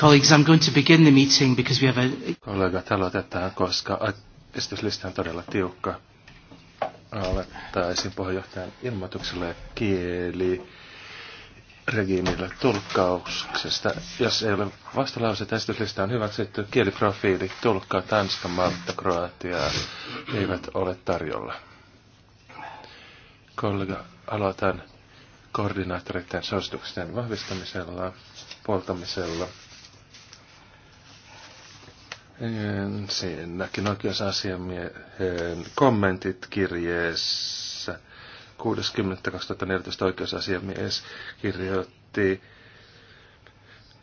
Colleagues, I'm going to begin the meeting because we have a... Kollegat, aloitetaan, koska esityslista on todella tiukka. Aloittaisin puheenjohtajan ilmoitukselle kieli regiimille tulkkauksesta. Jos ei ole vastalauseita, esityslista on hyväksytty. Kieliprofiili, tulkka, Tanska, Malta, Kroatia eivät ole tarjolla. Kollega, aloitan koordinaattoreiden suositusten vahvistamisella, puoltamisella – Ehm, siinäkin oikeusasiamiehen kommentit kirjeessä. 60.2014 oikeusasiamies kirjoitti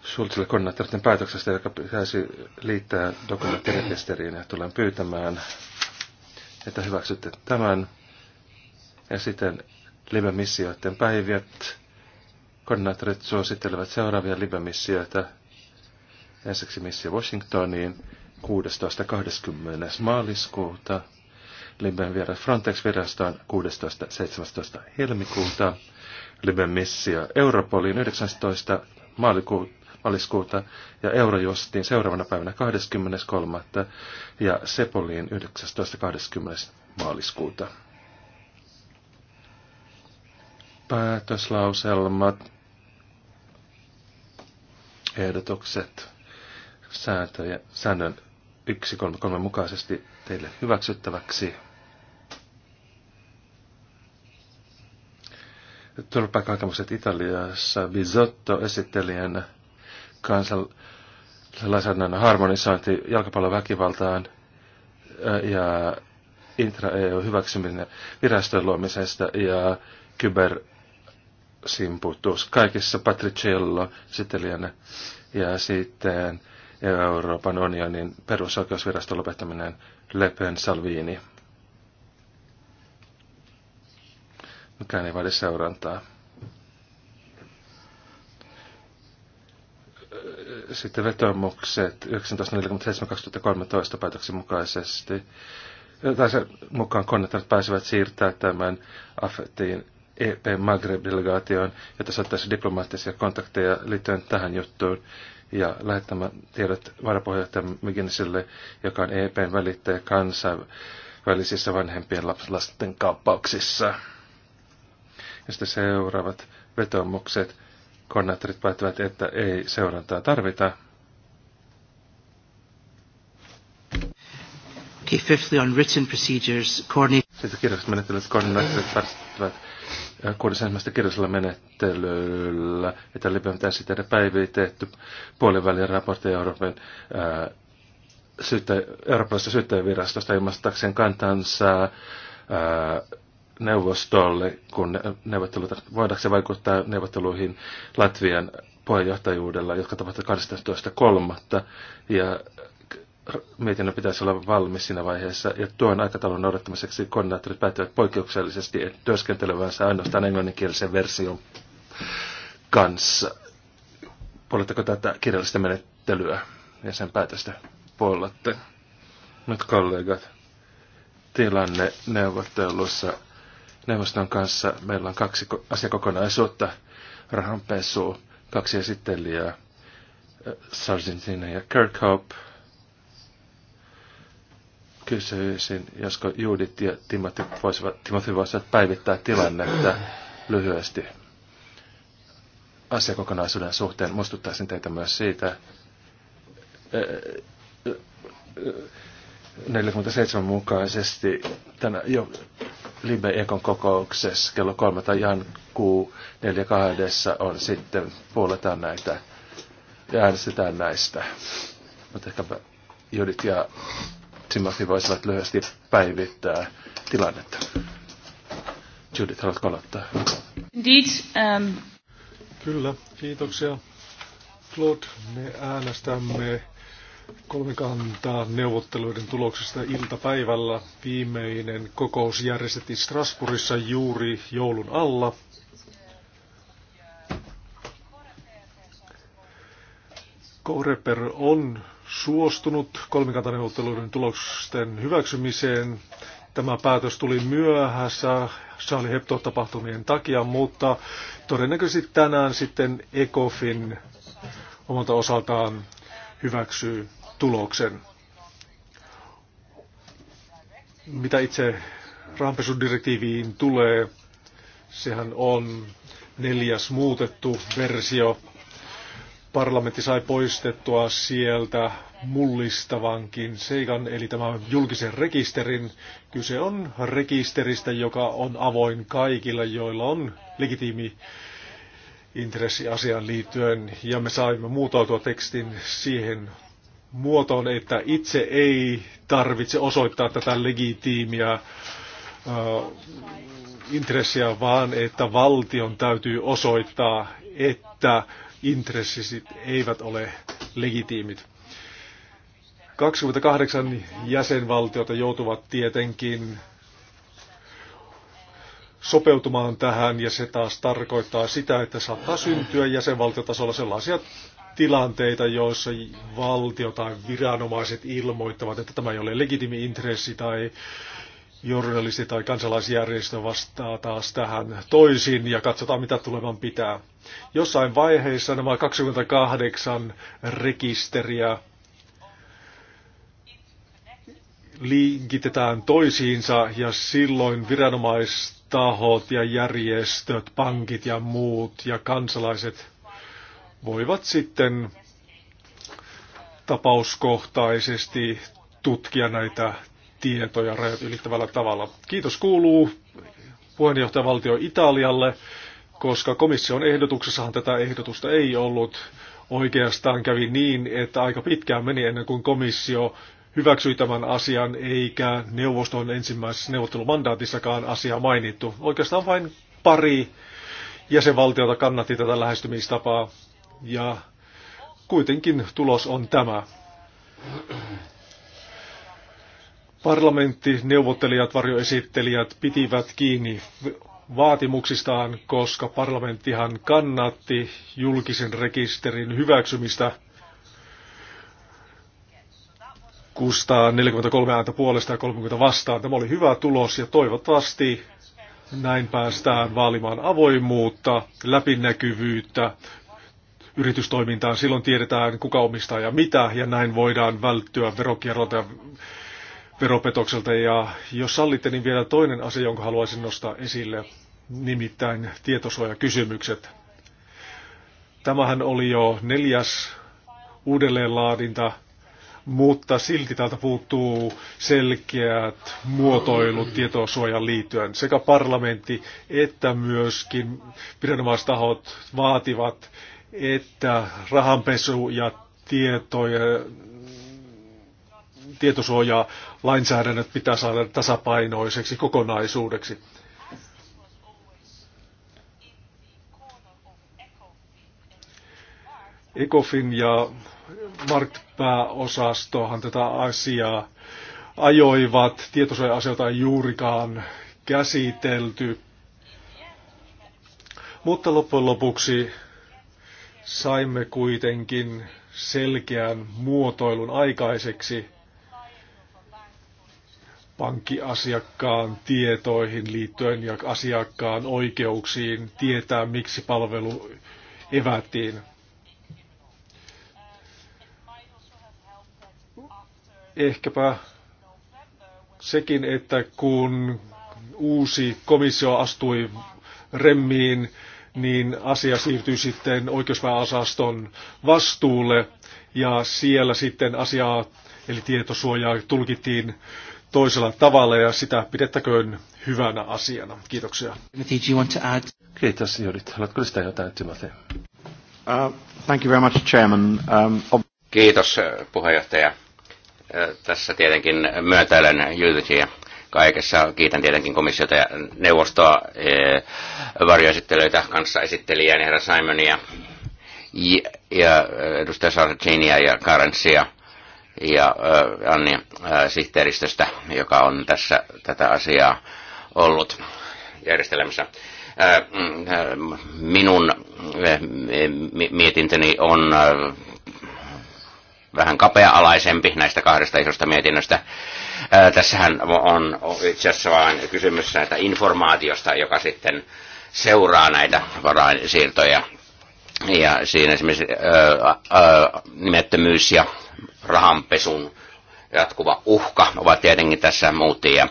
Sultsille konnattorten päätöksestä, joka pitäisi liittää dokumenttirekisteriin ja tulen pyytämään, että hyväksytte tämän. Ja sitten libemissioiden päivät. Koordinaattorit suosittelevat seuraavia libemissioita. Ensiksi missio Washingtoniin 16.20. maaliskuuta. Liben vieras Frontex-virastoon 16.17. helmikuuta. Liben missio Europoliin 19. maaliskuuta ja Eurojustiin seuraavana päivänä 23. ja Sepoliin 19.20. maaliskuuta. Päätöslauselmat, ehdotukset, sääntöjä, säännön 133 mukaisesti teille hyväksyttäväksi. Turvapaikkahakemukset Italiassa Bisotto esittelijän kansallisen harmonisointi jalkapalloväkivaltaan äh, ja intra-EU hyväksyminen virastojen luomisesta ja Simputus. kaikissa Patriciello esittelijänä ja sitten Euroopan unionin perusoikeusviraston lopettaminen Le Pen Salvini. Mikään ei vaadi seurantaa. Sitten vetomukset 1947-2013 päätöksen mukaisesti. Tai sen mukaan konnettavat pääsevät siirtää tämän AFETin EP Maghreb-delegaatioon, jotta saattaisi diplomaattisia kontakteja liittyen tähän juttuun ja lähettämään tiedot varapuheenjohtaja McGinnisille, joka on EPn välittäjä kansainvälisissä vanhempien lasten kauppauksissa. Ja sitten seuraavat vetomukset. Koordinaattorit päättävät, että ei seurantaa tarvita. Okay, fifthly on written procedures, coordinate... Sitten kirjalliset koordinaattorit päättävät, kuudes ensimmäistä kirjallisella menettelyllä, että Libyan pitäisi tehdä päivitetty puolivälin raportti Euroopan ää, eurooppalaisesta syyttäjävirastosta ilmastakseen kantansa ää, neuvostolle, kun neuvottelut, voidaanko se vaikuttaa neuvotteluihin Latvian puheenjohtajuudella, jotka tapahtuivat 12.3. Ja mietinnön pitäisi olla valmis siinä vaiheessa, ja tuon aikataulun noudattamiseksi koordinaattorit päättävät poikkeuksellisesti työskentelevänsä ainoastaan englanninkielisen version kanssa. Puoletteko tätä kirjallista menettelyä ja sen päätöstä puolette? Nyt kollegat, tilanne neuvottelussa neuvoston kanssa meillä on kaksi asiakokonaisuutta, rahanpesu, kaksi esittelijää, Sargentina ja Kirkhope – Kysyisin, josko Juudit ja Timothy voisivat, Timothy voisivat päivittää tilannetta lyhyesti asiakokonaisuuden suhteen. Muistuttaisin teitä myös siitä, 47 mukaisesti tänä jo Libe Ekon kokouksessa kello 3 tai Jan q 42 on sitten puoletaan näitä ja äänestetään näistä. Mutta ehkä Judit ja Timothy voisivat lyhyesti päivittää tilannetta. Judith, haluatko aloittaa? Indeed, um... Kyllä, kiitoksia. Claude, me äänestämme kolmikantaa neuvotteluiden tuloksesta iltapäivällä. Viimeinen kokous järjestettiin Strasbourgissa juuri joulun alla. Koreper on suostunut kolmikantaneuvotteluiden tulosten hyväksymiseen. Tämä päätös tuli myöhässä Charlie Hebdo-tapahtumien takia, mutta todennäköisesti tänään sitten ECOFIN omalta osaltaan hyväksyy tuloksen. Mitä itse rahanpesudirektiiviin tulee, sehän on neljäs muutettu versio parlamentti sai poistettua sieltä mullistavankin seikan, eli tämän julkisen rekisterin. Kyse on rekisteristä, joka on avoin kaikille, joilla on legitiimi intressi asiaan liittyen, ja me saimme muotoutua tekstin siihen muotoon, että itse ei tarvitse osoittaa tätä legitiimiä äh, intressiä, vaan että valtion täytyy osoittaa, että intressit eivät ole legitiimit. 28 jäsenvaltiota joutuvat tietenkin sopeutumaan tähän ja se taas tarkoittaa sitä, että saattaa syntyä jäsenvaltiotasolla sellaisia tilanteita, joissa valtio tai viranomaiset ilmoittavat, että tämä ei ole legitimi intressi tai Journalisti tai kansalaisjärjestö vastaa taas tähän toisin ja katsotaan mitä tulevan pitää. Jossain vaiheessa nämä 28 rekisteriä linkitetään toisiinsa ja silloin viranomaistahot ja järjestöt, pankit ja muut ja kansalaiset voivat sitten tapauskohtaisesti tutkia näitä tietoja rajat ylittävällä tavalla. Kiitos kuuluu puheenjohtajavaltio Italialle, koska komission ehdotuksessahan tätä ehdotusta ei ollut. Oikeastaan kävi niin, että aika pitkään meni ennen kuin komissio hyväksyi tämän asian, eikä neuvoston ensimmäisessä neuvottelumandaatissakaan asiaa mainittu. Oikeastaan vain pari jäsenvaltiota kannatti tätä lähestymistapaa, ja kuitenkin tulos on tämä. Parlamenttineuvottelijat, varjoesittelijät pitivät kiinni vaatimuksistaan, koska parlamenttihan kannatti julkisen rekisterin hyväksymistä 643 ääntä puolesta ja 30 vastaan. Tämä oli hyvä tulos ja toivottavasti näin päästään vaalimaan avoimuutta, läpinäkyvyyttä yritystoimintaan. Silloin tiedetään, kuka omistaa ja mitä, ja näin voidaan välttyä verokierrolta ja veropetokselta. Ja jos sallitte, niin vielä toinen asia, jonka haluaisin nostaa esille, nimittäin tietosuojakysymykset. Tämähän oli jo neljäs uudelleenlaadinta, mutta silti täältä puuttuu selkeät muotoilut tietosuojan liittyen. Sekä parlamentti että myöskin viranomaistahot vaativat, että rahanpesu ja tietojen tietosuojaa lainsäädännöt pitää saada tasapainoiseksi kokonaisuudeksi. ECOFIN ja Markt-pääosastohan tätä asiaa ajoivat. Tietosuoja-asioita ei juurikaan käsitelty. Mutta loppujen lopuksi saimme kuitenkin selkeän muotoilun aikaiseksi pankkiasiakkaan tietoihin liittyen ja asiakkaan oikeuksiin tietää, miksi palvelu evättiin. Ehkäpä sekin, että kun uusi komissio astui remmiin, niin asia siirtyi sitten oikeuspääosaston vastuulle ja siellä sitten asiaa eli tietosuojaa tulkittiin toisella tavalla ja sitä pidettäköön hyvänä asiana. Kiitoksia. Timothy, you want to add? Kiitos Judith. Haluatko sitä jotain, Timothy? Uh, thank you very much, Chairman. Um, Kiitos uh, puheenjohtaja. Uh, tässä tietenkin myötäilen Judithia kaikessa. Kiitän tietenkin komissiota ja neuvostoa, uh, varjoesittelyitä, kanssa esittelijää, niin herra Simonia ja, ja edustaja Sargentinia ja Karensia ja äh, Anni äh, sihteeristöstä, joka on tässä tätä asiaa ollut järjestelemässä. Äh, mm, minun mietintöni on vähän kapea-alaisempi näistä kahdesta isosta mietinnöstä. Tässähän on itse asiassa vain kysymys näitä informaatiosta, joka sitten seuraa näitä varainsiirtoja ja siinä esimerkiksi ää, ää, nimettömyys ja rahanpesun jatkuva uhka ovat tietenkin tässä muutia.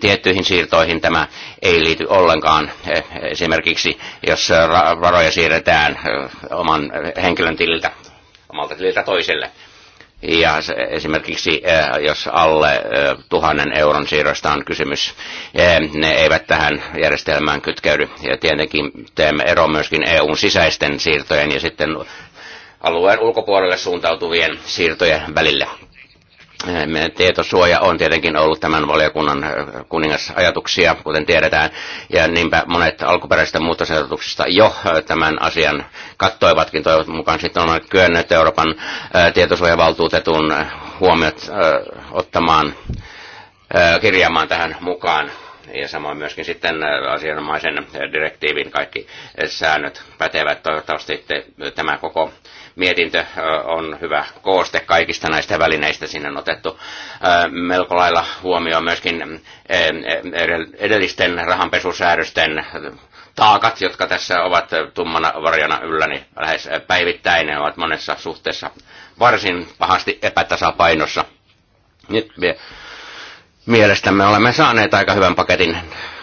tiettyihin siirtoihin tämä ei liity ollenkaan. E, esimerkiksi jos varoja siirretään oman henkilön tililtä omalta tililtä toiselle ja esimerkiksi eh, jos alle eh, tuhannen euron siirrosta on kysymys, eh, ne eivät tähän järjestelmään kytkeydy. Ja tietenkin teemme ero myöskin EUn sisäisten siirtojen ja sitten alueen ulkopuolelle suuntautuvien siirtojen välillä. Tietosuoja on tietenkin ollut tämän valiokunnan kuningasajatuksia, kuten tiedetään, ja niinpä monet alkuperäisistä muutosajatuksista jo tämän asian kattoivatkin. Toivon mukaan sitten on kyennyt Euroopan tietosuojavaltuutetun huomiot ottamaan, kirjaamaan tähän mukaan ja samoin myöskin sitten asianomaisen direktiivin kaikki säännöt pätevät. Toivottavasti tämä koko mietintö on hyvä kooste kaikista näistä välineistä. Sinne on otettu melko lailla huomioon myöskin mm, e, e, edellisten rahanpesusäädösten taakat, jotka tässä ovat tummana varjona ylläni niin lähes päivittäin, ne ovat monessa suhteessa varsin pahasti epätasapainossa. Nyt me, mielestämme olemme saaneet aika hyvän paketin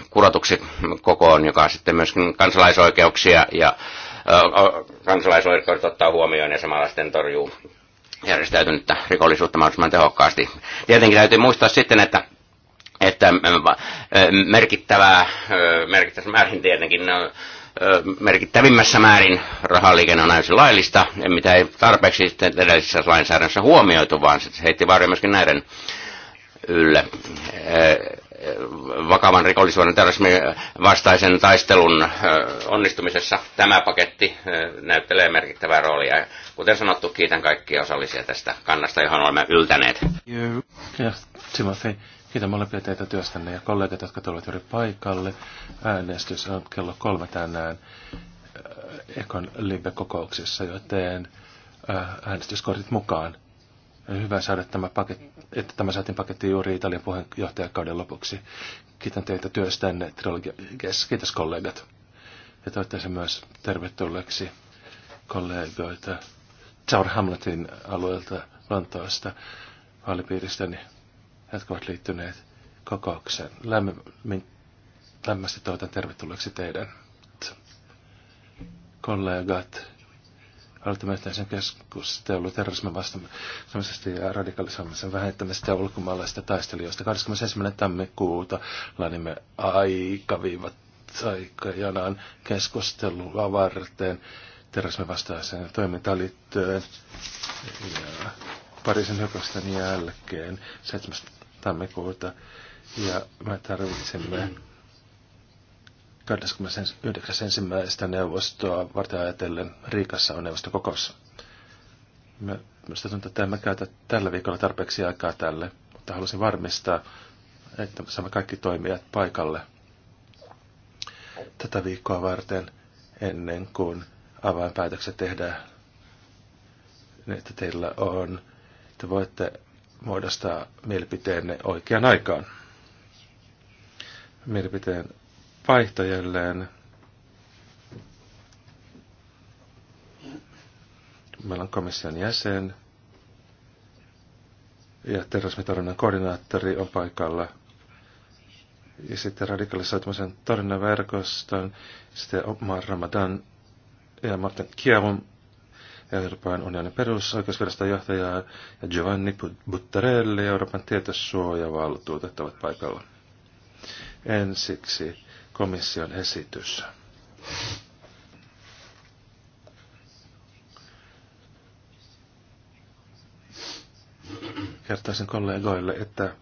kurotuksi kokoon, joka sitten myöskin kansalaisoikeuksia ja kansalaisoikeudet ottaa huomioon ja samalla sitten torjuu järjestäytynyttä rikollisuutta mahdollisimman tehokkaasti. Tietenkin täytyy muistaa sitten, että että merkittävää, merkittävässä määrin tietenkin merkittävimmässä määrin rahaliikenne on täysin laillista, mitä ei tarpeeksi sitten edellisessä lainsäädännössä huomioitu, vaan se heitti varjo myöskin näiden ylle vakavan rikollisuuden terrorismin vastaisen taistelun onnistumisessa tämä paketti näyttelee merkittävää roolia. Kuten sanottu, kiitän kaikkia osallisia tästä kannasta, johon olemme yltäneet. Ja Timothy, kiitän molempia teitä työstänne ja kollegat, jotka tulevat juuri paikalle. Äänestys on kello kolme tänään Ekon Libe-kokouksessa, joten äänestyskortit mukaan hyvä saada tämä paketti, että tämä saatiin paketti juuri Italian puheenjohtajakauden lopuksi. Kiitän teitä työstänne trilogiassa. Kiitos kollegat. Ja toivottavasti myös tervetulleeksi kollegoita Tower Hamletin alueelta Lontoosta vaalipiiristäni, jotka ovat liittyneet kokoukseen. Lämmin, lämmästi toivotan tervetulleeksi teidän kollegat. Aloitamme sen terrorismin vastaamisesta ja radikalisoimisen vähentämisestä ja ulkomaalaisista taistelijoista. 21. tammikuuta laadimme aikaviivat aikajanaan keskustelua varten terrorismin vastaiseen toimintaan liittyen ja parisen hyökkäysten jälkeen 7. tammikuuta. Ja me tarvitsemme 29.1. neuvostoa varten ajatellen Riikassa on neuvostokokous. Minusta tuntuu, että emme käytä tällä viikolla tarpeeksi aikaa tälle, mutta halusin varmistaa, että saamme kaikki toimijat paikalle tätä viikkoa varten ennen kuin avainpäätökset tehdään. Niin, että teillä on, että voitte muodostaa mielipiteenne oikeaan aikaan. Mielipiteen vaihtajalleen. Meillä on komission jäsen ja terrorismitorjunnan koordinaattori on paikalla. Ja sitten radikalisoitumisen torjunnan verkoston, sitten Omar Ramadan ja Martin Kiavun Euroopan unionin perusoikeusviraston johtajaa ja Giovanni Buttarelli, Euroopan tietosuojavaltuutettavat paikalla. Ensiksi komission esitys. Kertaisin kollegoille, että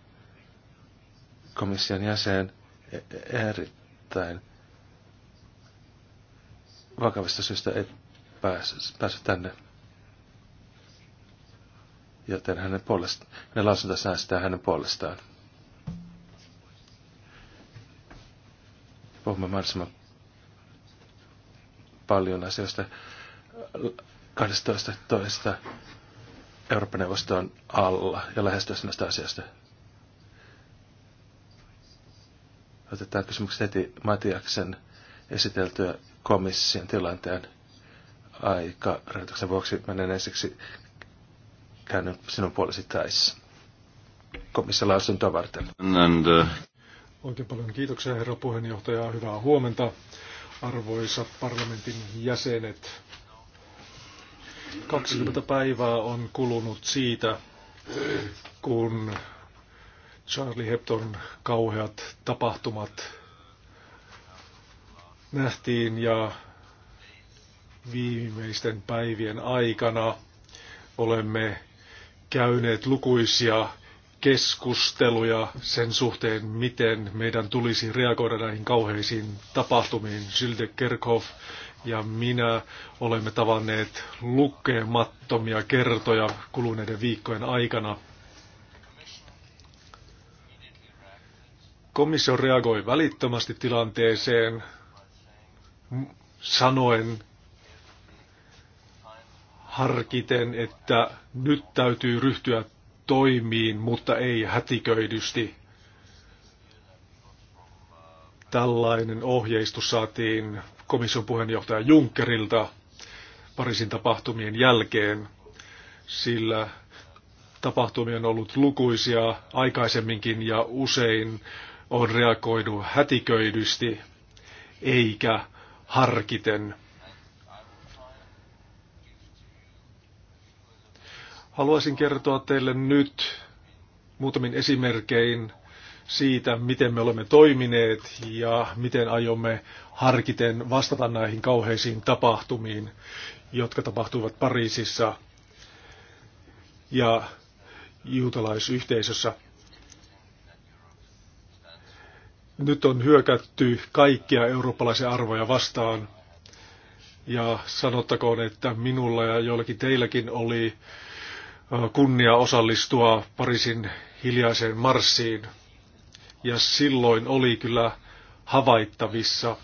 komission jäsen erittäin vakavista syistä ei päässyt pääse tänne. Joten hänen, puolest, hänen lausunta säästää hänen puolestaan. puhumme mahdollisimman paljon asioista. 12. toista Eurooppa-neuvoston alla ja lähestyessä näistä asiasta. Otetaan kysymykset heti Matiaksen esiteltyä komission tilanteen aika rajoituksen vuoksi. Menen ensiksi käynyt sinun puolesi täissä lausuntoa varten. And, uh... Oikein paljon kiitoksia herra puheenjohtaja. Hyvää huomenta arvoisat parlamentin jäsenet. 20 päivää on kulunut siitä, kun Charlie Hepton kauheat tapahtumat nähtiin ja viimeisten päivien aikana olemme käyneet lukuisia keskusteluja sen suhteen, miten meidän tulisi reagoida näihin kauheisiin tapahtumiin. Silde Kerkhoff ja minä olemme tavanneet lukemattomia kertoja kuluneiden viikkojen aikana. Komissio reagoi välittömästi tilanteeseen sanoen harkiten, että nyt täytyy ryhtyä toimiin, mutta ei hätiköidysti. Tällainen ohjeistus saatiin komission puheenjohtaja Junckerilta Pariisin tapahtumien jälkeen, sillä tapahtumia on ollut lukuisia aikaisemminkin ja usein on reagoinut hätiköidysti eikä harkiten. Haluaisin kertoa teille nyt muutamin esimerkkein siitä, miten me olemme toimineet ja miten aiomme harkiten vastata näihin kauheisiin tapahtumiin, jotka tapahtuivat Pariisissa ja juutalaisyhteisössä. Nyt on hyökätty kaikkia eurooppalaisia arvoja vastaan. Ja sanottakoon, että minulla ja joillakin teilläkin oli Äh, kunnia osallistua Pariisin hiljaiseen marssiin. Ja silloin oli kyllä havaittavissa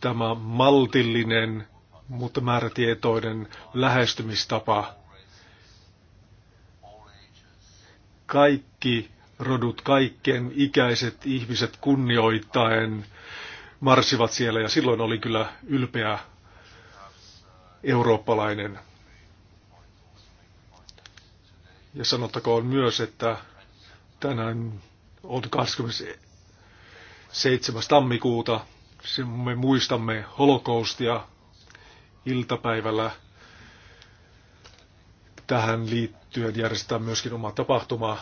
tämä maltillinen, mutta määrätietoinen lähestymistapa. Kaikki rodut, kaikkien ikäiset ihmiset kunnioittaen marssivat siellä ja silloin oli kyllä ylpeä eurooppalainen. Ja sanottakoon myös, että tänään on 27. tammikuuta. Me muistamme holokaustia iltapäivällä. Tähän liittyen järjestetään myöskin oma tapahtuma.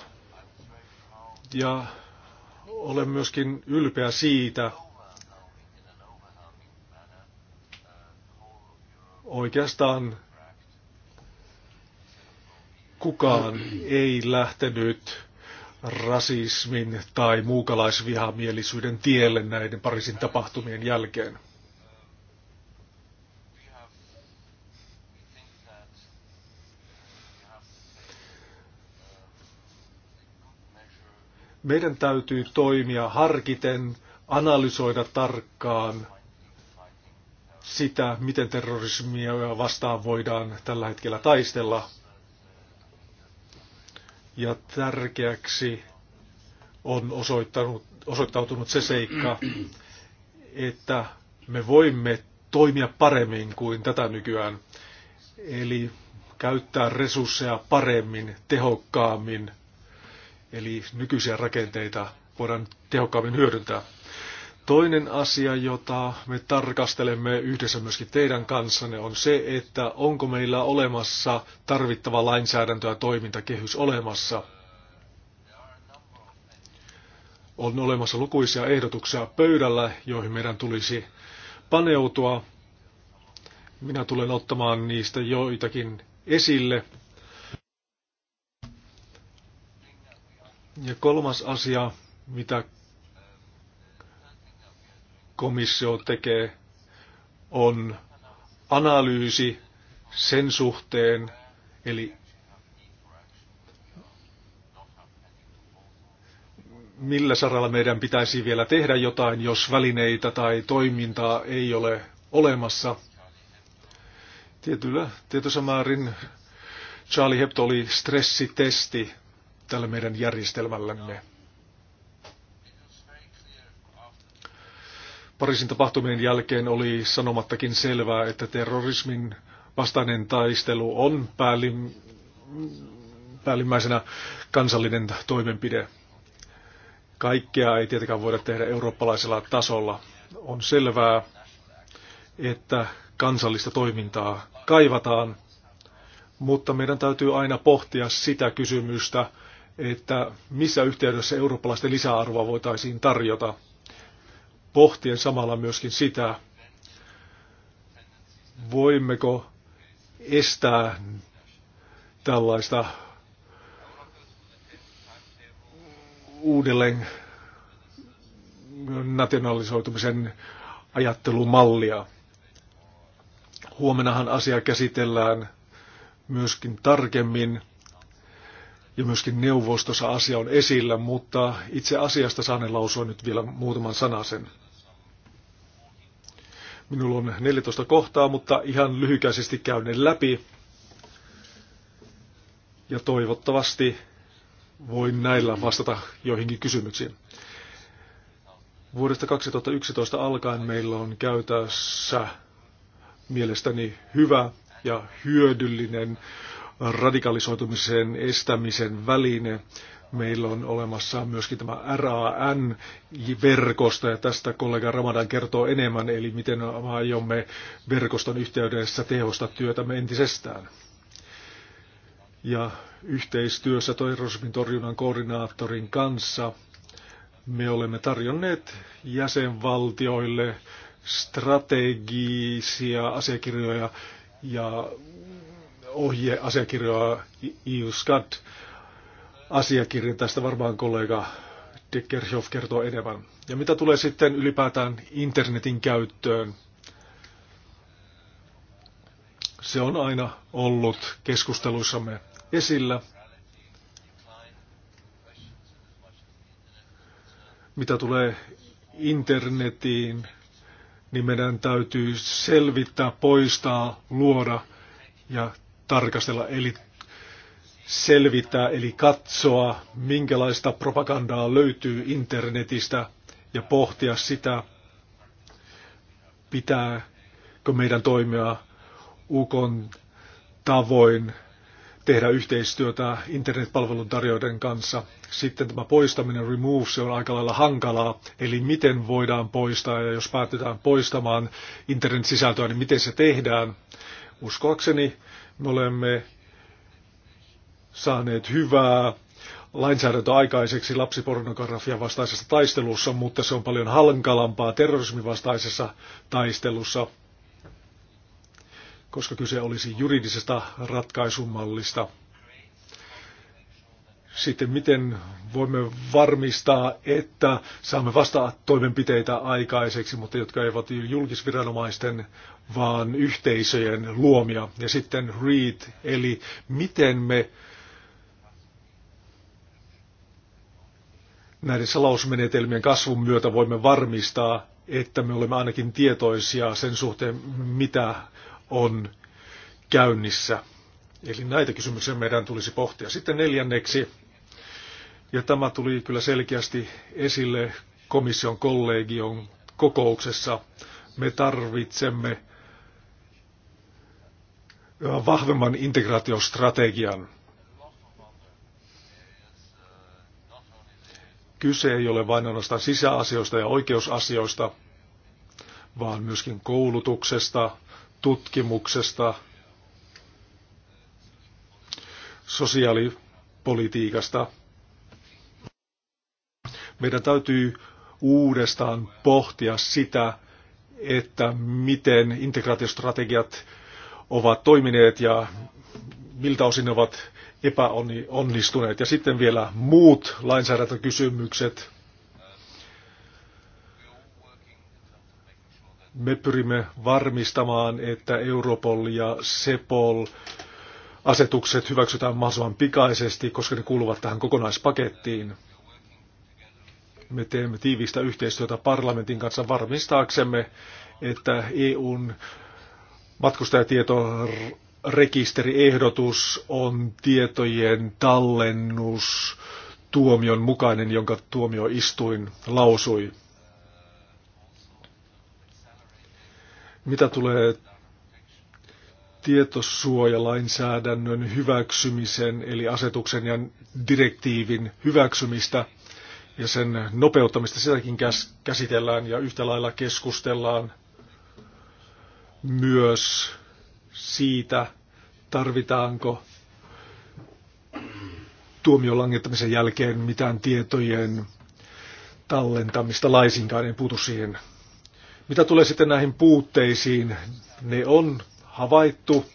Ja olen myöskin ylpeä siitä, oikeastaan kukaan ei lähtenyt rasismin tai muukalaisvihamielisyyden tielle näiden Pariisin tapahtumien jälkeen. Meidän täytyy toimia harkiten, analysoida tarkkaan sitä, miten terrorismia vastaan voidaan tällä hetkellä taistella – ja tärkeäksi on osoittanut, osoittautunut se seikka, että me voimme toimia paremmin kuin tätä nykyään. Eli käyttää resursseja paremmin, tehokkaammin, eli nykyisiä rakenteita voidaan tehokkaammin hyödyntää. Toinen asia, jota me tarkastelemme yhdessä myöskin teidän kanssanne, on se, että onko meillä olemassa tarvittava lainsäädäntö ja toimintakehys olemassa. On olemassa lukuisia ehdotuksia pöydällä, joihin meidän tulisi paneutua. Minä tulen ottamaan niistä joitakin esille. Ja kolmas asia, mitä komissio tekee, on analyysi sen suhteen, eli millä saralla meidän pitäisi vielä tehdä jotain, jos välineitä tai toimintaa ei ole olemassa. Tietyllä, tietyssä määrin Charlie Hebdo oli stressitesti tällä meidän järjestelmällämme. Pariisin tapahtumien jälkeen oli sanomattakin selvää, että terrorismin vastainen taistelu on päällim, päällimmäisenä kansallinen toimenpide. Kaikkea ei tietenkään voida tehdä eurooppalaisella tasolla. On selvää, että kansallista toimintaa kaivataan, mutta meidän täytyy aina pohtia sitä kysymystä, että missä yhteydessä eurooppalaisten lisäarvoa voitaisiin tarjota – pohtien samalla myöskin sitä, voimmeko estää tällaista uudelleen nationalisoitumisen ajattelumallia. Huomenahan asia käsitellään myöskin tarkemmin ja myöskin neuvostossa asia on esillä, mutta itse asiasta saan lausua nyt vielä muutaman sanasen. Minulla on 14 kohtaa, mutta ihan lyhykäisesti käyn läpi. Ja toivottavasti voin näillä vastata joihinkin kysymyksiin. Vuodesta 2011 alkaen meillä on käytössä mielestäni hyvä ja hyödyllinen radikalisoitumisen estämisen väline Meillä on olemassa myöskin tämä RAN-verkosto, ja tästä kollega Ramadan kertoo enemmän, eli miten aiomme verkoston yhteydessä tehostaa työtämme entisestään. Ja yhteistyössä terrorismin torjunnan koordinaattorin kanssa me olemme tarjonneet jäsenvaltioille strategisia asiakirjoja ja ohjeasiakirjoja EU-SCAD asiakirjan. Tästä varmaan kollega Dick kertoo enemmän. Ja mitä tulee sitten ylipäätään internetin käyttöön, se on aina ollut keskusteluissamme esillä. Mitä tulee internetiin, niin meidän täytyy selvittää, poistaa, luoda ja tarkastella. Eli selvittää eli katsoa, minkälaista propagandaa löytyy internetistä ja pohtia sitä, pitääkö meidän toimia UKon tavoin tehdä yhteistyötä internetpalvelun tarjoajien kanssa. Sitten tämä poistaminen, remove, se on aika lailla hankalaa. Eli miten voidaan poistaa ja jos päätetään poistamaan internet-sisältöä, niin miten se tehdään. Uskoakseni me olemme saaneet hyvää lainsäädäntö aikaiseksi lapsipornografian vastaisessa taistelussa, mutta se on paljon hankalampaa terrorismin vastaisessa taistelussa, koska kyse olisi juridisesta ratkaisumallista. Sitten miten voimme varmistaa, että saamme vasta toimenpiteitä aikaiseksi, mutta jotka eivät ole julkisviranomaisten, vaan yhteisöjen luomia. Ja sitten read, eli miten me näiden salausmenetelmien kasvun myötä voimme varmistaa, että me olemme ainakin tietoisia sen suhteen, mitä on käynnissä. Eli näitä kysymyksiä meidän tulisi pohtia. Sitten neljänneksi, ja tämä tuli kyllä selkeästi esille komission kollegion kokouksessa, me tarvitsemme äh, vahvemman integraatiostrategian – Kyse ei ole vain ainoastaan sisäasioista ja oikeusasioista, vaan myöskin koulutuksesta, tutkimuksesta, sosiaalipolitiikasta. Meidän täytyy uudestaan pohtia sitä, että miten integraatiostrategiat ovat toimineet ja miltä osin ne ovat epäonnistuneet. Ja sitten vielä muut lainsäädäntökysymykset. Me pyrimme varmistamaan, että Europol ja Sepol asetukset hyväksytään mahdollisimman pikaisesti, koska ne kuuluvat tähän kokonaispakettiin. Me teemme tiivistä yhteistyötä parlamentin kanssa varmistaaksemme, että EUn matkustajatieto rekisteriehdotus on tietojen tallennus tuomion mukainen, jonka tuomioistuin lausui. Mitä tulee tietosuojalainsäädännön hyväksymisen, eli asetuksen ja direktiivin hyväksymistä ja sen nopeuttamista, sitäkin käsitellään ja yhtä lailla keskustellaan myös siitä, tarvitaanko tuomion langettamisen jälkeen mitään tietojen tallentamista laisinkaan, en puutu siihen. Mitä tulee sitten näihin puutteisiin, ne on havaittu.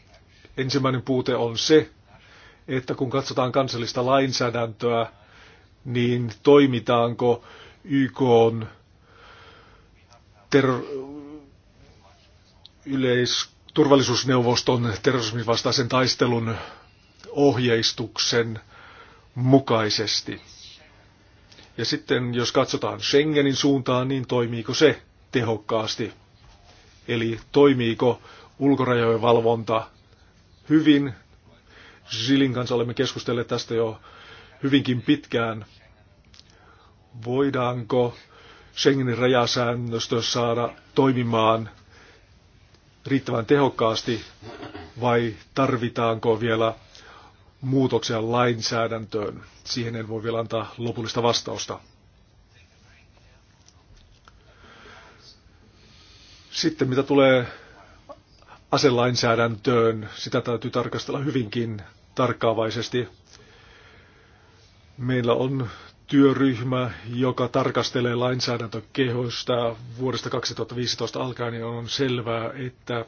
Ensimmäinen puute on se, että kun katsotaan kansallista lainsäädäntöä, niin toimitaanko YK ter- yleis- turvallisuusneuvoston terrorismin vastaisen taistelun ohjeistuksen mukaisesti. Ja sitten jos katsotaan Schengenin suuntaan, niin toimiiko se tehokkaasti? Eli toimiiko ulkorajojen valvonta hyvin? Zilin kanssa olemme keskustelleet tästä jo hyvinkin pitkään. Voidaanko Schengenin rajasäännöstö saada toimimaan riittävän tehokkaasti vai tarvitaanko vielä muutoksia lainsäädäntöön? Siihen en voi vielä antaa lopullista vastausta. Sitten mitä tulee aselainsäädäntöön, sitä täytyy tarkastella hyvinkin tarkkaavaisesti. Meillä on työryhmä, joka tarkastelee lainsäädäntökehoista vuodesta 2015 alkaen, niin on selvää, että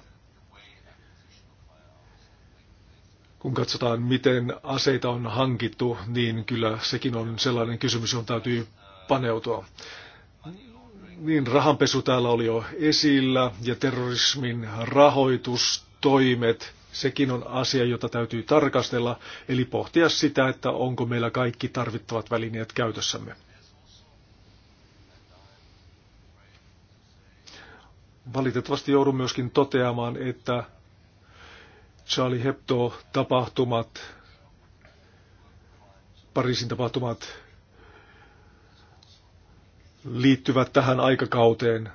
kun katsotaan, miten aseita on hankittu, niin kyllä sekin on sellainen kysymys, johon täytyy paneutua. Niin, rahanpesu täällä oli jo esillä ja terrorismin rahoitustoimet – sekin on asia, jota täytyy tarkastella, eli pohtia sitä, että onko meillä kaikki tarvittavat välineet käytössämme. Valitettavasti joudun myöskin toteamaan, että Charlie Hebdo-tapahtumat, Pariisin tapahtumat liittyvät tähän aikakauteen,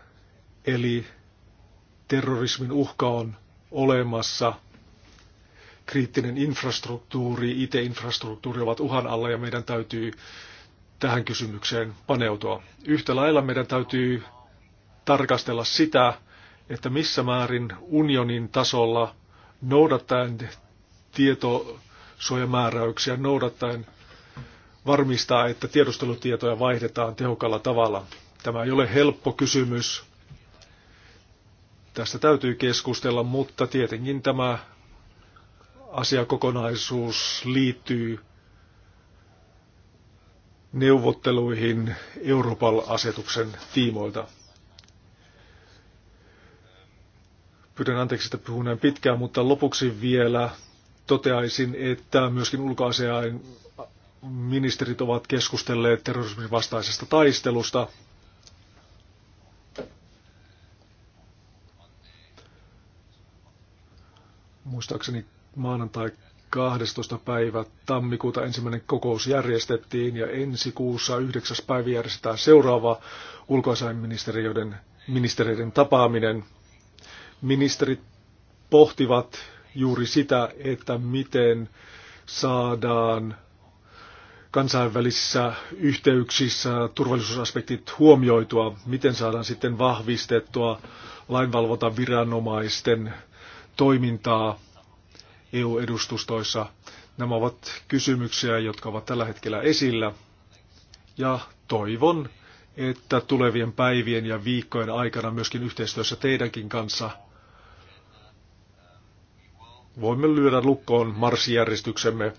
eli terrorismin uhka on olemassa – kriittinen infrastruktuuri, IT-infrastruktuuri ovat uhan alla ja meidän täytyy tähän kysymykseen paneutua. Yhtä lailla meidän täytyy tarkastella sitä, että missä määrin unionin tasolla noudattaen tietosuojamääräyksiä, noudattaen varmistaa, että tiedustelutietoja vaihdetaan tehokalla tavalla. Tämä ei ole helppo kysymys. Tästä täytyy keskustella, mutta tietenkin tämä asiakokonaisuus liittyy neuvotteluihin Europol-asetuksen tiimoilta. Pyydän anteeksi, että puhun näin pitkään, mutta lopuksi vielä toteaisin, että myöskin ulkoasiain ministerit ovat keskustelleet terrorismin vastaisesta taistelusta. Muistaakseni maanantai 12. päivä tammikuuta ensimmäinen kokous järjestettiin ja ensi kuussa 9. päivä järjestetään seuraava ulkoasainministeriöiden ministereiden tapaaminen. Ministerit pohtivat juuri sitä, että miten saadaan kansainvälisissä yhteyksissä turvallisuusaspektit huomioitua, miten saadaan sitten vahvistettua lainvalvontaviranomaisten viranomaisten toimintaa EU-edustustoissa. Nämä ovat kysymyksiä, jotka ovat tällä hetkellä esillä. Ja toivon, että tulevien päivien ja viikkojen aikana myöskin yhteistyössä teidänkin kanssa voimme lyödä lukkoon marssijärjestyksemme.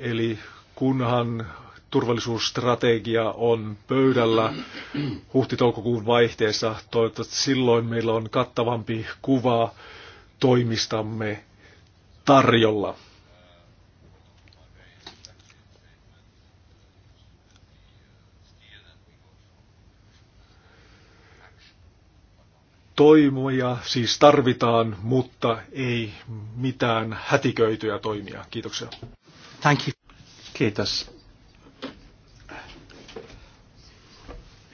Eli kunhan turvallisuusstrategia on pöydällä huhti-toukokuun vaihteessa, toivottavasti silloin meillä on kattavampi kuva toimistamme tarjolla. Toimoja siis tarvitaan, mutta ei mitään hätiköityjä toimia. Kiitoksia. Thank you. Kiitos.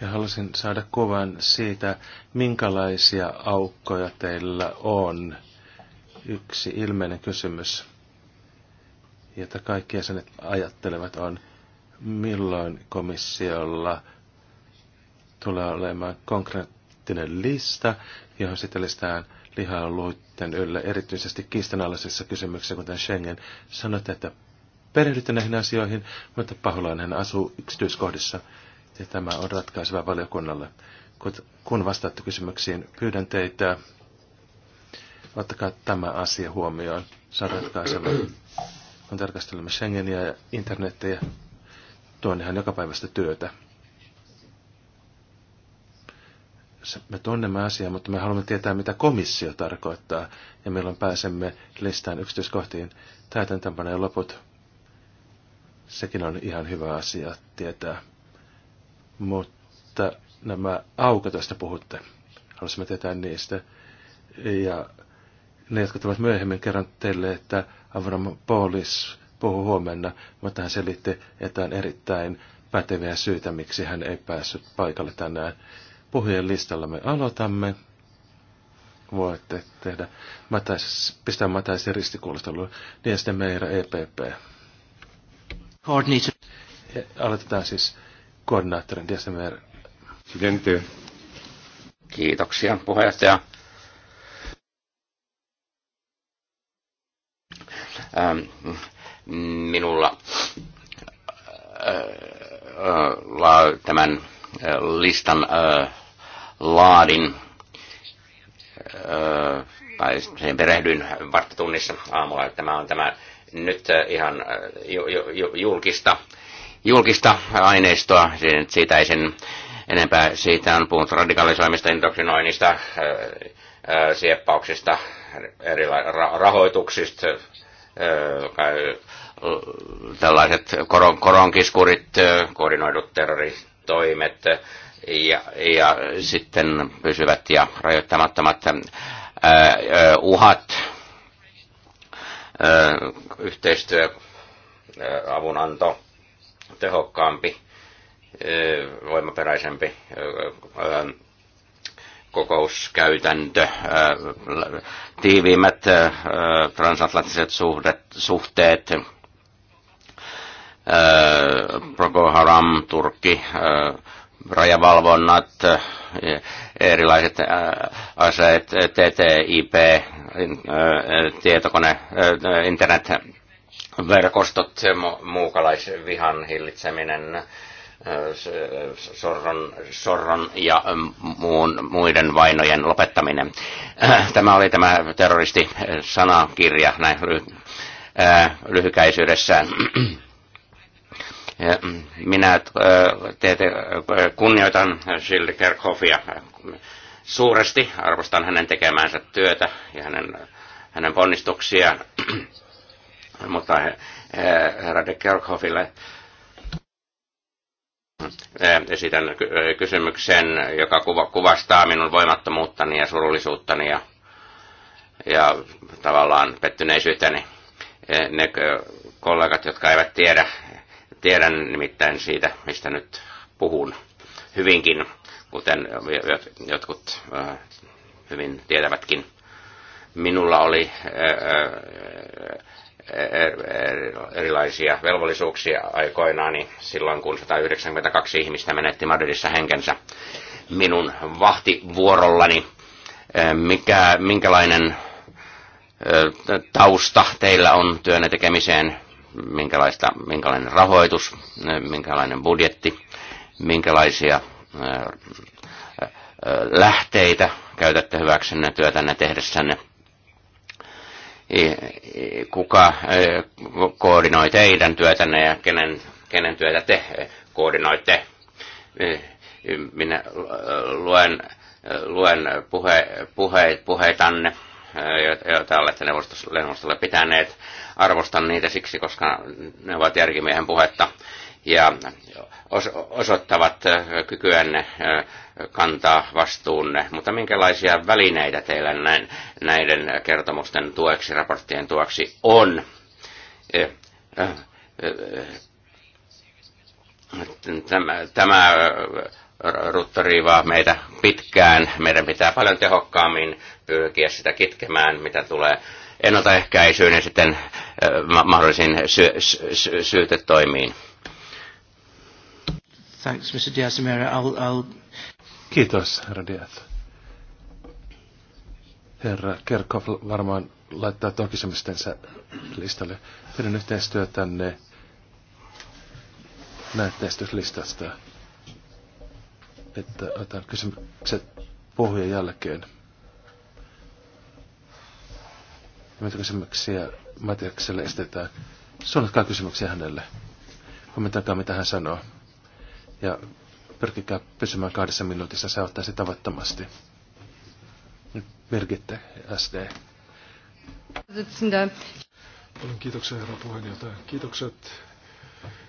ja halusin saada kuvan siitä, minkälaisia aukkoja teillä on yksi ilmeinen kysymys, jota kaikki jäsenet ajattelevat, on milloin komissiolla tulee olemaan konkreettinen lista, johon sitten listään lihaa luitten yllä, erityisesti kiistanalaisissa kysymyksissä, kuten Schengen. Sanoitte, että perehdytte näihin asioihin, mutta paholainen asuu yksityiskohdissa, ja tämä on ratkaiseva valiokunnalle. Kun vastaatte kysymyksiin, pyydän teitä Ottakaa tämä asia huomioon. Se on Kun tarkastelemme Schengenia ja internettiä, tuo on ihan jokapäiväistä työtä. Me tunnemme asiaa, mutta me haluamme tietää, mitä komissio tarkoittaa ja milloin pääsemme listään yksityiskohtiin täytäntämpänä ja loput. Sekin on ihan hyvä asia tietää. Mutta nämä aukot, joista puhutte, haluaisimme tietää niistä. Ja ne, jotka tulevat myöhemmin, kerran teille, että Avram Paulis puhuu huomenna, mutta hän selitti, että on erittäin päteviä syitä, miksi hän ei päässyt paikalle tänään. Puhujien listalla me aloitamme. Voitte tehdä matais, pistää mataisen ristikuulustelun, niin sitten Meira EPP. Coordinator. Aloitetaan siis koordinaattorin Diestemer. Kiitoksia puheenjohtaja Ähm, minulla äh, äh, tämän äh, listan laadin tai sen perehdyin varttitunnissa aamulla, että tämä on tämä nyt ihan julkista, julkista aineistoa, siitä ei sen enempää, siitä on puhunut radikalisoimista, indoktrinoinnista, sieppauksista, erilaisista rahoituksista, tällaiset koron, koronkiskurit, koordinoidut terroritoimet ja, ja sitten pysyvät ja rajoittamattomat uhat, yhteistyö, avunanto, tehokkaampi, voimaperäisempi kokouskäytäntö, äh, tiiviimmät äh, transatlanttiset suhdet, suhteet, äh, Boko Haram, Turkki, rajavalvonnat, erilaiset aseet, TTIP, tietokone, internet, verkostot, muukalaisvihan hillitseminen, Äh, sorron, sorron ja ähm, muun, muiden vainojen lopettaminen. Äh, tämä oli tämä terroristi-sanakirja äh, näin lyhy- lyhykäisyydessään. Mm, minä teet, kunnioitan Gilles Kerkhoffia suuresti, arvostan hänen tekemäänsä työtä ja hänen, hänen ponnistuksiaan, mutta herra de Kerkhoffille esitän kysymyksen, joka kuvastaa minun voimattomuuttani ja surullisuuttani ja, ja tavallaan pettyneisyyteni. Ne kollegat, jotka eivät tiedä, tiedän nimittäin siitä, mistä nyt puhun hyvinkin, kuten jotkut hyvin tietävätkin. Minulla oli Eh, erilaisia velvollisuuksia aikoinaan, niin silloin kun 192 ihmistä menetti Madridissa henkensä minun vahtivuorollani, eh, mikä, minkälainen eh, tausta teillä on työnne tekemiseen, minkälaista, minkälainen rahoitus, minkälainen budjetti, minkälaisia lähteitä käytätte hyväksenne työtänne tehdessänne – kuka e, koordinoi teidän työtänne ja kenen, kenen työtä te e, koordinoitte. E, minä luen, luen puhe, puhe, puheitanne, joita olette neuvostolle pitäneet. Arvostan niitä siksi, koska ne ovat järkimiehen puhetta ja osoittavat äh, kykyänne äh, kantaa vastuunne, mutta minkälaisia välineitä teillä näiden kertomusten tueksi, raporttien tueksi on? Äh, tämä, tämä ruttoriivaa meitä pitkään. Meidän pitää paljon tehokkaammin pyrkiä sitä kitkemään, mitä tulee ennaltaehkäisyyn ja sitten mahdollisiin sy- sy- syytetoimiin. Sy- Thanks, Mr. Diaz I'll, I'll... Kiitos, herra Diaz. Herra Kerkhoff varmaan laittaa tuon kysymystensä listalle. Pidän yhteistyö tänne näyttäistyslistasta. että otan kysymykset pohjan jälkeen. Mitä kysymyksiä Matiakselle estetään? Suunnatkaa kysymyksiä hänelle. Kommentoikaa, mitä hän sanoo ja pyrkikää pysymään kahdessa minuutissa, se auttaisi tavattomasti. Nyt Birgitte, SD. Paljon kiitoksia herra puheenjohtaja. Kiitokset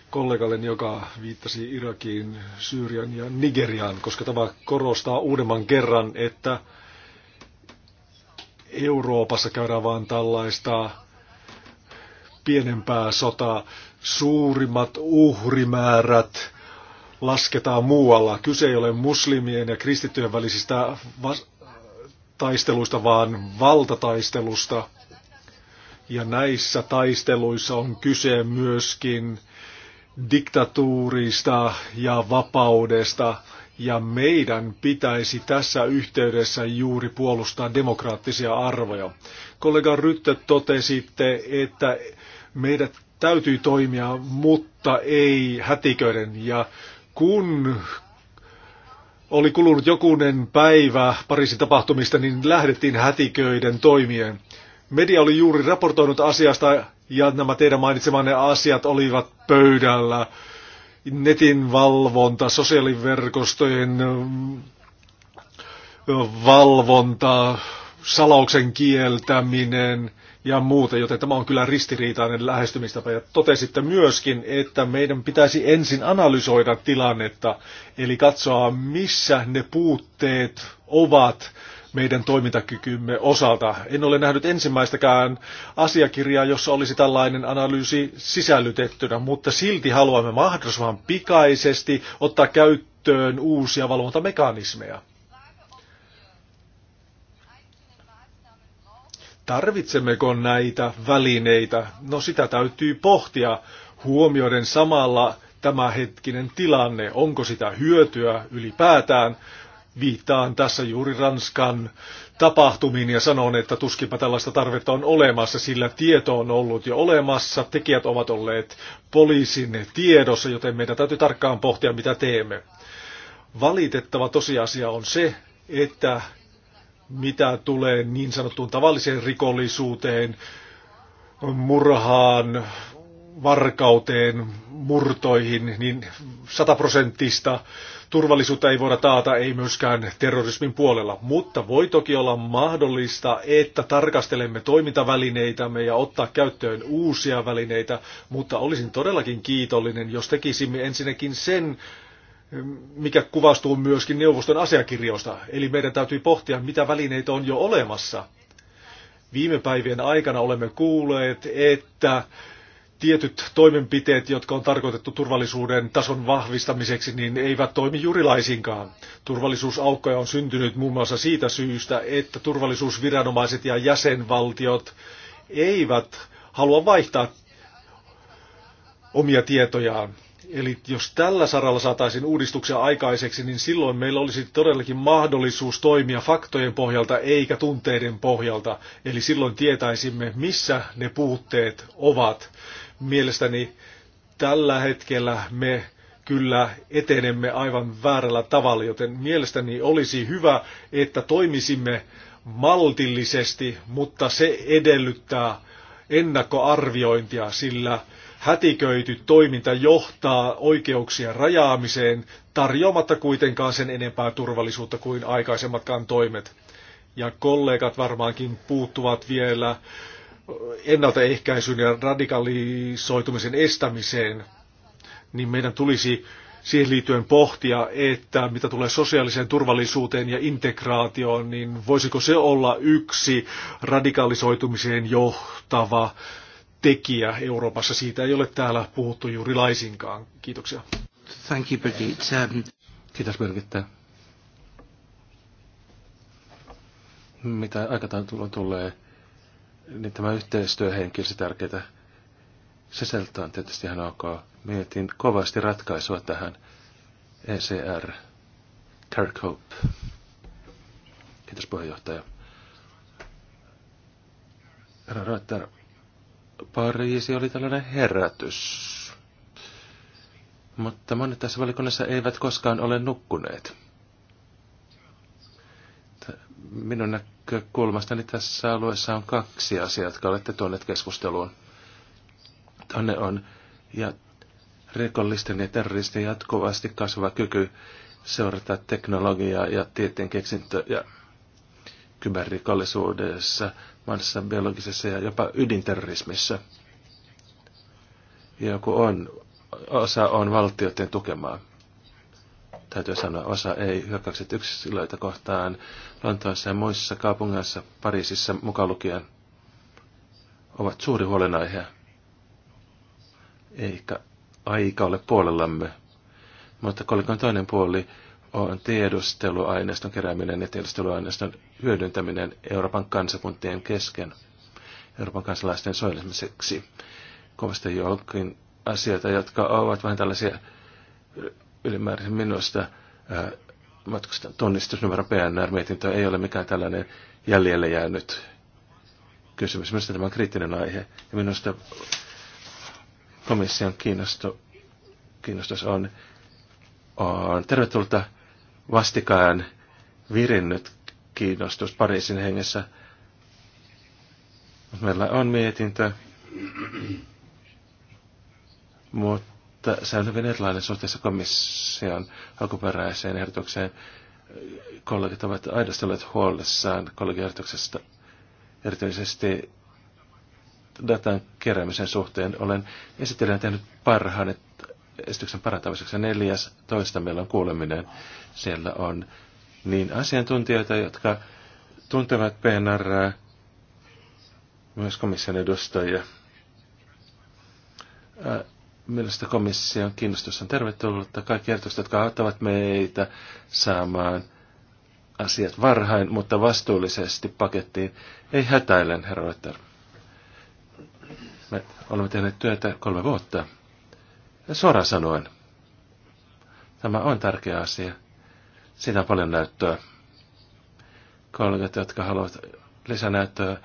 kollegalle, joka viittasi Irakiin, Syyrian ja Nigeriaan, koska tämä korostaa uudemman kerran, että Euroopassa käydään vain tällaista pienempää sotaa, suurimmat uhrimäärät lasketaan muualla. Kyse ei ole muslimien ja kristittyjen välisistä taisteluista, vaan valtataistelusta. Ja näissä taisteluissa on kyse myöskin diktatuurista ja vapaudesta. Ja meidän pitäisi tässä yhteydessä juuri puolustaa demokraattisia arvoja. Kollega Rytte totesitte, että meidät täytyy toimia, mutta ei hätiköiden. Ja kun oli kulunut jokunen päivä Pariisin tapahtumista, niin lähdettiin hätiköiden toimien. Media oli juuri raportoinut asiasta ja nämä teidän mainitsemanne asiat olivat pöydällä. Netin valvonta, sosiaaliverkostojen valvonta, salauksen kieltäminen, ja muuta, joten tämä on kyllä ristiriitainen lähestymistapa. Ja totesitte myöskin, että meidän pitäisi ensin analysoida tilannetta, eli katsoa missä ne puutteet ovat meidän toimintakykymme osalta. En ole nähnyt ensimmäistäkään asiakirjaa, jossa olisi tällainen analyysi sisällytettynä, mutta silti haluamme mahdollisimman pikaisesti ottaa käyttöön uusia valvontamekanismeja. Tarvitsemmeko näitä välineitä? No sitä täytyy pohtia huomioiden samalla tämä hetkinen tilanne. Onko sitä hyötyä ylipäätään? Viittaan tässä juuri Ranskan tapahtumiin ja sanon, että tuskinpä tällaista tarvetta on olemassa, sillä tieto on ollut jo olemassa, tekijät ovat olleet poliisin tiedossa, joten meidän täytyy tarkkaan pohtia, mitä teemme. Valitettava tosiasia on se, että mitä tulee niin sanottuun tavalliseen rikollisuuteen, murhaan, varkauteen, murtoihin, niin sataprosenttista turvallisuutta ei voida taata, ei myöskään terrorismin puolella. Mutta voi toki olla mahdollista, että tarkastelemme toimintavälineitämme ja ottaa käyttöön uusia välineitä, mutta olisin todellakin kiitollinen, jos tekisimme ensinnäkin sen mikä kuvastuu myöskin neuvoston asiakirjoista. Eli meidän täytyy pohtia, mitä välineitä on jo olemassa. Viime päivien aikana olemme kuulleet, että tietyt toimenpiteet, jotka on tarkoitettu turvallisuuden tason vahvistamiseksi, niin eivät toimi jurilaisinkaan. Turvallisuusaukkoja on syntynyt muun muassa siitä syystä, että turvallisuusviranomaiset ja jäsenvaltiot eivät halua vaihtaa omia tietojaan. Eli jos tällä saralla saataisiin uudistuksia aikaiseksi, niin silloin meillä olisi todellakin mahdollisuus toimia faktojen pohjalta eikä tunteiden pohjalta. Eli silloin tietäisimme, missä ne puutteet ovat. Mielestäni tällä hetkellä me kyllä etenemme aivan väärällä tavalla, joten mielestäni olisi hyvä, että toimisimme maltillisesti, mutta se edellyttää ennakkoarviointia, sillä hätiköity toiminta johtaa oikeuksien rajaamiseen, tarjoamatta kuitenkaan sen enempää turvallisuutta kuin aikaisemmatkaan toimet. Ja kollegat varmaankin puuttuvat vielä ennaltaehkäisyyn ja radikalisoitumisen estämiseen, niin meidän tulisi siihen liittyen pohtia, että mitä tulee sosiaaliseen turvallisuuteen ja integraatioon, niin voisiko se olla yksi radikalisoitumiseen johtava tekijä Euroopassa. Siitä ei ole täällä puhuttu juuri laisinkaan. Kiitoksia. Thank you, Birgit. Um... Kiitos Birgit. Mitä aikataulua tulee, niin tämä yhteistyöhenki olisi tärkeää. Sisältö on tietysti ihan ok. Mietin kovasti ratkaisua tähän. ECR. Hope. Kiitos puheenjohtaja. Herra Reuter, Pariisi oli tällainen herätys. Mutta monet tässä valikunnassa eivät koskaan ole nukkuneet. Minun näkökulmastani tässä alueessa on kaksi asiaa, jotka olette tuoneet keskusteluun. Tonne on ja rikollisten ja terroristien jatkuvasti kasvava kyky seurata teknologiaa ja tieteen keksintöjä kyberrikollisuudessa, maassa biologisessa ja jopa ydinterrorismissa. Ja kun on, osa on valtioiden tukemaa. Täytyy sanoa, osa ei hyökkäykset yksilöitä kohtaan Lontoossa ja muissa kaupungeissa, Pariisissa mukaan lukien, ovat suuri huolenaihe. Eikä aika ole puolellamme. Mutta kolikon toinen puoli on tiedusteluaineiston kerääminen ja tiedusteluaineiston hyödyntäminen Euroopan kansakuntien kesken Euroopan kansalaisten soilemiseksi. Kovasti jokin asioita, jotka ovat vähän tällaisia ylimääräisen minusta matkustan tunnistusnumero PNR-mietintö ei ole mikään tällainen jäljelle jäänyt kysymys. Minusta tämä on kriittinen aihe ja minusta komission kiinnostus on, on tervetulta Vastikään virinnyt kiinnostus Pariisin hengessä. Meillä on mietintö, mutta se on hyvin erilainen suhteessa komission alkuperäiseen ehdotukseen. Kollegit ovat aidosti olleet huolissaan kollegiehdotuksesta, erityisesti datan keräämisen suhteen. Olen esittelijän tehnyt parhaan, että esityksen parantamiseksi. Neljäs toista meillä on kuuleminen. Siellä on niin asiantuntijoita, jotka tuntevat PNR, myös komission edustajia. Mielestä komission kiinnostus on tervetullutta. Kaikki järjestöt, jotka auttavat meitä saamaan asiat varhain, mutta vastuullisesti pakettiin. Ei hätäilen, herra Me olemme tehneet työtä kolme vuotta ja suoraan sanoen, tämä on tärkeä asia. Siitä on paljon näyttöä. Kollegat, jotka haluavat lisänäyttöä,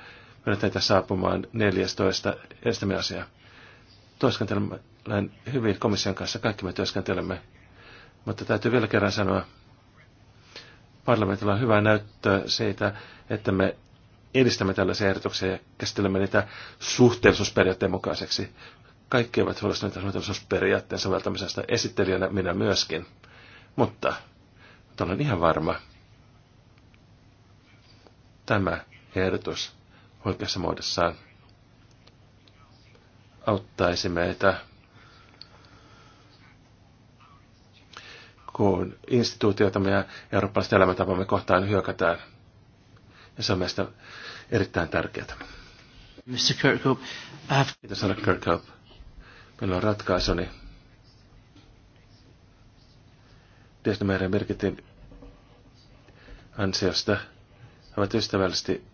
pyydän teitä saapumaan 14. ensimmäinen asia. Työskentelemme hyvin komission kanssa, kaikki me työskentelemme. Mutta täytyy vielä kerran sanoa, parlamentilla on hyvää näyttöä siitä, että me edistämme tällaisia ehdotuksia ja käsittelemme niitä suhteellisuusperiaatteen mukaiseksi. Kaikki ovat huolestuneita suunnitelmallisuusperiaatteen soveltamisesta esittelijänä minä myöskin. Mutta, mutta olen ihan varma, tämä ehdotus oikeassa muodossaan auttaisi meitä, kun instituutioitamme ja eurooppalaiset elämäntapamme kohtaan hyökätään. Ja se on meistä erittäin tärkeää. Mr. Kirkhope, I have... Kiitos, Anna Kirkhope. Meillä on ratkaisuni. Diesnamereen merkitin ansiosta. He ovat ystävällisesti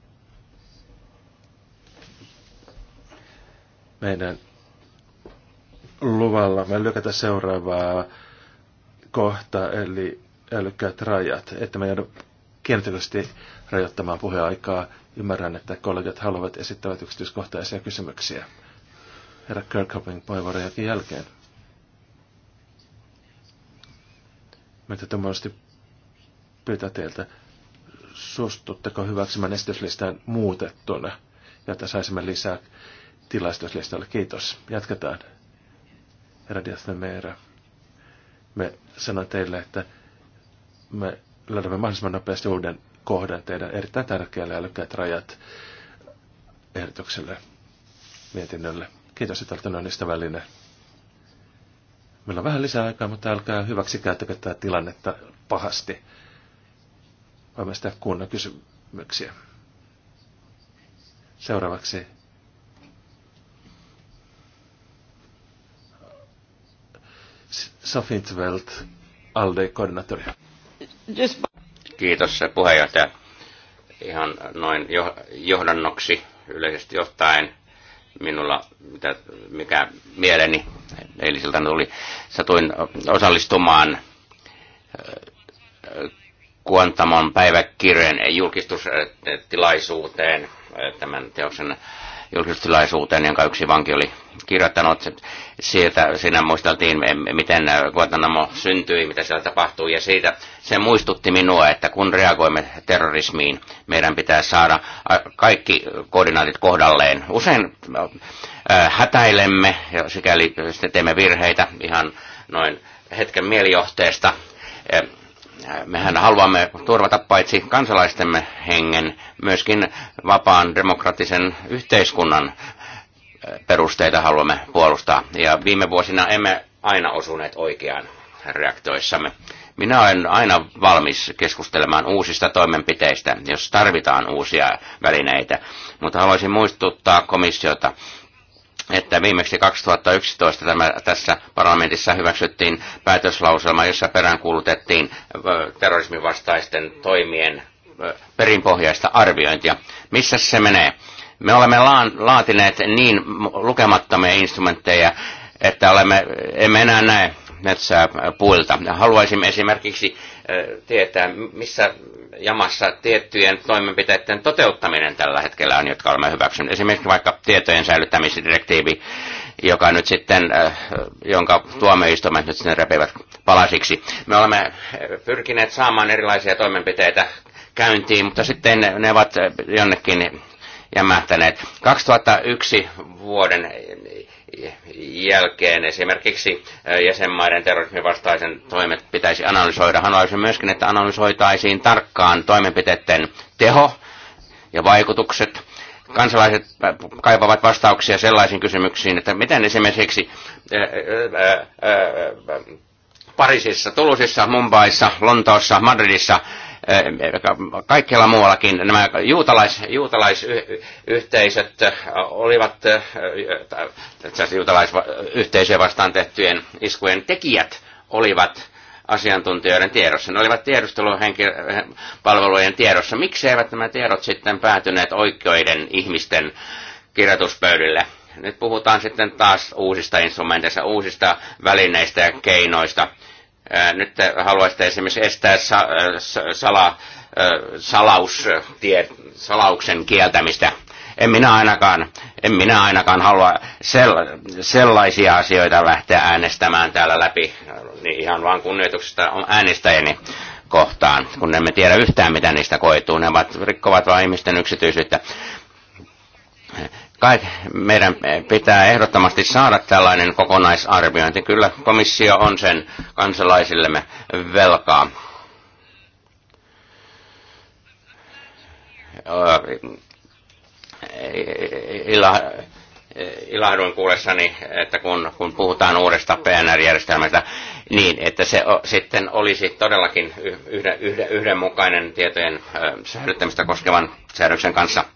meidän luvalla. Me lykätään seuraavaa kohtaa, eli älykkäät rajat, että me joudu kielteisesti rajoittamaan puheaikaa. Ymmärrän, että kollegat haluavat esittää yksityiskohtaisia kysymyksiä herra Kirkhopin puheenvuoron jokin jälkeen. Mitä tämmöisesti pyytää teiltä, suostutteko hyväksymään esityslistään muutettuna, jotta saisimme lisää tilastuslistalle. Kiitos. Jatketaan. Herra Diatnemeera, me sanon teille, että me löydämme mahdollisimman nopeasti uuden kohdan teidän erittäin tärkeälle älykkäät rajat ehdotukselle mietinnölle. Kiitos, että olette noin ystävällinen. Meillä on vähän lisää aikaa, mutta älkää hyväksi käyttäkö tätä tilannetta pahasti. Voimme sitä kunnon kysymyksiä. Seuraavaksi Sofintvelt, ALDE-koordinaattori. Kiitos puheenjohtaja. Ihan noin johdannoksi yleisesti ottaen minulla, mitä, mikä mieleni eilisiltä tuli. Satuin osallistumaan Kuantamon äh, päiväkirjan julkistustilaisuuteen äh, tämän teoksen julkistilaisuuteen, jonka yksi vanki oli kirjoittanut. sieltä siinä muisteltiin, miten Guantanamo syntyi, mitä siellä tapahtui, ja siitä se muistutti minua, että kun reagoimme terrorismiin, meidän pitää saada kaikki koordinaatit kohdalleen. Usein hätäilemme, ja sikäli teemme virheitä ihan noin hetken mielijohteesta, mehän haluamme turvata paitsi kansalaistemme hengen, myöskin vapaan demokraattisen yhteiskunnan perusteita haluamme puolustaa. Ja viime vuosina emme aina osuneet oikeaan reaktioissamme. Minä olen aina valmis keskustelemaan uusista toimenpiteistä, jos tarvitaan uusia välineitä, mutta haluaisin muistuttaa komissiota että viimeksi 2011 tämä, tässä parlamentissa hyväksyttiin päätöslauselma, jossa peräänkuulutettiin terrorismin vastaisten toimien perinpohjaista arviointia. Missä se menee? Me olemme laatineet niin lukemattomia instrumentteja, että olemme, emme enää näe metsää puilta. Haluaisin esimerkiksi tietää, missä jamassa tiettyjen toimenpiteiden toteuttaminen tällä hetkellä on, jotka olemme hyväksyneet. Esimerkiksi vaikka tietojen säilyttämisdirektiivi, joka nyt sitten, äh, jonka tuomioistuimet nyt sitten repivät palasiksi. Me olemme äh, pyrkineet saamaan erilaisia toimenpiteitä käyntiin, mutta sitten ne ovat äh, jonnekin jämähtäneet. 2001 vuoden jälkeen esimerkiksi jäsenmaiden terrorismin vastaisen toimet pitäisi analysoida. Haluaisin myöskin, että analysoitaisiin tarkkaan toimenpiteiden teho ja vaikutukset. Kansalaiset kaipaavat vastauksia sellaisiin kysymyksiin, että miten esimerkiksi Pariisissa, Tulusissa, Mumbaissa, Lontoossa, Madridissa Äh, kaikkialla muuallakin nämä juutalais, juutalaisyhteisöt äh, olivat äh, juutalaisyhteisöjä vastaan tehtyjen iskujen tekijät olivat asiantuntijoiden tiedossa. Ne olivat tiedustelupalvelujen tiedossa. Miksi eivät nämä tiedot sitten päätyneet oikeuden ihmisten kirjoituspöydille? Nyt puhutaan sitten taas uusista instrumenteista, uusista välineistä ja keinoista – nyt haluaisitte esimerkiksi estää sala, salaus, tie, salauksen kieltämistä. En minä ainakaan, en minä ainakaan halua sel, sellaisia asioita lähteä äänestämään täällä läpi niin ihan vaan kunnioituksesta on äänestäjäni kohtaan, kun emme tiedä yhtään mitä niistä koituu. Ne ovat, rikkovat vain ihmisten yksityisyyttä Kai meidän pitää ehdottomasti saada tällainen kokonaisarviointi. Kyllä komissio on sen kansalaisillemme velkaa. ilahduin kuullessani, että kun, kun puhutaan uudesta PNR-järjestelmästä, niin että se o, sitten olisi todellakin yhden, yhden, yhdenmukainen tietojen säilyttämistä koskevan säädöksen kanssa –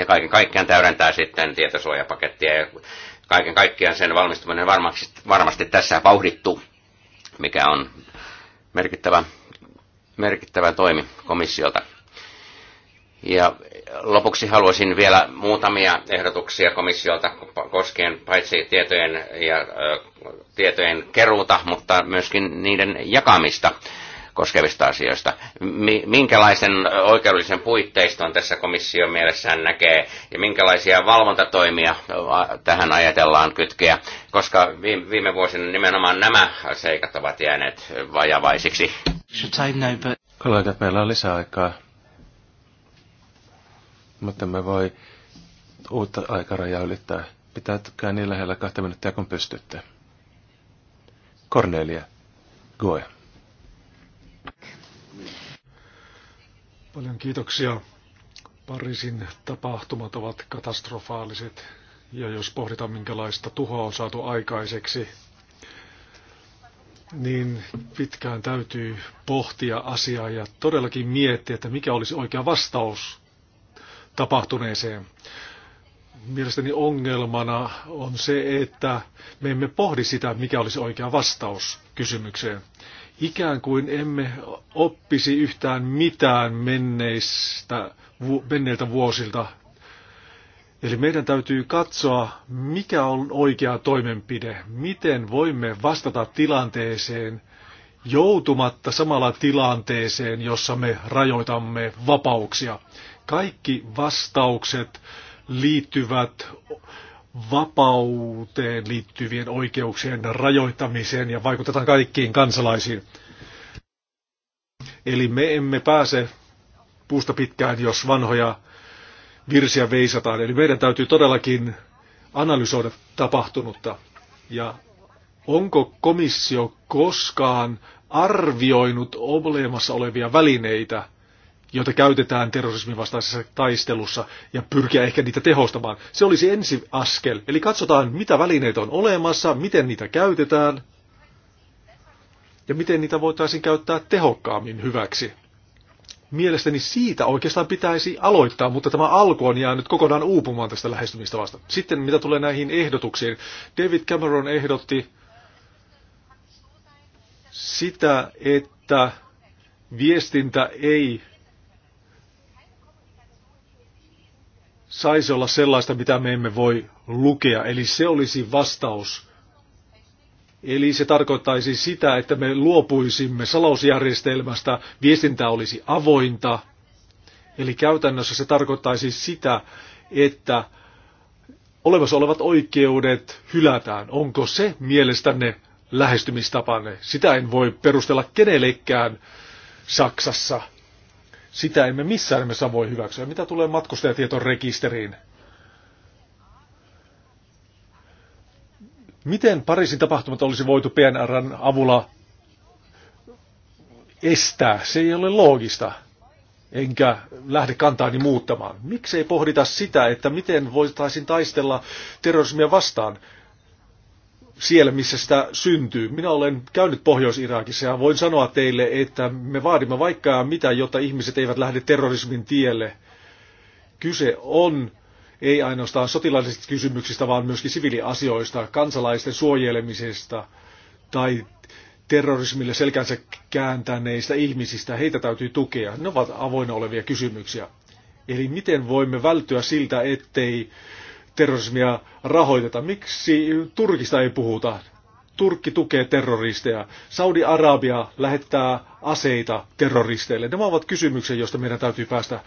ja kaiken kaikkiaan täydentää sitten tietosuojapakettia ja kaiken kaikkiaan sen valmistuminen varmasti, varmasti tässä vauhdittuu, mikä on merkittävä, merkittävä toimi komissiolta. Ja lopuksi haluaisin vielä muutamia ehdotuksia komissiolta koskien paitsi tietojen, ja, ä, tietojen keruuta, mutta myöskin niiden jakamista koskevista asioista. Minkälaisen oikeudellisen puitteiston tässä komissio mielessään näkee ja minkälaisia valvontatoimia tähän ajatellaan kytkeä, koska viime vuosina nimenomaan nämä seikat ovat jääneet vajavaisiksi. Kollegat, meillä on lisäaikaa, mutta me voi uutta aikarajaa ylittää. Pitää käy niin lähellä kahta minuuttia kun pystytte. Cornelia, Goe. Paljon kiitoksia. Pariisin tapahtumat ovat katastrofaaliset ja jos pohditaan minkälaista tuhoa on saatu aikaiseksi, niin pitkään täytyy pohtia asiaa ja todellakin miettiä, että mikä olisi oikea vastaus tapahtuneeseen. Mielestäni ongelmana on se, että me emme pohdi sitä, mikä olisi oikea vastaus kysymykseen ikään kuin emme oppisi yhtään mitään menneistä, menneiltä vuosilta. Eli meidän täytyy katsoa, mikä on oikea toimenpide, miten voimme vastata tilanteeseen joutumatta samalla tilanteeseen, jossa me rajoitamme vapauksia. Kaikki vastaukset liittyvät vapauteen liittyvien oikeuksien rajoittamiseen ja vaikutetaan kaikkiin kansalaisiin. Eli me emme pääse puusta pitkään, jos vanhoja virsiä veisataan. Eli meidän täytyy todellakin analysoida tapahtunutta. Ja onko komissio koskaan arvioinut olemassa olevia välineitä – joita käytetään terrorismin vastaisessa taistelussa ja pyrkiä ehkä niitä tehostamaan. Se olisi ensi askel. Eli katsotaan, mitä välineitä on olemassa, miten niitä käytetään ja miten niitä voitaisiin käyttää tehokkaammin hyväksi. Mielestäni siitä oikeastaan pitäisi aloittaa, mutta tämä alku on jäänyt kokonaan uupumaan tästä lähestymistä vasta. Sitten mitä tulee näihin ehdotuksiin. David Cameron ehdotti sitä, että viestintä ei saisi olla sellaista, mitä me emme voi lukea. Eli se olisi vastaus. Eli se tarkoittaisi sitä, että me luopuisimme salausjärjestelmästä, viestintä olisi avointa. Eli käytännössä se tarkoittaisi sitä, että olemassa olevat oikeudet hylätään. Onko se mielestänne lähestymistapanne? Sitä en voi perustella kenellekään Saksassa sitä emme missään nimessä voi hyväksyä. Mitä tulee matkustajatietorekisteriin? Miten Pariisin tapahtumat olisi voitu PNRn avulla estää? Se ei ole loogista enkä lähde kantaani muuttamaan. Miksi ei pohdita sitä, että miten voitaisiin taistella terrorismia vastaan? siellä, missä sitä syntyy. Minä olen käynyt Pohjois-Irakissa ja voin sanoa teille, että me vaadimme vaikka mitä, jotta ihmiset eivät lähde terrorismin tielle. Kyse on ei ainoastaan sotilaallisista kysymyksistä, vaan myöskin siviiliasioista, kansalaisten suojelemisesta tai terrorismille selkänsä kääntäneistä ihmisistä. Heitä täytyy tukea. Ne ovat avoinna olevia kysymyksiä. Eli miten voimme välttyä siltä, ettei terrorismia rahoiteta. Miksi Turkista ei puhuta? Turkki tukee terroristeja. Saudi-Arabia lähettää aseita terroristeille. Nämä ovat kysymyksiä, joista meidän täytyy päästä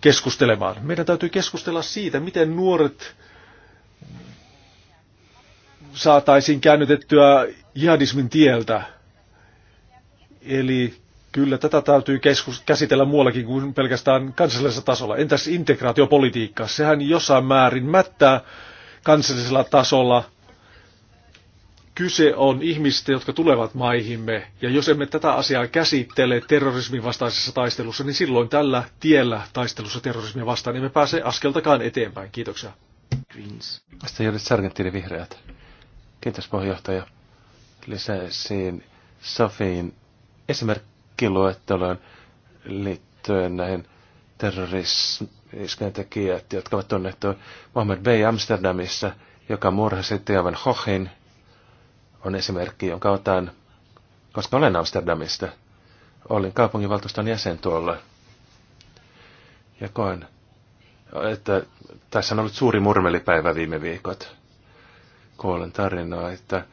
keskustelemaan. Meidän täytyy keskustella siitä, miten nuoret saataisiin käännytettyä jihadismin tieltä. Eli Kyllä tätä täytyy keskus, käsitellä muuallakin kuin pelkästään kansallisella tasolla. Entäs integraatiopolitiikka? Sehän jossain määrin mättää kansallisella tasolla. Kyse on ihmistä, jotka tulevat maihimme, ja jos emme tätä asiaa käsittele terrorismin vastaisessa taistelussa, niin silloin tällä tiellä taistelussa terrorismia vastaan emme pääse askeltakaan eteenpäin. Kiitoksia. Greens. Sitten Judith Sargentini vihreät. Kiitos puheenjohtaja. Lisäisiin Sofiin esimerkki riskiluetteloon liittyen näihin terrorismiskeen tekijät, jotka ovat tunnettu Mohammed Bey Amsterdamissa, joka murhasi Tiaven Hohin, on esimerkki, jonka otan, koska olen Amsterdamista. Olin kaupunginvaltuuston jäsen tuolla. Ja koen, että tässä on ollut suuri murmelipäivä viime viikot. Kuulen tarinaa, että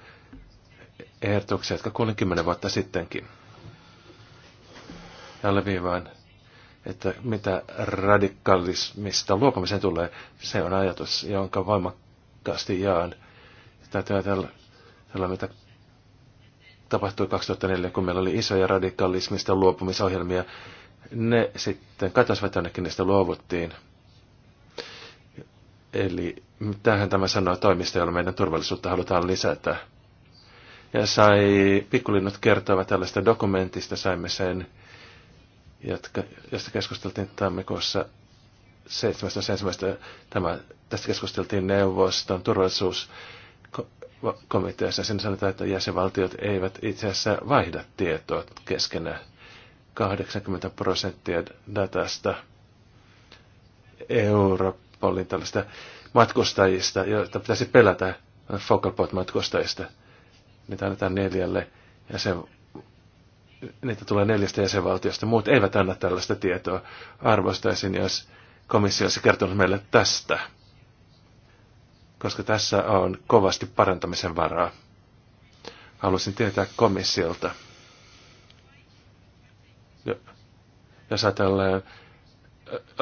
ehdotuksia, jotka kuulin kymmenen vuotta sittenkin alleviivaan, että mitä radikalismista luopumiseen tulee, se on ajatus, jonka voimakkaasti jaan. Täytyy ajatella, mitä tapahtui 2004, kun meillä oli isoja radikalismista luopumisohjelmia. Ne sitten katosivat jonnekin, niistä luovuttiin. Eli mitähän tämä sanoo toimista, jolla meidän turvallisuutta halutaan lisätä. Ja sai, pikkulinnut kertoa tällaista dokumentista, saimme sen jotka, josta keskusteltiin tammikuussa 17.1. Tämä, tästä keskusteltiin neuvoston turvallisuuskomiteassa. Siinä sanotaan, että jäsenvaltiot eivät itse asiassa vaihda tietoa keskenään. 80 prosenttia datasta Europolin tällaista matkustajista, joita pitäisi pelätä focal point matkustajista. Niitä annetaan neljälle jäsenvaltiolle niitä tulee neljästä jäsenvaltiosta. Muut eivät anna tällaista tietoa. Arvostaisin, jos komissio olisi kertonut meille tästä, koska tässä on kovasti parantamisen varaa. Haluaisin tietää komissiolta. Jos ajatellaan,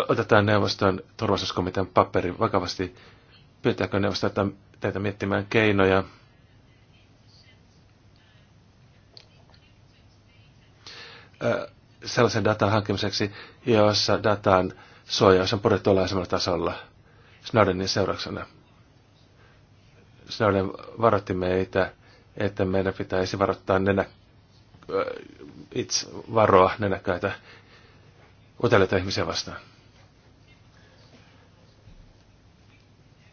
otetaan neuvoston turvallisuuskomitean paperi vakavasti, pyytääkö neuvosto teitä miettimään keinoja, sellaisen datan hankkimiseksi, jossa datan suojaus on purettu alhaisemmalla tasolla Snowdenin seurauksena. Snowden varoitti meitä, että meidän pitäisi varoittaa nenä, itse varoa nenäkkäitä uteleita ihmisiä vastaan.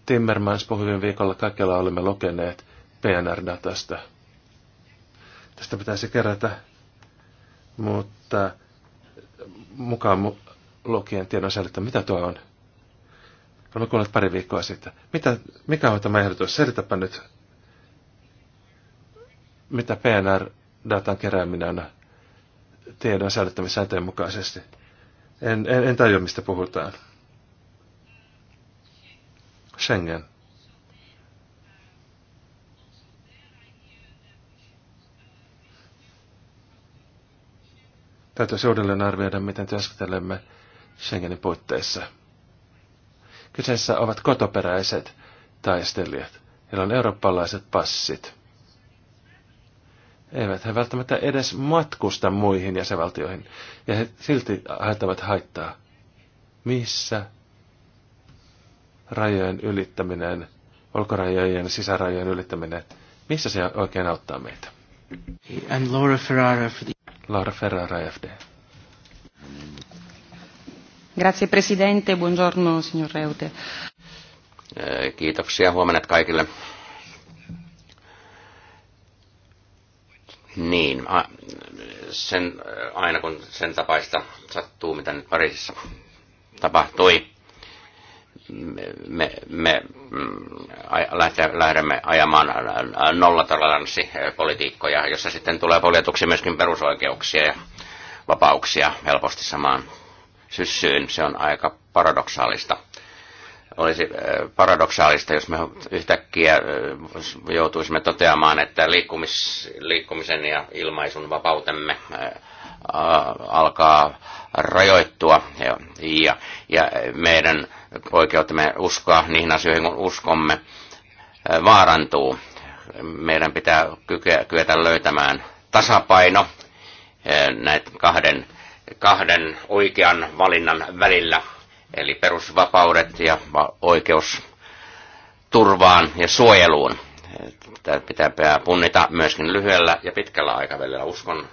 Timmermans puhui viime viikolla, kaikilla olemme lukeneet PNR-datasta. Tästä pitäisi kerätä mutta mukaan lukien tiedon selittää, mitä tuo on? Olemme kuulleet pari viikkoa sitten. Mitä, mikä on tämä ehdotus? Selitäpä nyt, mitä PNR-datan kerääminen on tiedon säilyttämisääntöjen mukaisesti. En, en, en tajua, mistä puhutaan. Schengen. täytyisi uudelleen arvioida, miten työskentelemme Schengenin puitteissa. Kyseessä ovat kotoperäiset taistelijat, joilla on eurooppalaiset passit. Eivät he välttämättä edes matkusta muihin jäsenvaltioihin, ja he silti haittavat haittaa. Missä rajojen ylittäminen, ulkorajojen, sisärajojen ylittäminen, missä se oikein auttaa meitä? And Laura Ferrara for the... Laura Ferrara, FD. Grazie presidente, buongiorno signor Reute. Eh, kiitoksia, huomenna kaikille. Niin, sen, aina kun sen tapaista sattuu, mitä nyt Pariisissa tapahtui, me, me, me mm, lähdemme ajamaan äh, nollatoleranssipolitiikkoja, äh, jossa sitten tulee poljetuksi myöskin perusoikeuksia ja vapauksia helposti samaan syssyyn. Se on aika paradoksaalista. Olisi äh, paradoksaalista, jos me yhtäkkiä joutuisimme toteamaan, että liikkumis, liikkumisen ja ilmaisun vapautemme Äh, alkaa rajoittua ja, ja, ja meidän oikeutemme uskoa niihin asioihin, kun uskomme, äh, vaarantuu. Meidän pitää kyetä löytämään tasapaino äh, näiden kahden, kahden oikean valinnan välillä, eli perusvapaudet ja oikeus turvaan ja suojeluun. Tätä pitää punnita myöskin lyhyellä ja pitkällä aikavälillä. Uskon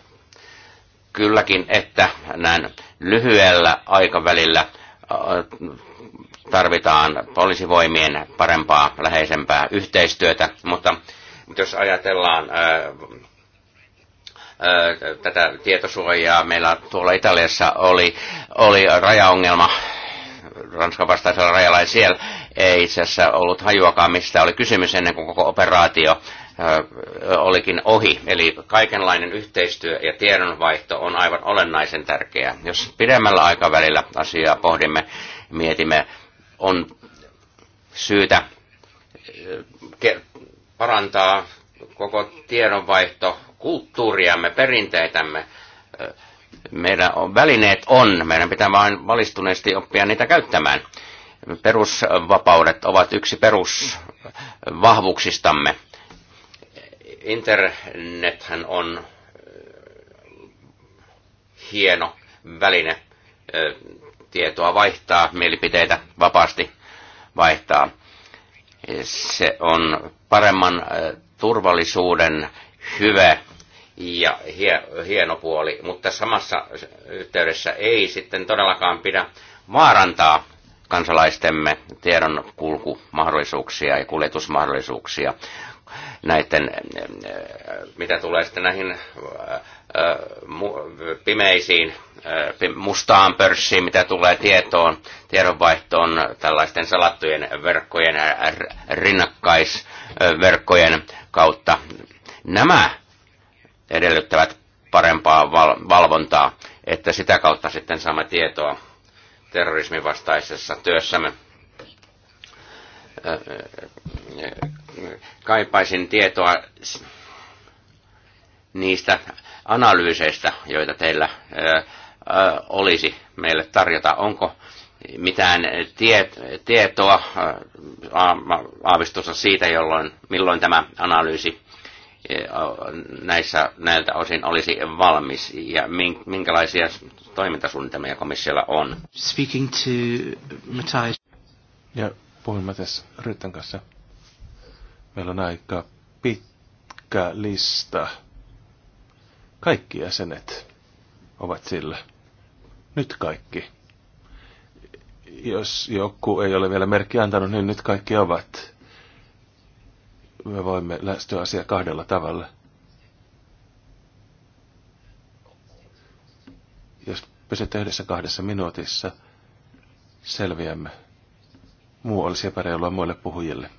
kylläkin, että näin lyhyellä aikavälillä tarvitaan poliisivoimien parempaa, läheisempää yhteistyötä, mutta, jos ajatellaan tätä tietosuojaa, meillä tuolla Italiassa oli, oli rajaongelma, Ranskan vastaisella rajalla, ja siellä ei itse asiassa ollut hajuakaan, mistä oli kysymys ennen kuin koko operaatio olikin ohi. Eli kaikenlainen yhteistyö ja tiedonvaihto on aivan olennaisen tärkeää. Jos pidemmällä aikavälillä asiaa pohdimme, mietimme, on syytä parantaa koko tiedonvaihto kulttuuriamme, perinteitämme. Meidän välineet on, meidän pitää vain valistuneesti oppia niitä käyttämään. Perusvapaudet ovat yksi perusvahvuuksistamme Internethän on hieno väline tietoa vaihtaa, mielipiteitä vapaasti vaihtaa. Se on paremman turvallisuuden hyve ja hieno puoli, mutta samassa yhteydessä ei sitten todellakaan pidä vaarantaa kansalaistemme tiedon kulkumahdollisuuksia ja kuljetusmahdollisuuksia näiden, mitä tulee sitten näihin äh, äh, pimeisiin, äh, mustaan pörssiin, mitä tulee tietoon, tiedonvaihtoon, tällaisten salattujen verkkojen, rinnakkaisverkkojen kautta. Nämä edellyttävät parempaa valvontaa, että sitä kautta sitten saamme tietoa terrorismin vastaisessa työssämme kaipaisin tietoa niistä analyyseistä, joita teillä olisi meille tarjota. Onko mitään tietoa, aavistusta siitä, jolloin, milloin tämä analyysi näissä näiltä osin olisi valmis ja minkälaisia toimintasuunnitelmia komissiolla on. Speaking to Matthias. Ja puhuin mä tässä Ryttän kanssa. Meillä on aika pitkä lista. Kaikki jäsenet ovat sillä. Nyt kaikki. Jos joku ei ole vielä merkki antanut, niin nyt kaikki ovat. Me voimme lähestyä asiaa kahdella tavalla. Jos pysytte yhdessä kahdessa minuutissa, selviämme. Muu olisi epäreilua muille puhujille.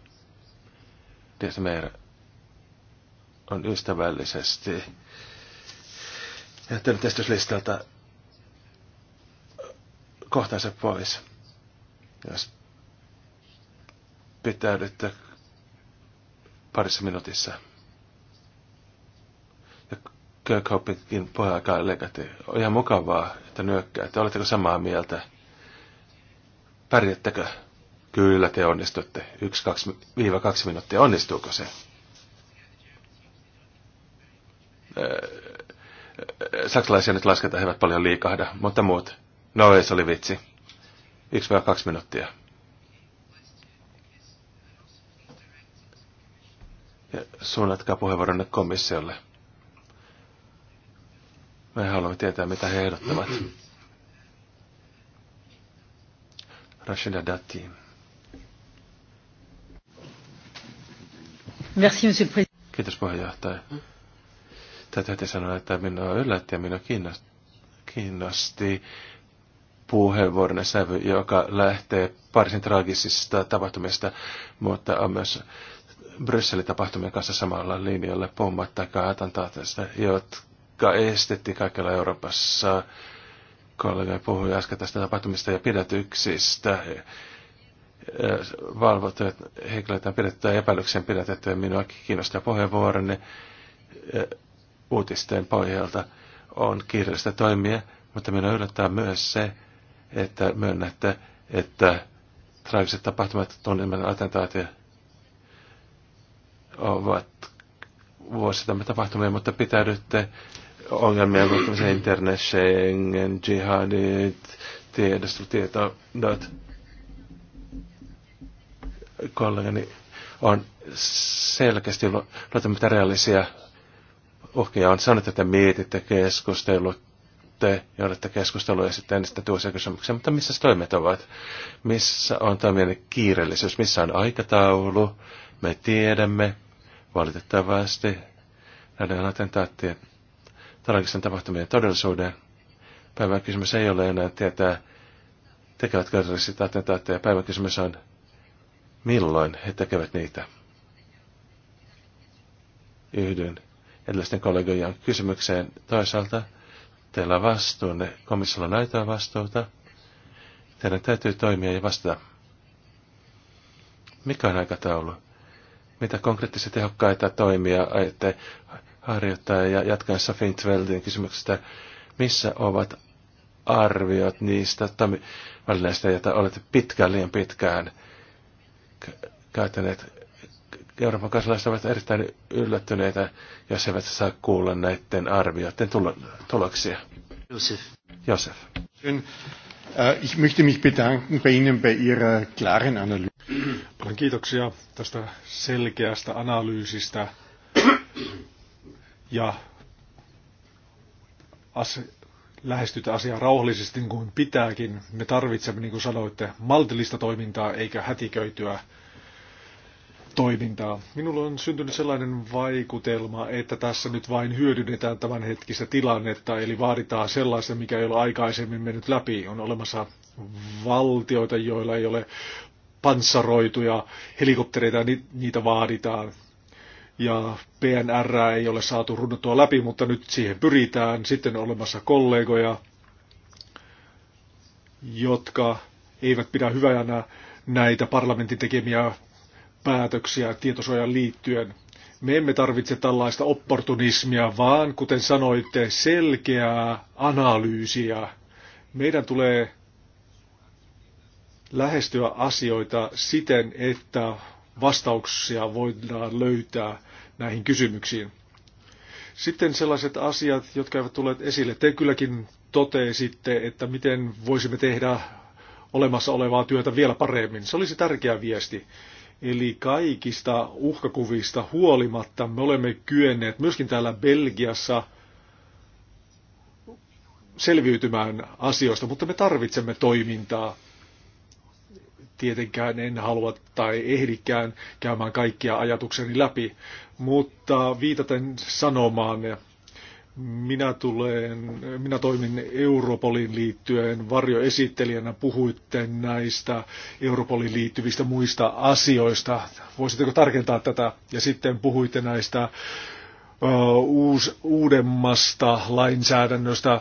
Tietysti meidän on ystävällisesti jättänyt esityslistalta kohtansa pois, jos pitäydytte parissa minuutissa. Ja Kirkhopinkin puheaikaa legati. On ihan mukavaa, että nyökkäätte. Oletteko samaa mieltä? Pärjättekö? Kyllä te onnistutte. Yksi, kaksi, viiva kaksi minuuttia. Onnistuuko se? Äh, saksalaisia nyt lasketaan, he eivät paljon liikahda, mutta muut. No ei, se oli vitsi. Yksi vai kaksi minuuttia. Ja suunnatkaa puheenvuoronne komissiolle. Me haluamme tietää, mitä he ehdottavat. Rashida Dattiin. Kiitos puheenjohtaja. Täytyy heti sanoa, että minua yllätti ja minua kiinnosti, kiinnosti puheenvuoron sävy, joka lähtee varsin traagisista tapahtumista, mutta on myös Brysselin tapahtumien kanssa samalla linjalla pommattakaa atentaateista, jotka estettiin kaikilla Euroopassa. Kollega puhui äsken tästä tapahtumista ja pidätyksistä valvottuja henkilöitä on pidetty tai epäilyksen pidätetty. Minua kiinnostaa puheenvuoronne uutisten pohjalta on kiireellistä toimia, mutta minua yllättää myös se, että myönnätte, että traagiset tapahtumat tunnelman attentaatia ovat vuositamme tapahtumia, mutta pitäydytte ongelmien luottamiseen internet, Schengen, jihadit, tiedostutiedot, kollegani on selkeästi luota, mitä reaalisia uhkia on. sanottu, että mietitte keskustelut ja olette keskustelua ja sitten sitä tuossa kysymyksiä, mutta missä toimet ovat? Missä on toimien kiireellisyys? Missä on aikataulu? Me tiedämme valitettavasti näiden attentaattien tarkisten tapahtumien todellisuuden. Päivän kysymys ei ole enää tietää, tekevätkö terroristit attentaatteja. Päivän kysymys on, milloin he tekevät niitä. Yhdyn edellisten kollegojen kysymykseen. Toisaalta teillä on vastuunne, komissiolla on aitoa vastuuta. Teidän täytyy toimia ja vastata. Mikä on aikataulu? Mitä konkreettisia tehokkaita toimia ajatte harjoittaa ja jatkan Safin Tveldin kysymyksestä. Missä ovat arviot niistä välineistä, joita olette pitkään liian pitkään käyttäneet Euroopan kansalaiset ovat erittäin yllättyneitä, jos eivät saa kuulla näiden arvioiden tulo- tuloksia. Josef. Josef. Äh, ich möchte mich bedanken bei Ihnen bei Ihrer klaren Analyse. Paljon kiitoksia tästä selkeästä analyysistä ja lähestytä asiaa rauhallisesti niin kuin pitääkin. Me tarvitsemme, niin kuin sanoitte, maltillista toimintaa eikä hätiköityä toimintaa. Minulla on syntynyt sellainen vaikutelma, että tässä nyt vain hyödynnetään tämänhetkistä tilannetta, eli vaaditaan sellaista, mikä ei ole aikaisemmin mennyt läpi. On olemassa valtioita, joilla ei ole panssaroituja helikoptereita, niitä vaaditaan ja PNR ei ole saatu runnottua läpi, mutta nyt siihen pyritään. Sitten on olemassa kollegoja, jotka eivät pidä hyvänä näitä parlamentin tekemiä päätöksiä tietosuojan liittyen. Me emme tarvitse tällaista opportunismia, vaan kuten sanoitte, selkeää analyysiä. Meidän tulee lähestyä asioita siten, että vastauksia voidaan löytää näihin kysymyksiin. Sitten sellaiset asiat, jotka eivät tulleet esille. Te kylläkin totesitte, että miten voisimme tehdä olemassa olevaa työtä vielä paremmin. Se olisi tärkeä viesti. Eli kaikista uhkakuvista huolimatta me olemme kyenneet myöskin täällä Belgiassa selviytymään asioista, mutta me tarvitsemme toimintaa tietenkään en halua tai ehdikään käymään kaikkia ajatukseni läpi, mutta viitaten sanomaan, minä, tulen, minä toimin Europolin liittyen varjoesittelijänä, puhuitte näistä Europolin liittyvistä muista asioista. Voisitteko tarkentaa tätä? Ja sitten puhuitte näistä uus, uudemmasta lainsäädännöstä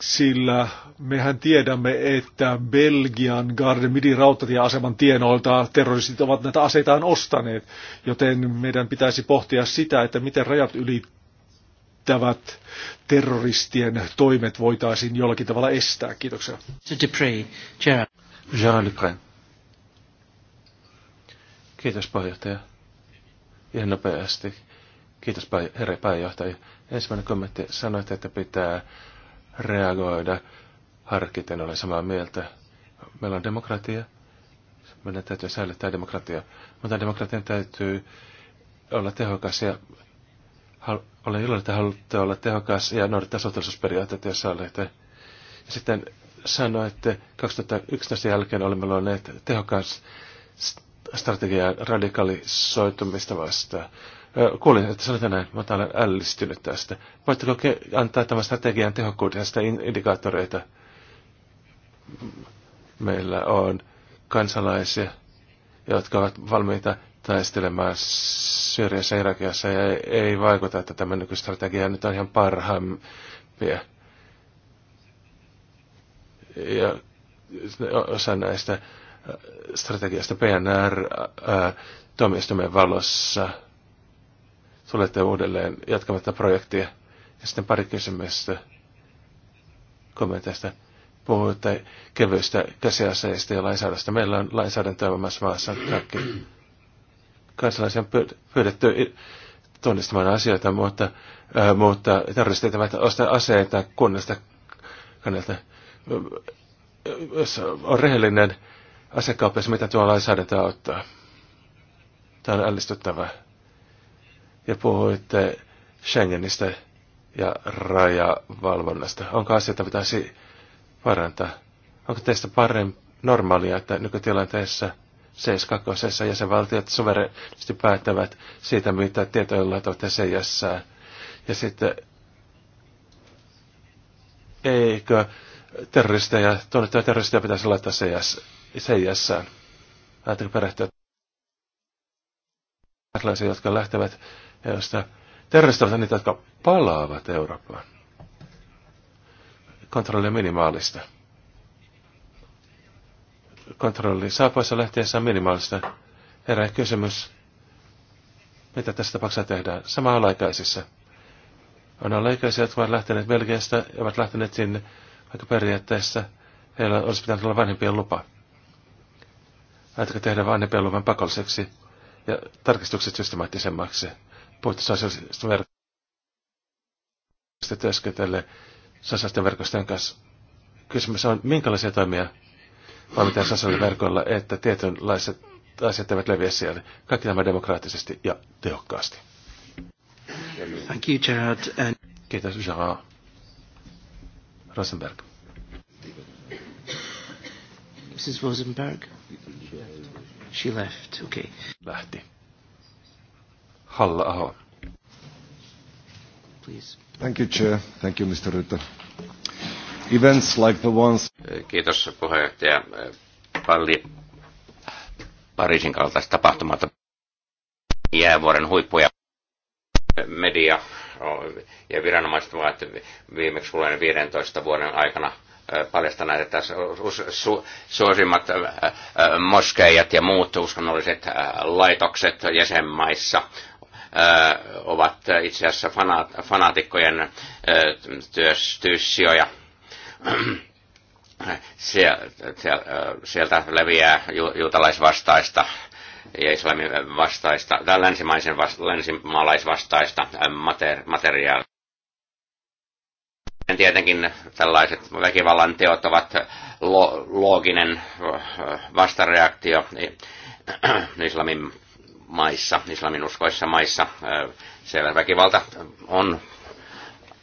sillä mehän tiedämme, että Belgian Midi rautatieaseman tienoilta terroristit ovat näitä aseitaan ostaneet, joten meidän pitäisi pohtia sitä, että miten rajat ylittävät terroristien toimet voitaisiin jollakin tavalla estää. Kiitoksia. Kiitos puheenjohtaja. Ihan nopeasti. Kiitos herra pääjohtaja. Ensimmäinen kommentti. sanoi, että pitää reagoida harkiten. Olen samaa mieltä. Meillä on demokratia. Meidän täytyy säilyttää demokratia. Mutta demokratian täytyy olla tehokas ja olen iloinen, että haluatte olla tehokas ja noudattaa sotilaisuusperiaatteita, jos olette. Ja sitten sanoin, että 2011 jälkeen olemme luoneet tehokas strategiaa radikalisoitumista vastaan. Kuulin, että sanoit näin, mä olen ällistynyt tästä. Voitteko antaa tämän strategian tehokkuudesta indikaattoreita? Meillä on kansalaisia, jotka ovat valmiita taistelemaan Syyriassa ja Irakiassa ja ei vaikuta, että tämä nykystrategia nyt on ihan parhaimpia. Ja osa näistä strategiasta PNR tuomioistuimen valossa – tulette uudelleen jatkamatta projektia. Ja sitten pari kysymystä kommenteista. Puhuitte kevyistä käsiaseista ja lainsäädännöstä. Meillä on lainsäädäntöä omassa maassa kaikki. Kansalaisia on pyydetty tunnistamaan asioita, mutta, äh, mutta terroristit eivät osta aseita kunnasta kannalta. Jos on rehellinen asekauppias, mitä tuo lainsäädäntö auttaa? Tämä on ällistyttävää ja puhuitte Schengenistä ja rajavalvonnasta. Onko asioita pitäisi parantaa? Onko teistä parempi normaalia, että nykytilanteessa 72 jäsenvaltiot suverenisti päättävät siitä, mitä tietoja laitoitte CSään? Ja sitten eikö terroristeja, tuonnettavia terroristeja pitäisi laittaa CS, CSään? Ajatteko perehtyä pakolaisia, jotka lähtevät ja joista niitä, jotka palaavat Eurooppaan. Kontrolli on minimaalista. Kontrolli saapuessa lähtiessä on minimaalista. Herää kysymys, mitä tässä tapauksessa tehdään. Sama laikaisissa. On alaikaisia, jotka ovat lähteneet Belgiasta ja ovat lähteneet sinne vaikka periaatteessa. Heillä olisi pitänyt olla vanhempien lupa. Ajatteko tehdä vanhempien luvan pakolliseksi? ja tarkistukset systemaattisemmaksi. Puhutte sosiaalisesta verkosta työskentelee sosiaalisten verkostojen kanssa. Kysymys on, minkälaisia toimia valmitaan sosiaaliverkoilla, että tietynlaiset asiat eivät leviä siellä. Kaikki tämä demokraattisesti ja tehokkaasti. Thank you, Gerard. And... Kiitos, Gerard. Rosenberg. Mrs. Rosenberg. She left, okay. Lähti. Halla-aho. Please. Thank you, Chair. Thank you, Mr. Rutte. Events like the ones... Kiitos puheenjohtaja. Palli Pariisin kaltaista tapahtumata jäävuoren huippuja media ja viranomaiset ovat viimeksi kuluneen 15 vuoden aikana paljastaneet, että suosimmat moskeijat ja muut uskonnolliset laitokset jäsenmaissa ovat itse asiassa fanaatikkojen työssioja. Sieltä leviää juutalaisvastaista ja islamin vastaista, tai länsimaisen, länsimaalaisvastaista materiaalia Tietenkin tällaiset väkivallan teot ovat lo- looginen äh, vastareaktio äh, islamin maissa, islamin uskoissa maissa. Äh, siellä väkivalta on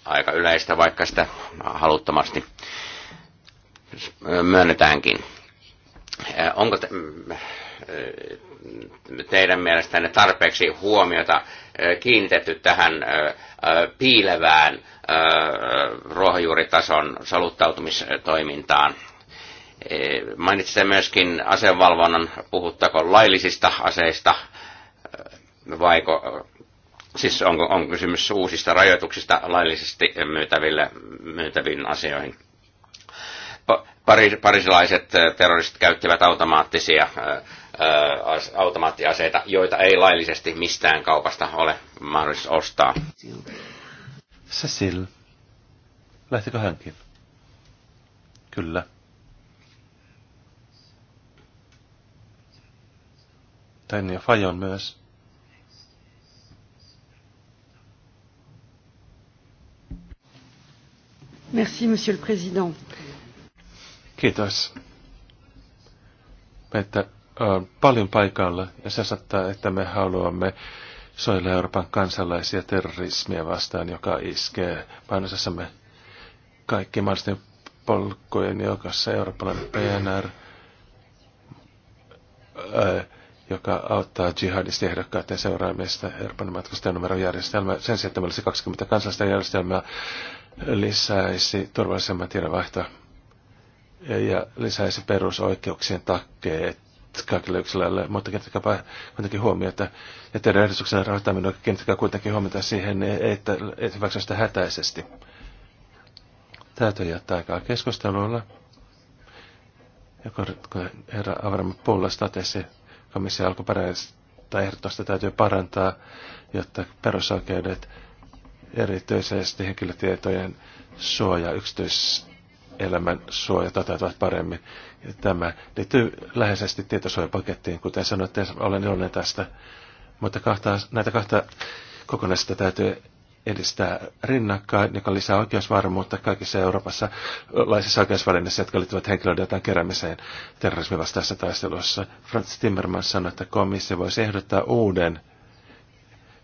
aika yleistä, vaikka sitä haluttomasti myönnetäänkin. Onko te, Eh, teidän mielestänne tarpeeksi huomiota eh, kiinnitetty tähän eh, piilevään ruohonjuuritason soluttautumistoimintaan. Mainitsitte myöskin asevalvonnan, puhuttako laillisista aseista, vaiko, siis onko on kysymys uusista rajoituksista laillisesti myytäville, myytäviin asioihin? Pari, parisilaiset terroristit käyttivät automaattisia automaattiaseita, joita ei laillisesti mistään kaupasta ole mahdollista ostaa. Cecil, lähtikö hänkin? Kyllä. Tänne ja Fajon myös. Merci, monsieur le président. Kiitos. Että paljon paikalla ja se saattaa, että me haluamme soilla Euroopan kansalaisia terrorismia vastaan, joka iskee painosassamme kaikki mahdollisten polkkojen joukassa eurooppalainen PNR, ää, joka auttaa jihadistiehdokkaiden seuraamista Euroopan numerojärjestelmä, Sen sijaan, että 20 kansallista järjestelmää, lisäisi turvallisemman tiedonvaihtoa ja lisäisi perusoikeuksien takkeet kaikille yksilöille, mutta kiinnittäkää kuitenkin että Ja teidän ehdotuksena rahoittaminen on kuitenkin huomioon siihen, että et hyväksy sitä hätäisesti. Täytyy jättää aikaa keskustelulla. Ja kun herra Avram Pullas totesi komission alkuperäistä ehdotusta täytyy parantaa, jotta perusoikeudet, erityisesti henkilötietojen suoja yksityis elämän suoja toteutuvat paremmin. Ja tämä liittyy läheisesti tietosuojapakettiin, kuten sanoitte, olen iloinen tästä. Mutta kahta, näitä kahta kokonaisuutta täytyy edistää rinnakkain, joka lisää oikeusvarmuutta kaikissa Euroopassa laisissa oikeusvälineissä, jotka liittyvät henkilödatan keräämiseen terrorismin vastaisessa taistelussa. Franz Timmermans sanoi, että komissio voisi ehdottaa uuden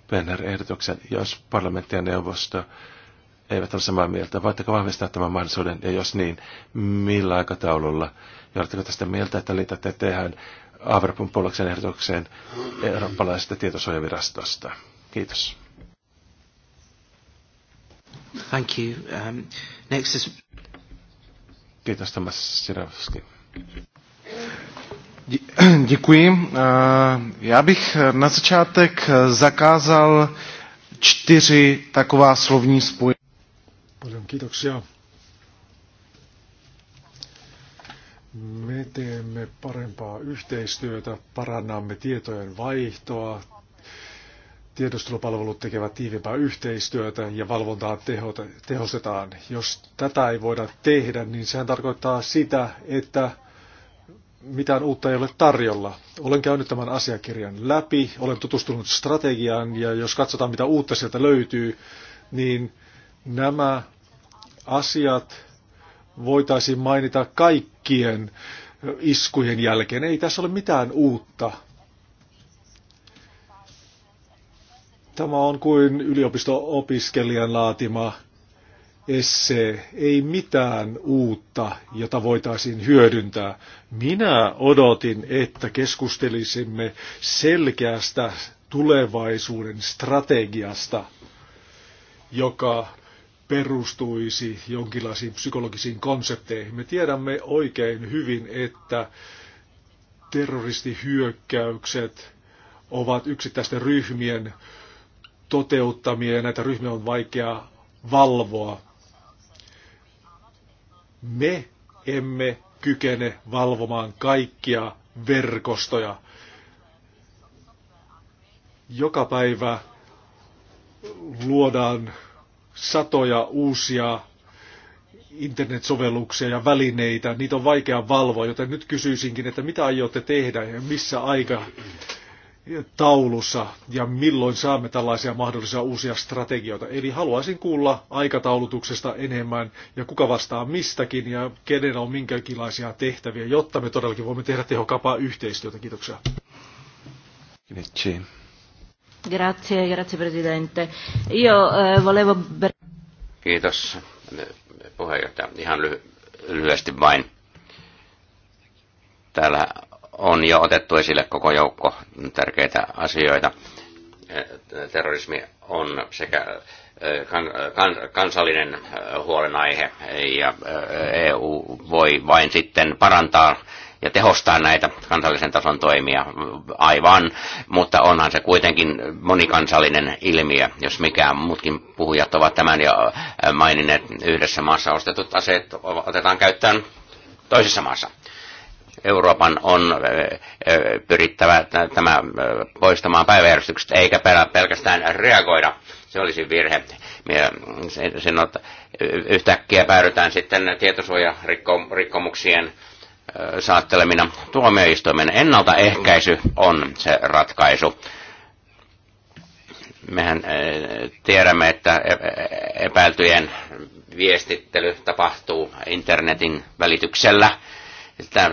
PNR-ehdotuksen, jos parlamentti ja neuvosto eivät ole samaa mieltä. Voitteko vahvistaa tämän mahdollisuuden, ja jos niin, millä aikataululla? Ja oletteko tästä mieltä, että liitätte tehdään Averpun puolueksen ehdotukseen eurooppalaisesta tietosuojavirastosta? Kiitos. Thank you. Um, next is... Kiitos, Tomas Sirovski. Děkuji. Eh, já bych eh, na začátek eh, zakázal čtyři taková slovní spojení. Paljon kiitoksia. Me teemme parempaa yhteistyötä, parannamme tietojen vaihtoa, tiedustelupalvelut tekevät tiivimpää yhteistyötä ja valvontaa tehostetaan. Jos tätä ei voida tehdä, niin sehän tarkoittaa sitä, että mitään uutta ei ole tarjolla. Olen käynyt tämän asiakirjan läpi, olen tutustunut strategiaan ja jos katsotaan mitä uutta sieltä löytyy, niin nämä asiat voitaisiin mainita kaikkien iskujen jälkeen. Ei tässä ole mitään uutta. Tämä on kuin yliopisto-opiskelijan laatima esse. Ei mitään uutta, jota voitaisiin hyödyntää. Minä odotin, että keskustelisimme selkeästä tulevaisuuden strategiasta, joka perustuisi jonkinlaisiin psykologisiin konsepteihin. Me tiedämme oikein hyvin, että terroristihyökkäykset ovat yksittäisten ryhmien toteuttamia ja näitä ryhmiä on vaikea valvoa. Me emme kykene valvomaan kaikkia verkostoja. Joka päivä luodaan satoja uusia internetsovelluksia ja välineitä, niitä on vaikea valvoa, joten nyt kysyisinkin, että mitä aiotte tehdä ja missä aika taulussa ja milloin saamme tällaisia mahdollisia uusia strategioita. Eli haluaisin kuulla aikataulutuksesta enemmän ja kuka vastaa mistäkin ja kenellä on minkäkinlaisia tehtäviä, jotta me todellakin voimme tehdä tehokapaa yhteistyötä. Kiitoksia. Kiitoksia. Grazie, grazie Presidente. Io eh, volevo... Kiitos puheenjohtaja. Ihan lyhy- lyhyesti vain. Täällä on jo otettu esille koko joukko tärkeitä asioita. Eh, terrorismi on sekä eh, kansallinen eh, huolenaihe ja EU e voi vain sitten parantaa ja tehostaa näitä kansallisen tason toimia aivan, mutta onhan se kuitenkin monikansallinen ilmiö, jos mikään muutkin puhujat ovat tämän jo maininneet, yhdessä maassa ostetut aseet otetaan käyttöön toisessa maassa. Euroopan on pyrittävä tämä poistamaan päiväjärjestyksestä, eikä pelkästään reagoida. Se olisi virhe. Sen yhtäkkiä päädytään sitten tietosuojarikkomuksien rikkomuksien saattelemina tuomioistuimen. Ennaltaehkäisy on se ratkaisu. Mehän eh, tiedämme, että e, e, epäiltyjen viestittely tapahtuu internetin välityksellä.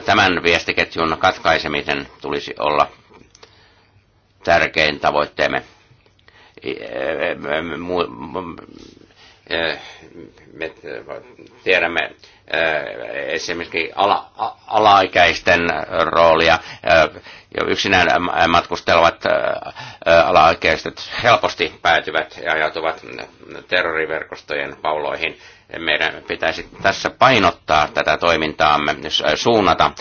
Tämän viestiketjun katkaisemisen tulisi olla tärkein tavoitteemme. E, Eh, me eh, tiedämme eh, esimerkiksi ala, alaikäisten roolia. Jo yksinään matkustelevat alaikäiset helposti päätyvät ja ajautuvat terroriverkostojen pauloihin. Meidän pitäisi tässä painottaa tätä toimintaamme, suunnata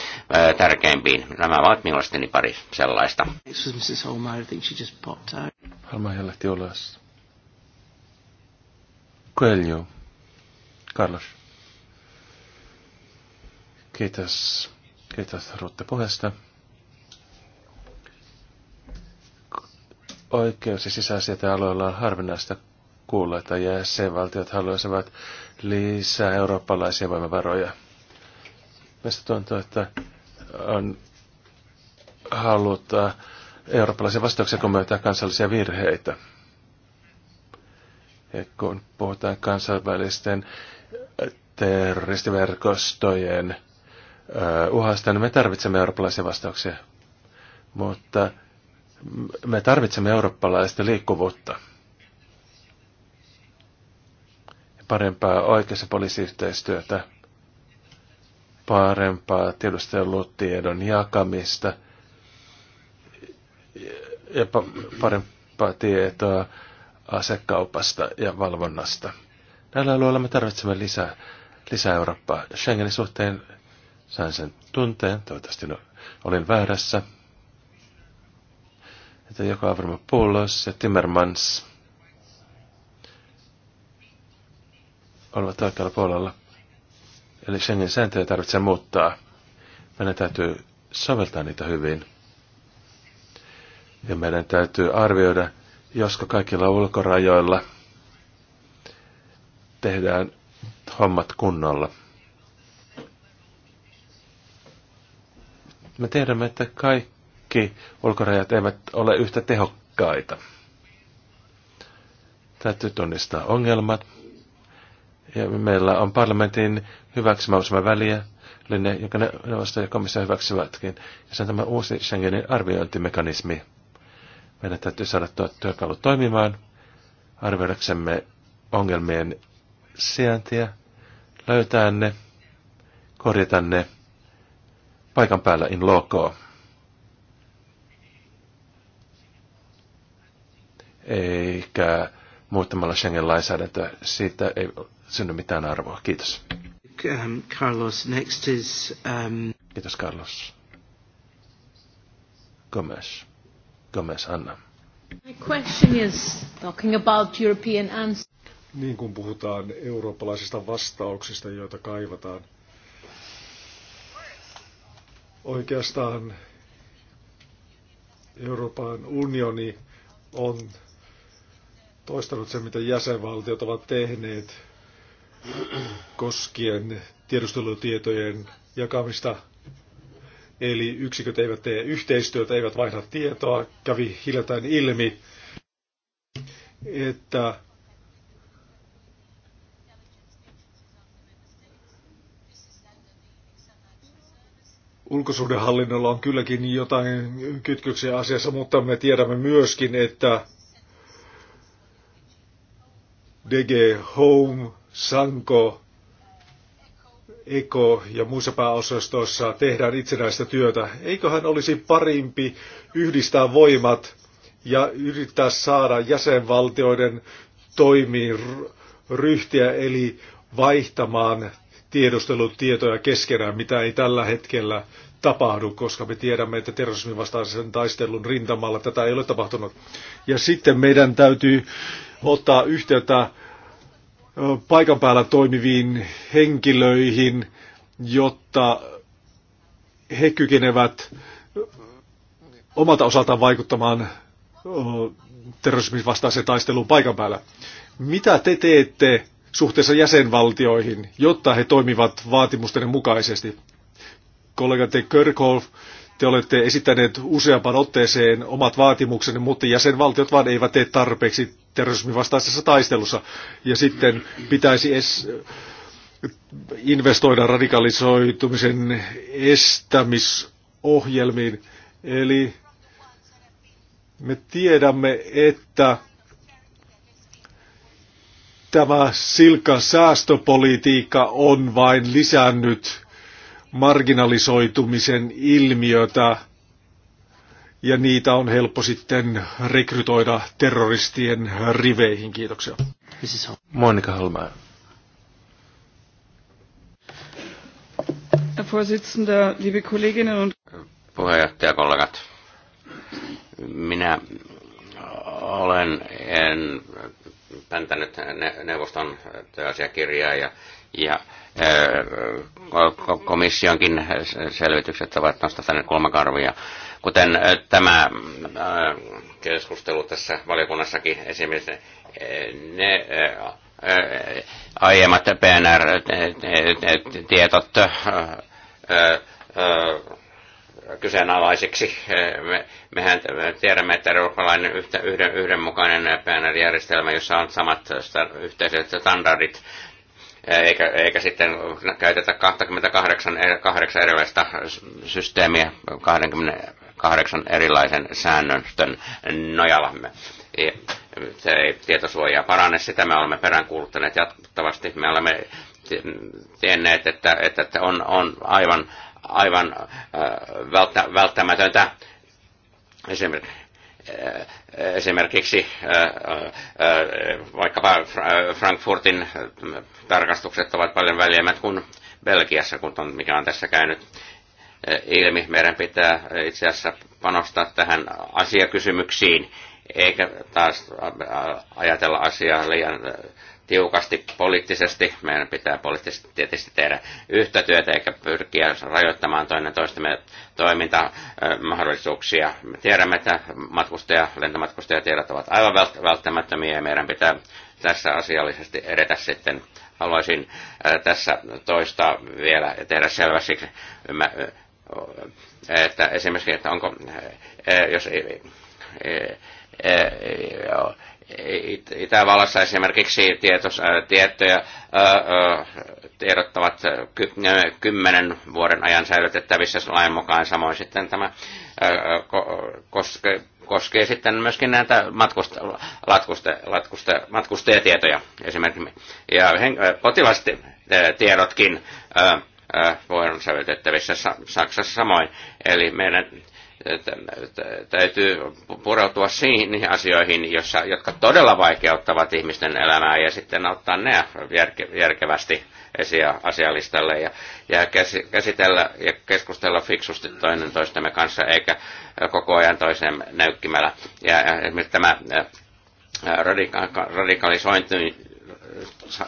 tärkeimpiin. Nämä ovat mielestäni pari sellaista. Alma lähti ulos. Coelho. Carlos. Kiitos. Kiitos Rutte puheesta. Oikeus- ja sisäasioiden aloilla on harvinaista kuulla, että jäsenvaltiot haluaisivat lisää eurooppalaisia voimavaroja. Meistä tuntuu, että on haluta eurooppalaisia vastauksia kommentoida kansallisia virheitä kun puhutaan kansainvälisten terroristiverkostojen uhasta, niin me tarvitsemme eurooppalaisia vastauksia. Mutta me tarvitsemme eurooppalaista liikkuvuutta. Parempaa oikeassa poliisiyhteistyötä, parempaa tiedustelutiedon jakamista ja parempaa tietoa asekaupasta ja valvonnasta. Näillä alueilla me tarvitsemme lisää, lisää Eurooppaa. Schengenin suhteen sain sen tunteen, toivottavasti no, olin väärässä. Että joka Avramo Pullos ja Timmermans olivat oikealla puolella. Eli Schengen sääntöjä tarvitsee muuttaa. Meidän täytyy soveltaa niitä hyvin. Ja meidän täytyy arvioida josko kaikilla ulkorajoilla tehdään hommat kunnolla. Me tiedämme, että kaikki ulkorajat eivät ole yhtä tehokkaita. Täytyy tunnistaa ongelmat. Ja meillä on parlamentin hyväksymä väliä, linja, joka neuvosto ja komissio hyväksyvätkin. Ja se on tämä uusi Schengenin arviointimekanismi. Meidän täytyy saada tuo työkalu toimimaan, arvioidaksemme ongelmien sijaintia, löytää ne, korjata ne paikan päällä in loco. Eikä muuttamalla Schengen-lainsäädäntöä, siitä ei synny mitään arvoa. Kiitos. Um, Carlos, next is... Um... Kiitos, Carlos. Gomes. Gomez, Anna. My question is talking about European Niin kuin puhutaan eurooppalaisista vastauksista, joita kaivataan. Oikeastaan Euroopan unioni on toistanut sen, mitä jäsenvaltiot ovat tehneet koskien tiedustelutietojen jakamista Eli yksiköt eivät tee yhteistyötä, eivät vaihda tietoa. Kävi hiljattain ilmi, että ulkosuhdehallinnolla on kylläkin jotain kytköksiä asiassa, mutta me tiedämme myöskin, että DG Home, Sanko Eko ja muissa pääosastoissa tehdään itsenäistä työtä. Eiköhän olisi parimpi yhdistää voimat ja yrittää saada jäsenvaltioiden toimiin ryhtiä, eli vaihtamaan tiedustelutietoja keskenään, mitä ei tällä hetkellä tapahdu, koska me tiedämme, että terrorismin vastaisen taistelun rintamalla tätä ei ole tapahtunut. Ja sitten meidän täytyy ottaa yhteyttä paikan päällä toimiviin henkilöihin, jotta he kykenevät omalta osaltaan vaikuttamaan terrorismin vastaiseen taisteluun paikan päällä. Mitä te teette suhteessa jäsenvaltioihin, jotta he toimivat vaatimusten mukaisesti? Kollega te Körkholf, te olette esittäneet useampaan otteeseen omat vaatimuksenne, mutta jäsenvaltiot vaan eivät tee tarpeeksi terrorismin vastaisessa taistelussa. Ja sitten pitäisi es, investoida radikalisoitumisen estämisohjelmiin. Eli me tiedämme, että tämä silkka säästöpolitiikka on vain lisännyt marginalisoitumisen ilmiötä ja niitä on helppo sitten rekrytoida terroristien riveihin. Kiitoksia. Monika Halmaa. Herr Vorsitzender, Puheenjohtajakollegat, minä olen en päntänyt neuvoston työasiakirjaa ja, ja komissionkin selvitykset ovat nostaneet kulmakarvia kuten äh, tämä äh, keskustelu tässä valiokunnassakin esimerkiksi äh, ne aiemmat PNR-tietot kyseenalaisiksi. Me, mehän tiedämme, että eurooppalainen yhden, yhdenmukainen PNR-järjestelmä, jossa on samat yhteiset standardit, eikä, eikä sitten käytetä 28 kahdeksan erilaista systeemiä 20 kahdeksan erilaisen säännöstön nojallamme. Se ei tietosuojaa parane, sitä me olemme peräänkuuluttaneet jatkuvasti. Me olemme tienneet, että, että on, on aivan, aivan äh, välttä, välttämätöntä äh, esimerkiksi esimerkiksi äh, vaikkapa Frankfurtin tarkastukset ovat paljon väljemmät kuin Belgiassa, kun on, mikä on tässä käynyt Eh, ilmi. Meidän pitää eh, itse asiassa panostaa tähän asiakysymyksiin, eikä taas ajatella asiaa liian eh, tiukasti poliittisesti. Meidän pitää poliittisesti tietysti tehdä yhtä työtä eikä pyrkiä rajoittamaan toinen toistemme toimintamahdollisuuksia. Me tiedämme, että matkustaja, lentomatkustajatiedot ovat aivan välttämättömiä ja meidän pitää tässä asiallisesti edetä sitten. Haluaisin tässä toistaa vielä ja tehdä selväksi että esimerkiksi, että onko, e, jos e, e, Itävallassa esimerkiksi tietos, tiettyjä tiedottavat kymmenen vuoden ajan säilytettävissä lain mukaan. Samoin sitten tämä koske, koskee sitten myöskin näitä matkusta, latkuste, latkuste, matkustajatietoja esimerkiksi. Ja hen, potilastiedotkin Äh, voidaan säveltettävissä Saksassa samoin. Eli meidän täytyy pureutua siihen asioihin, jossa, jotka todella vaikeuttavat ihmisten elämää ja sitten ottaa ne järkevästi esiä asialistalle ja, ja käsitellä ja keskustella fiksusti toinen toistemme kanssa eikä koko ajan toisen näykkimällä. Ja, ja esimerkiksi tämä radika- radikalisointi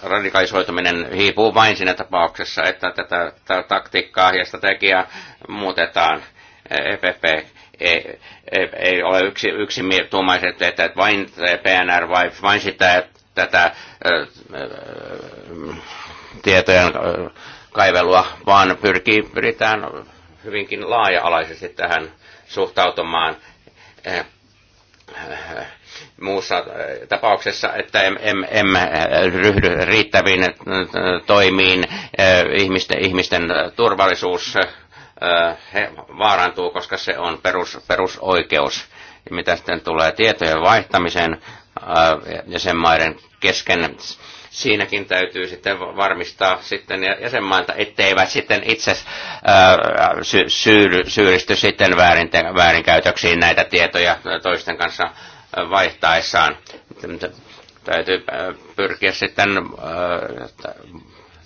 radikalisoituminen hiipuu vain siinä tapauksessa, että tätä, tätä taktiikkaa ja strategiaa muutetaan. EPP ei, ei, ei ole yksi, yksi tuumaiset, että vain PNR vai vain sitä, että tätä tietojen kaivelua, vaan pyrkii, pyritään hyvinkin laaja-alaisesti tähän suhtautumaan muussa äh, tapauksessa, että emme em, em äh, ryhdy riittäviin äh, toimiin ihmisten, ihmisten turvallisuus he vaarantuu, koska se on perus, perusoikeus. Mitä sitten tulee tietojen vaihtamiseen jäsenmaiden kesken, siinäkin täytyy sitten varmistaa sitten jäsenmailta, etteivät sitten itse syyllisty sitten väärinkäytöksiin näitä tietoja toisten kanssa vaihtaessaan. Täytyy äh, pyrkiä sitten äh,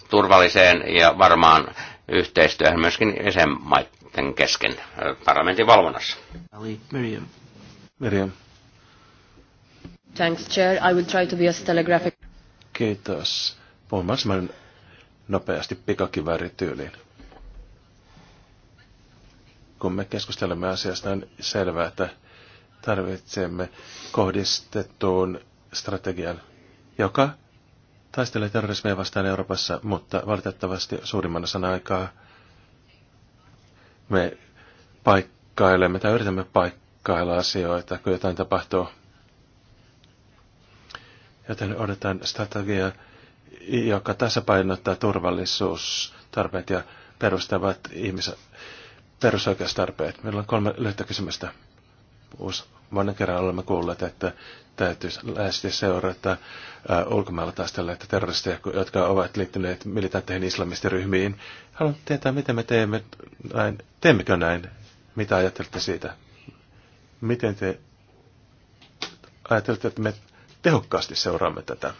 turvalliseen ja varmaan yhteistyöhön myöskin jäsenmaiden kesken äh, parlamentin valvonnassa. Ali, Miriam. Miriam. Thanks, Chair. I will try to be as telegraphic. Kiitos. Puhun mahdollisimman nopeasti pikakiväärityyliin. Kun me keskustelemme asiasta, on selvää, että tarvitsemme kohdistettuun strategian, joka taistelee terrorismia vastaan Euroopassa, mutta valitettavasti suurimman osan aikaa me paikkailemme tai yritämme paikkailla asioita, kun jotain tapahtuu. Joten odotetaan strategia, joka tasapainottaa turvallisuustarpeet ja perustavat ihmisen perusoikeustarpeet. Meillä on kolme lyhyttä kysymystä monen kerran olemme kuulleet, että täytyisi lähestyä seurata ulkomailla että terroristeja, jotka ovat liittyneet militaatteihin islamistiryhmiin. Haluan tietää, miten me teemme näin. Teemmekö näin? Mitä ajattelette siitä? Miten te ajattelette, että me tehokkaasti seuraamme tätä?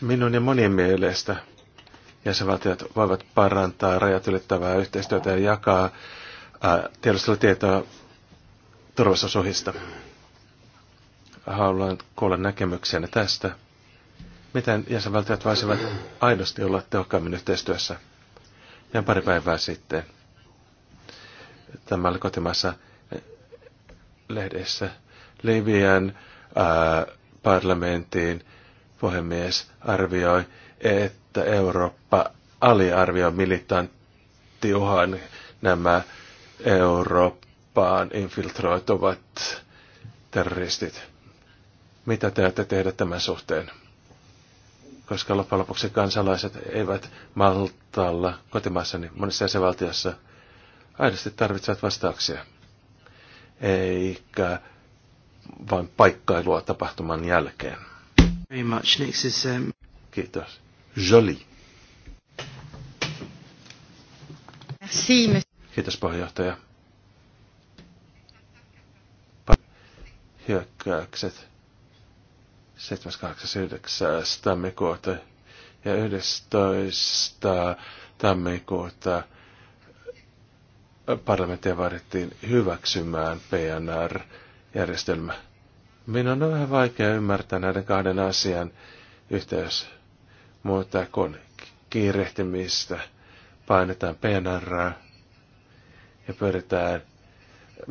Minun ja monien mielestä jäsenvaltiot voivat parantaa rajat ylittävää yhteistyötä ja jakaa tiedustelutietoa sohista Haluan kuulla näkemyksenne tästä. Miten jäsenvaltiot voisivat aidosti olla tehokkaammin yhteistyössä? Ja pari päivää sitten tämä oli kotimaassa lehdessä Libyan parlamentin puhemies arvioi, että Eurooppa aliarvioi militanttiuhan nämä Eurooppaan infiltroituvat terroristit. Mitä te olette tehdä tämän suhteen? Koska loppujen lopuksi kansalaiset eivät Maltalla, kotimaassani, monissa jäsenvaltiossa aidosti tarvitsevat vastauksia. Eikä vain paikkailua tapahtuman jälkeen. Very much. Next is, um... Kiitos. Jolie. Merci, Kiitos puheenjohtaja. Hyökkäykset 7.8.9. tammikuuta ja 11. tammikuuta parlamenttia vaadittiin hyväksymään PNR-järjestelmä. Minun on vähän vaikea ymmärtää näiden kahden asian yhteys, mutta kun kiirehtimistä painetaan PNR, ja pyritään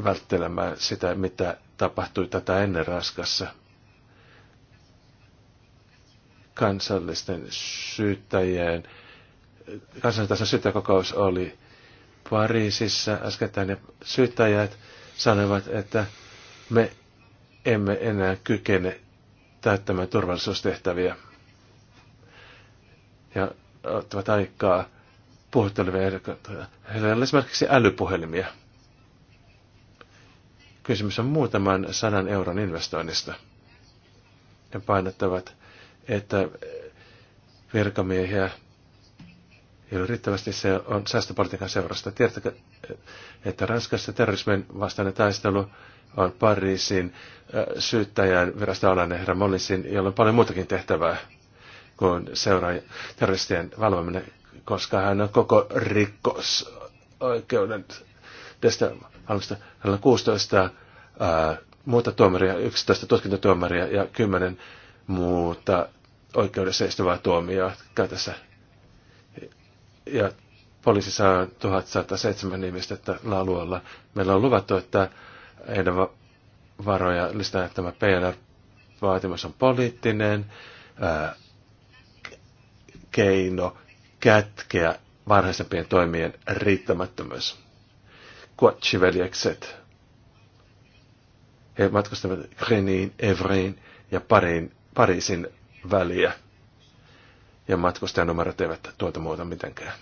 välttelemään sitä, mitä tapahtui tätä ennen Raskassa. Kansallisten syyttäjien, kansallistason syyttäjäkokous oli Pariisissa äskettäin, ja syyttäjät sanoivat, että me emme enää kykene täyttämään turvallisuustehtäviä. Ja ottavat aikaa puhuttelevia ehdokkaita. Heillä on esimerkiksi älypuhelimia. Kysymys on muutaman sadan euron investoinnista. He painottavat, että virkamiehiä ei ole riittävästi se on säästöpolitiikan seurasta. Tiedättekö, että Ranskassa terrorismin vastainen taistelu on Pariisin syyttäjän virastoalainen herra Mollisin, jolla on paljon muutakin tehtävää kuin seuraa terroristien valvominen koska hän on koko oikeuden tästä alusta. Hän on 16 ää, muuta tuomaria, 11 tutkintatuomaria ja 10 muuta oikeudessa istuvaa tuomioa käytössä. Ja poliisi saa 1107 nimistä tällä alueella. Meillä on luvattu, että heidän varoja listaa, että tämä PNR-vaatimus on poliittinen ää, keino kätkeä varhaisempien toimien riittämättömyys. Kuatsiveljekset. He matkustavat Greniin, Evriin ja Pariin, Pariisin väliä. Ja matkustajanumerot eivät tuota muuta mitenkään.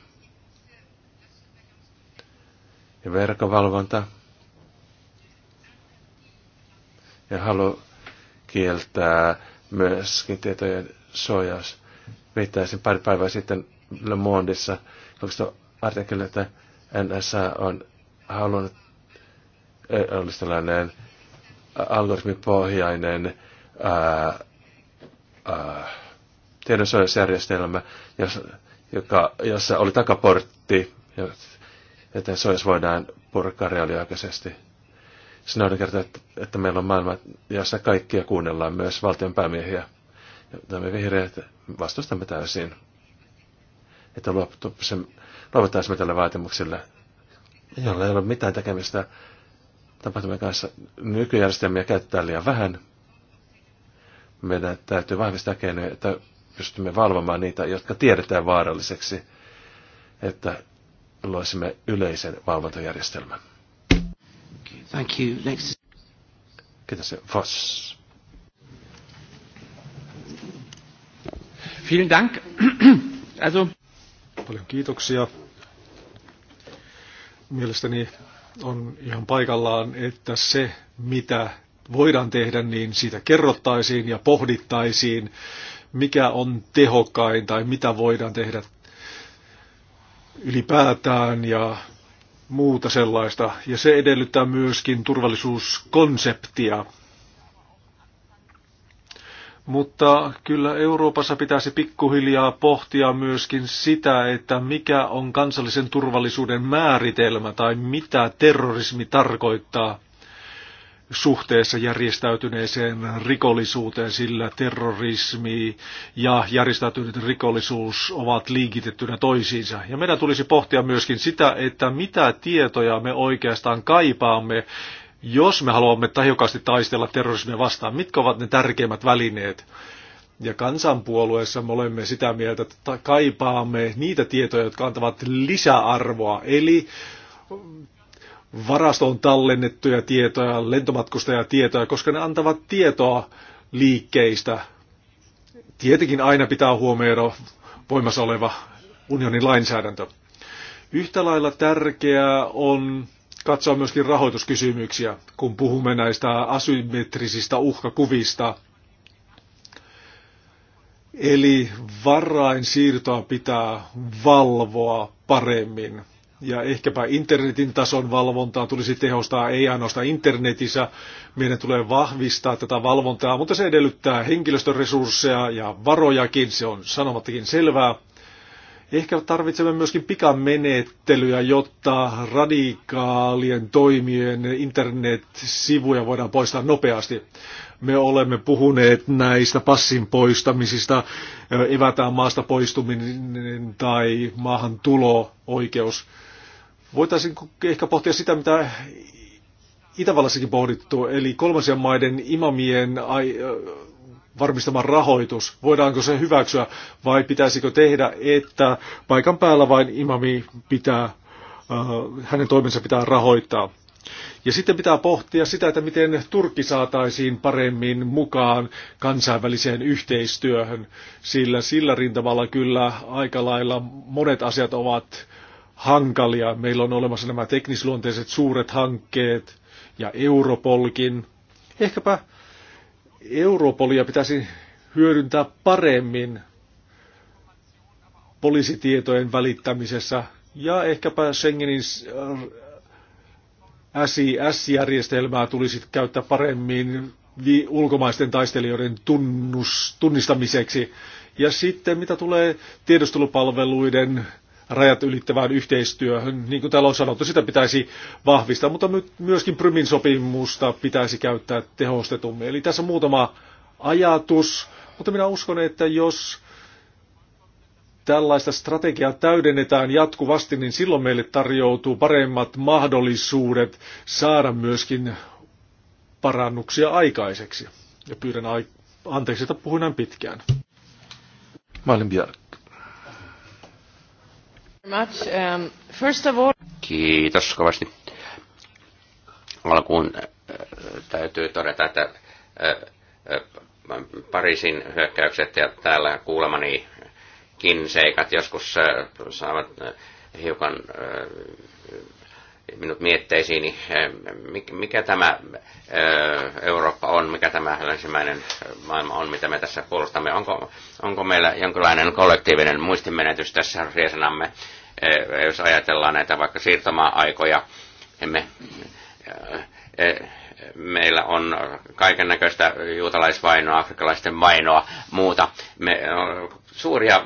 Ja verkkovalvonta. Ja halu kieltää myöskin tietojen suojaus. Viittaisin pari päivää sitten Le Mondeissa, onko artikkeli, että NSA on halunnut, olisi tällainen algoritmipohjainen ää, ää, joka, jossa oli takaportti, että sojas voidaan purkaa reaaliaikaisesti. Snowden kertoo, että, että meillä on maailma, jossa kaikkia kuunnellaan, myös valtion päämiehiä. Ja me vihreät vastustamme täysin että luovuttaisimme tälle vaatimukselle, jolla ei ole mitään tekemistä tapahtumien kanssa. Nykyjärjestelmiä käyttää liian vähän. Meidän täytyy vahvistaa keinoja, että pystymme valvomaan niitä, jotka tiedetään vaaralliseksi, että loisimme yleisen valvontajärjestelmän. Thank you. Next. Kiitos. Voss. Vielen Dank. also Paljon kiitoksia. Mielestäni on ihan paikallaan, että se, mitä voidaan tehdä, niin siitä kerrottaisiin ja pohdittaisiin, mikä on tehokkain tai mitä voidaan tehdä ylipäätään ja muuta sellaista. Ja se edellyttää myöskin turvallisuuskonseptia, mutta kyllä Euroopassa pitäisi pikkuhiljaa pohtia myöskin sitä, että mikä on kansallisen turvallisuuden määritelmä tai mitä terrorismi tarkoittaa suhteessa järjestäytyneeseen rikollisuuteen, sillä terrorismi ja järjestäytynyt rikollisuus ovat liikitettynä toisiinsa. Ja meidän tulisi pohtia myöskin sitä, että mitä tietoja me oikeastaan kaipaamme jos me haluamme tahjokkaasti taistella terrorismia vastaan, mitkä ovat ne tärkeimmät välineet? Ja kansanpuolueessa me olemme sitä mieltä, että kaipaamme niitä tietoja, jotka antavat lisäarvoa, eli varastoon tallennettuja tietoja, lentomatkustajatietoja, koska ne antavat tietoa liikkeistä. Tietenkin aina pitää huomioida voimassa oleva unionin lainsäädäntö. Yhtä lailla tärkeää on katsoa myöskin rahoituskysymyksiä, kun puhumme näistä asymmetrisistä uhkakuvista. Eli varainsiirtoa pitää valvoa paremmin. Ja ehkäpä internetin tason valvontaa tulisi tehostaa, ei ainoastaan internetissä. Meidän tulee vahvistaa tätä valvontaa, mutta se edellyttää henkilöstöresursseja ja varojakin, se on sanomattakin selvää. Ehkä tarvitsemme myöskin pikamenettelyä, jotta radikaalien toimien internet-sivuja voidaan poistaa nopeasti. Me olemme puhuneet näistä passin poistamisista, evätään maasta poistuminen tai maahan tulo-oikeus. Voitaisiin ehkä pohtia sitä, mitä Itävallassakin pohdittu, eli kolmansien maiden imamien varmistama rahoitus. Voidaanko se hyväksyä vai pitäisikö tehdä, että paikan päällä vain imami pitää, äh, hänen toimensa pitää rahoittaa. Ja sitten pitää pohtia sitä, että miten Turkki saataisiin paremmin mukaan kansainväliseen yhteistyöhön, sillä sillä rintamalla kyllä aika lailla monet asiat ovat hankalia. Meillä on olemassa nämä teknisluonteiset suuret hankkeet ja Europolkin. Ehkäpä Europolia pitäisi hyödyntää paremmin poliisitietojen välittämisessä ja ehkäpä Schengenin SIS-järjestelmää tulisi käyttää paremmin ulkomaisten taistelijoiden tunnus, tunnistamiseksi. Ja sitten mitä tulee tiedustelupalveluiden rajat ylittävään yhteistyöhön. Niin kuin täällä on sanottu, sitä pitäisi vahvistaa, mutta myöskin Prymin sopimusta pitäisi käyttää tehostetummin. Eli tässä on muutama ajatus, mutta minä uskon, että jos tällaista strategiaa täydennetään jatkuvasti, niin silloin meille tarjoutuu paremmat mahdollisuudet saada myöskin parannuksia aikaiseksi. Ja pyydän ai- anteeksi, että puhuin näin pitkään. Malin Björk. Much. Um, first of all... Kiitos kovasti. Alkuun äh, täytyy todeta, että äh, äh, Pariisin hyökkäykset ja täällä kuulemanikin seikat joskus saavat hiukan minut mietteisiini, eh, mikä tämä eh, Eurooppa on, mikä tämä länsimäinen eh, maailma on, mitä me tässä puolustamme. Onko, onko meillä jonkinlainen kollektiivinen muistimenetys tässä riesanamme, jos ajatellaan näitä vaikka siirtomaa-aikoja. Emme, meillä on kaiken näköistä juutalaisvainoa, afrikkalaisten vainoa, muuta. Me, suuria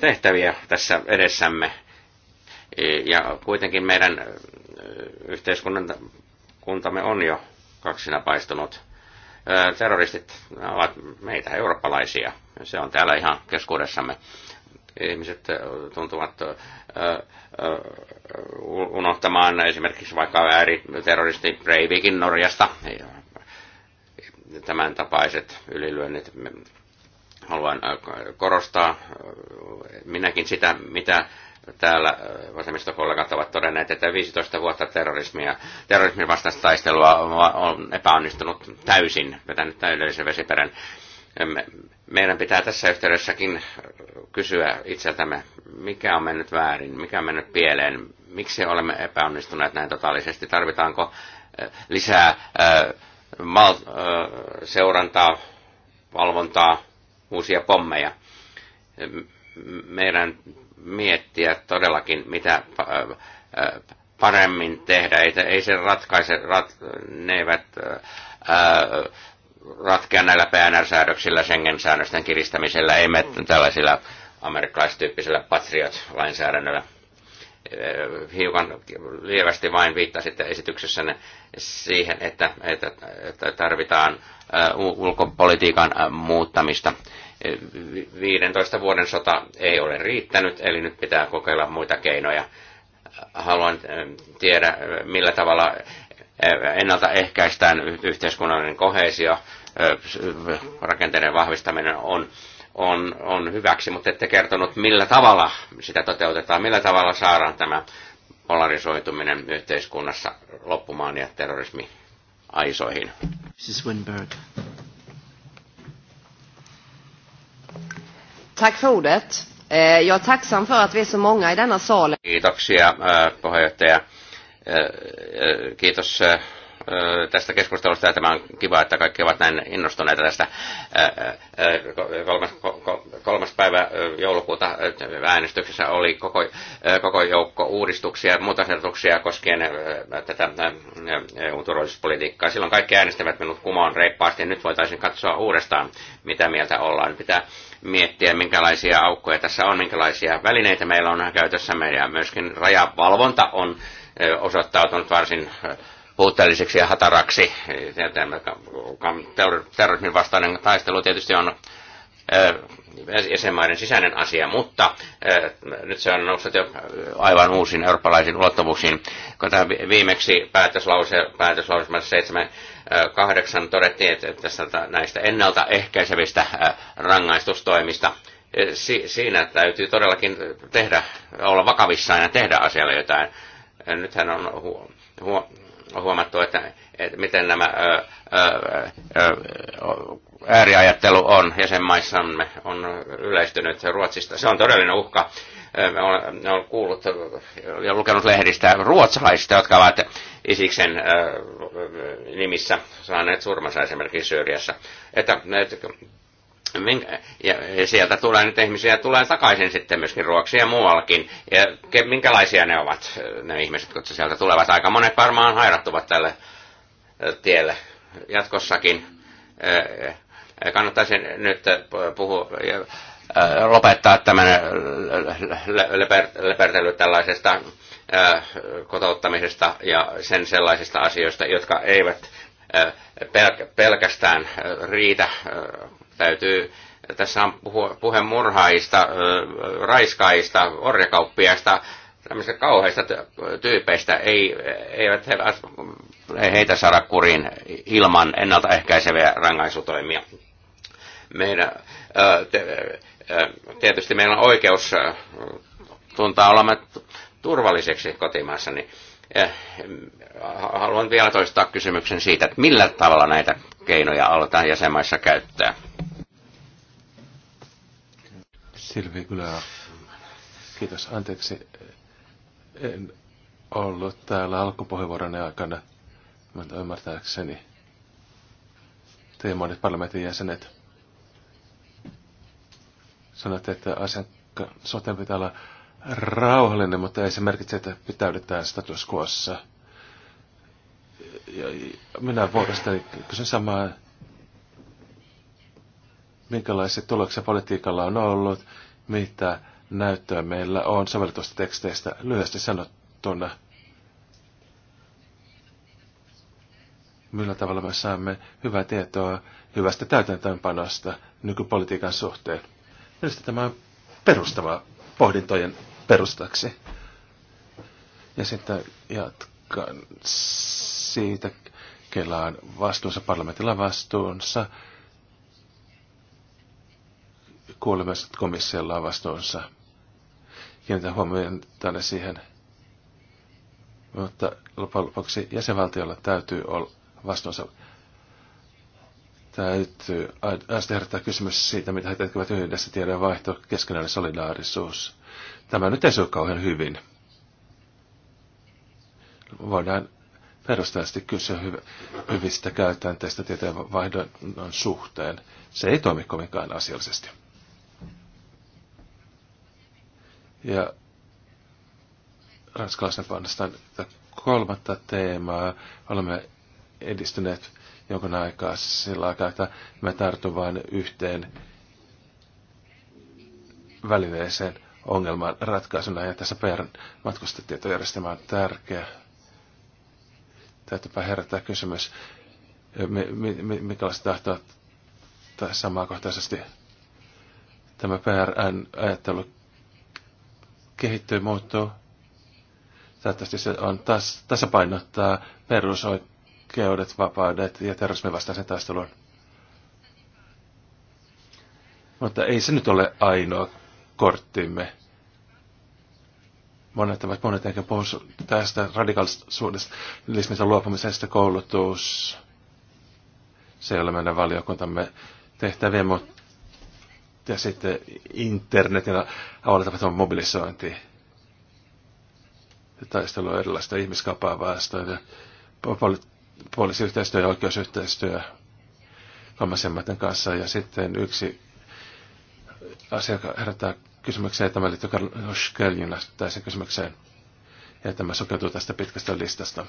tehtäviä tässä edessämme ja kuitenkin meidän yhteiskuntamme on jo kaksina paistunut. Terroristit ovat meitä eurooppalaisia. Se on täällä ihan keskuudessamme. Ihmiset tuntuvat unohtamaan esimerkiksi vaikka ääriterroristi Breivikin Norjasta. Tämän tapaiset ylilyönnit haluan korostaa minäkin sitä, mitä täällä äh, vasemmistokollegat ovat todenneet, että 15 vuotta terrorismia, terrorismin vastaista taistelua on epäonnistunut täysin, vetänyt täydellisen vesiperän. Meidän pitää tässä yhteydessäkin äh, kysyä itseltämme, mikä on mennyt väärin, mikä on mennyt pieleen, miksi olemme epäonnistuneet näin totaalisesti, tarvitaanko äh, lisää seurantaa, valvontaa, uusia pommeja. Meidän miettiä todellakin, mitä äh, äh, paremmin tehdä. Ei, ei se ratkaise, rat, ne eivät ää, äh, ratkea näillä PNR-säädöksillä, Schengen-säännösten kiristämisellä, ei me mm. tällaisilla amerikkalaistyyppisellä Patriot-lainsäädännöllä hiukan lievästi vain viittasitte esityksessänne siihen, että, että, että tarvitaan ulkopolitiikan muuttamista 15 vuoden sota ei ole riittänyt, eli nyt pitää kokeilla muita keinoja. Haluan äh, tiedä, äh, millä tavalla äh, ennaltaehkäistään yhteiskunnallinen kohesio, rakenteiden vahvistaminen on, on, on hyväksi, mutta ette kertonut, millä tavalla sitä toteutetaan, millä tavalla saadaan tämä polarisoituminen yhteiskunnassa loppumaan ja terrorismi aisoihin. Tack för ordet. Eh, jag är tacksam för att vi är så många i denna sal. Kiitoksia eh, puheenjohtaja. Eh, kiitos tästä keskustelusta ja tämä on kiva, että kaikki ovat näin innostuneita tästä kolmas, kolmas päivä joulukuuta äänestyksessä oli koko, koko joukko uudistuksia ja muutosehdotuksia koskien tätä EU-turvallisuuspolitiikkaa. Silloin kaikki äänestävät minut kumoon reippaasti. Nyt voitaisiin katsoa uudestaan, mitä mieltä ollaan. Pitää miettiä, minkälaisia aukkoja tässä on, minkälaisia välineitä meillä on käytössä meidän. myöskin rajavalvonta on osoittautunut varsin puutteelliseksi ja hataraksi. Terrorismin vastainen taistelu tietysti on äh, jäsenmaiden sisäinen asia, mutta äh, nyt se on noussut jo aivan uusiin eurooppalaisiin ulottuvuuksiin. Kun tämä viimeksi päätöslause, 7, 7.8 äh, todettiin, että tässä näistä ennaltaehkäisevistä rangaistustoimista si, siinä täytyy todellakin tehdä, olla vakavissaan ja tehdä asialle jotain. Nythän on huo, huo, huomattu, että, että miten nämä ääriajattelu on jäsenmaissamme on yleistynyt Ruotsista. Se on todellinen uhka. Me olen, kuullut ja lukenut lehdistä ruotsalaisista, jotka ovat Isiksen nimissä saaneet surmansa esimerkiksi Syyriassa. Että, että minkä, ja sieltä tulee nyt ihmisiä tulee takaisin sitten myöskin Ruoksiin ja muuallakin. Ja ke, minkälaisia ne ovat, äh, ne ihmiset, jotka sieltä tulevat? Aika monet varmaan hairattuvat tälle äh, tielle jatkossakin. Äh, kannattaisi nyt puhua, lopettaa tämän lepertely tällaisesta kotouttamisesta ja sen sellaisista asioista, jotka eivät pelkästään riitä Täytyy tässä on puhe murhaajista, raiskaajista, orjakauppiaista, tämmöisistä kauheista tyypeistä. Ei, eivät he, ei heitä saada kuriin ilman ennaltaehkäiseviä rangaisutoimia. Meidän, tietysti meillä on oikeus tuntaa olemme turvalliseksi kotimaassa, niin haluan vielä toistaa kysymyksen siitä, että millä tavalla näitä keinoja aletaan jäsenmaissa käyttää. Silvi kyllä. Kiitos. Anteeksi. En ollut täällä alkupuheenvuoron aikana, mutta ymmärtääkseni te monet parlamentin jäsenet sanoitte, että asian soten pitää olla rauhallinen, mutta ei se merkitse, että pitäydytään status quoissa minä vuodesta kysyn samaa, minkälaisia tuloksia politiikalla on ollut, mitä näyttöä meillä on sovelletusta teksteistä lyhyesti sanottuna. Millä tavalla me saamme hyvää tietoa hyvästä täytäntöönpanosta nykypolitiikan suhteen. Minusta tämä on perustava pohdintojen perustaksi. Ja sitten jatkan siitä, kellä on vastuunsa, parlamentilla vastuunsa, kuulemassa komissiolla on vastuunsa. Kiinnitän huomioon tänne siihen, mutta loppujen lopuksi jäsenvaltiolla täytyy olla vastuunsa. Täytyy aina herättää kysymys siitä, mitä he tekevät yhdessä vaihto, keskinäinen solidaarisuus. Tämä nyt ei ole kauhean hyvin. Voidaan perustavasti kyse hyvistä käytänteistä vaihdon suhteen. Se ei toimi kovinkaan asiallisesti. Ja ranskalaisen puolestaan kolmatta teemaa olemme edistyneet jonkun aikaa sillä aikaa, että me tartun vain yhteen välineeseen ongelman ratkaisuna ja tässä PR matkustetietojärjestelmä on tärkeä täytyypä herättää kysymys, minkälaista tahtoa tässä samankohtaisesti tämä PRN-ajattelu kehittyy, muuttuu. Toivottavasti se on tas, tasapainottaa perusoikeudet, vapaudet ja terrorismin vastaisen taistelun. Mutta ei se nyt ole ainoa korttimme monet ovat monet ehkä puhu tästä radikaalisuudesta luopumisesta koulutus. Se ei ole meidän valiokuntamme tehtäviä, mutta ja sitten internetin avulla tapahtuva mobilisointi. Taistelu erilaista ihmiskapaa vastaan ja poli- poliisiyhteistyö ja oikeusyhteistyö vammaisemmiten kanssa. Ja sitten yksi asia, joka herättää kysymykseen, tämä liittyy Carlos Köljyn lähtöiseen kysymykseen, ja tämä sokeutuu tästä pitkästä listasta.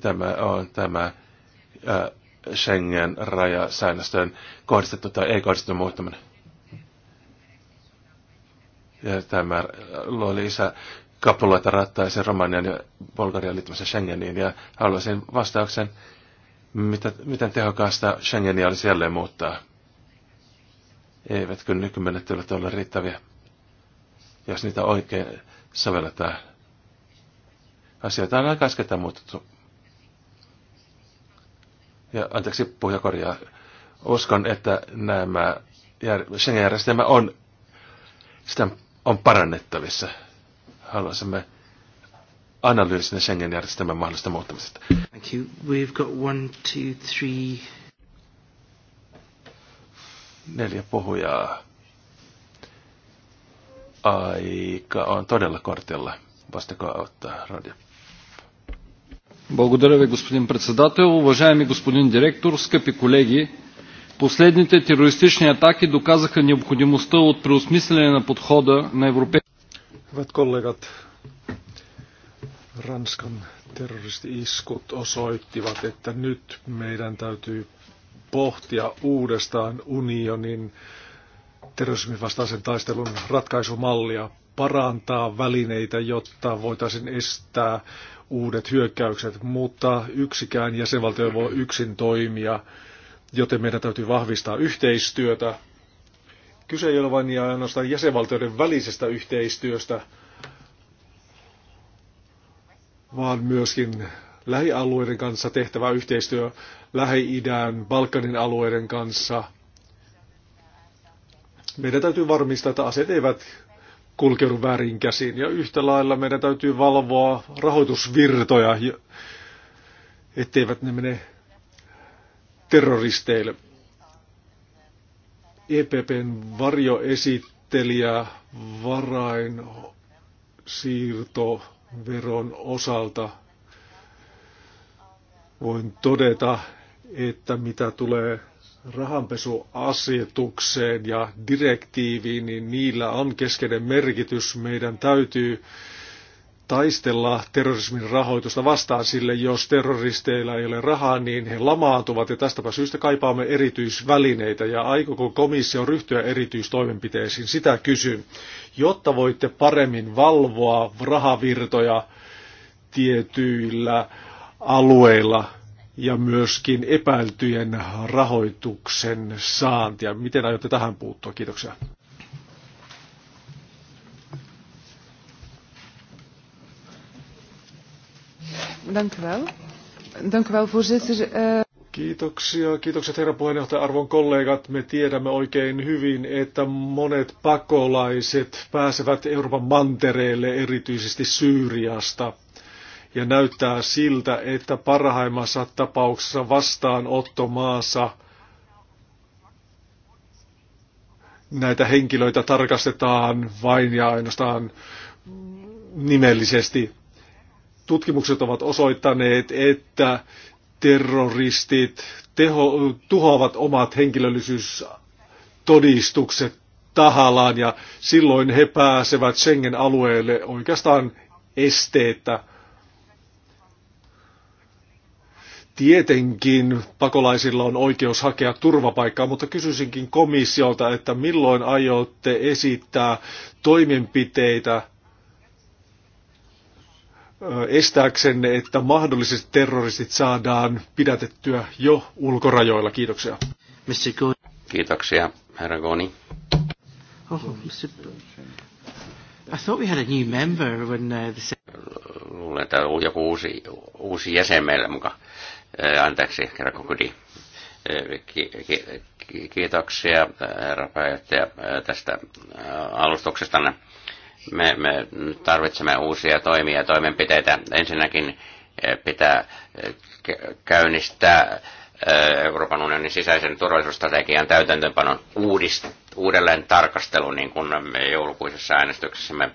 Tämä on tämä Schengen-rajasäännöstöön kohdistettu tai ei kohdistettu muuttaminen. Ja tämä luo lisää kapuloita rattaisen Romanian ja Bulgarian liittymässä Schengeniin, ja haluaisin vastauksen, mitä, miten tehokasta Schengeniä olisi jälleen muuttaa eivätkö nykymenettelyt ole riittäviä, jos niitä oikein sovelletaan. Asioita on aika äsken muutettu. Ja anteeksi, puhuja korjaa. Uskon, että nämä Schengen-järjestelmä on, sitä on parannettavissa. Haluaisimme analyysin Schengen-järjestelmän mahdollista muuttamisesta. Thank you. We've got one, two, three, neljä puhujaa. Aika on todella kortilla. Vastako auttaa radio. Благодаря ви, господин председател. Уважаеми господин директор, скъпи колеги, последните терористични атаки доказаха необходимостта от преосмислене на подхода на Европейския Hyvät kollegat, Ranskan terroristi-iskut osoittivat, että nyt meidän täytyy pohtia uudestaan unionin terrorismin vastaisen taistelun ratkaisumallia, parantaa välineitä, jotta voitaisiin estää uudet hyökkäykset, mutta yksikään jäsenvaltio voi yksin toimia, joten meidän täytyy vahvistaa yhteistyötä. Kyse ei ole vain ja ainoastaan jäsenvaltioiden välisestä yhteistyöstä, vaan myöskin lähialueiden kanssa tehtävä yhteistyö Lähi-idän, Balkanin alueiden kanssa. Meidän täytyy varmistaa, että aset eivät kulkeudu väärin käsiin. Ja yhtä lailla meidän täytyy valvoa rahoitusvirtoja, etteivät ne mene terroristeille. EPPn varjoesittelijä varain siirtoveron osalta – voin todeta, että mitä tulee rahanpesuasetukseen ja direktiiviin, niin niillä on keskeinen merkitys. Meidän täytyy taistella terrorismin rahoitusta vastaan sille, jos terroristeilla ei ole rahaa, niin he lamaantuvat ja tästäpä syystä kaipaamme erityisvälineitä ja aikoko komissio ryhtyä erityistoimenpiteisiin, sitä kysyn, jotta voitte paremmin valvoa rahavirtoja tietyillä alueilla ja myöskin epäiltyjen rahoituksen saantia. Miten aiotte tähän puuttua? Kiitoksia. Eh, Kiitoksia. Kiitokset herra puheenjohtaja. Arvon kollegat, me tiedämme oikein hyvin, että monet pakolaiset pääsevät Euroopan mantereelle, erityisesti Syyriasta ja näyttää siltä, että parhaimmassa tapauksessa vastaanottomaansa näitä henkilöitä tarkastetaan vain ja ainoastaan nimellisesti. Tutkimukset ovat osoittaneet, että terroristit teho, tuhoavat omat henkilöllisyystodistukset tahallaan ja silloin he pääsevät Schengen-alueelle oikeastaan esteettä. Tietenkin pakolaisilla on oikeus hakea turvapaikkaa, mutta kysyisinkin komissiolta, että milloin aiotte esittää toimenpiteitä estääksenne, että mahdolliset terroristit saadaan pidätettyä jo ulkorajoilla. Kiitoksia. Kiitoksia, herra Goni. Oh, I thought we had a new member when uh, the... Luulen, että joku uusi, uusi jäsen meillä mukaan anteeksi, herra Kokudi. Kiitoksia, herra pääjohtaja, tästä alustuksesta. Me, me tarvitsemme uusia toimia ja toimenpiteitä. Ensinnäkin pitää käynnistää Euroopan unionin sisäisen turvallisuusstrategian täytäntöönpanon uudist, uudelleen tarkastelu, niin kuin me joulukuisessa äänestyksessä me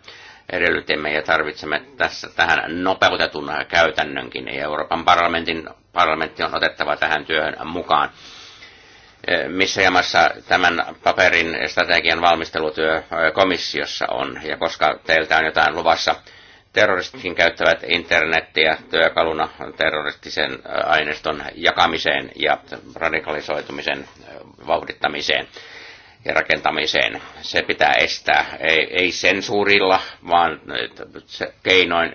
edellytimme ja tarvitsemme tässä, tähän nopeutetun käytännönkin. Euroopan parlamentin, parlamentti on otettava tähän työhön mukaan. E, missä jamassa tämän paperin strategian valmistelutyö e, komissiossa on ja koska teiltä on jotain luvassa, terroristikin käyttävät internettiä työkaluna terroristisen e, aineiston jakamiseen ja radikalisoitumisen vauhdittamiseen ja rakentamiseen. Se pitää estää, ei, ei sensuurilla, vaan se keinoin,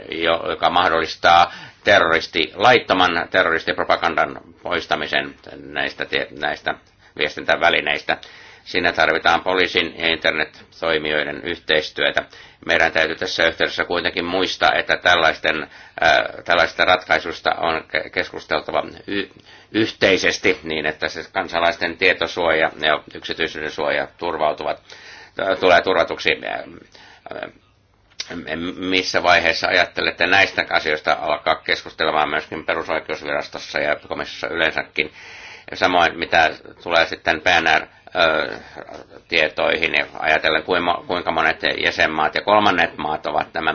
joka mahdollistaa terroristi, laittoman terroristipropagandan poistamisen näistä, näistä viestintävälineistä. Siinä tarvitaan poliisin ja internet-toimijoiden yhteistyötä. Meidän täytyy tässä yhteydessä kuitenkin muistaa, että tällaisten, äh, tällaista ratkaisusta on keskusteltava y- yhteisesti niin, että se kansalaisten tietosuoja ja yksityisyyden suoja turvautuvat, tulee turvatuksi. Äh, missä vaiheessa ajattelette näistä asioista alkaa keskustelemaan myöskin perusoikeusvirastossa ja komissiossa yleensäkin. Samoin mitä tulee sitten PNR tietoihin ja ajatellen, kuinka monet jäsenmaat ja kolmannet maat ovat nämä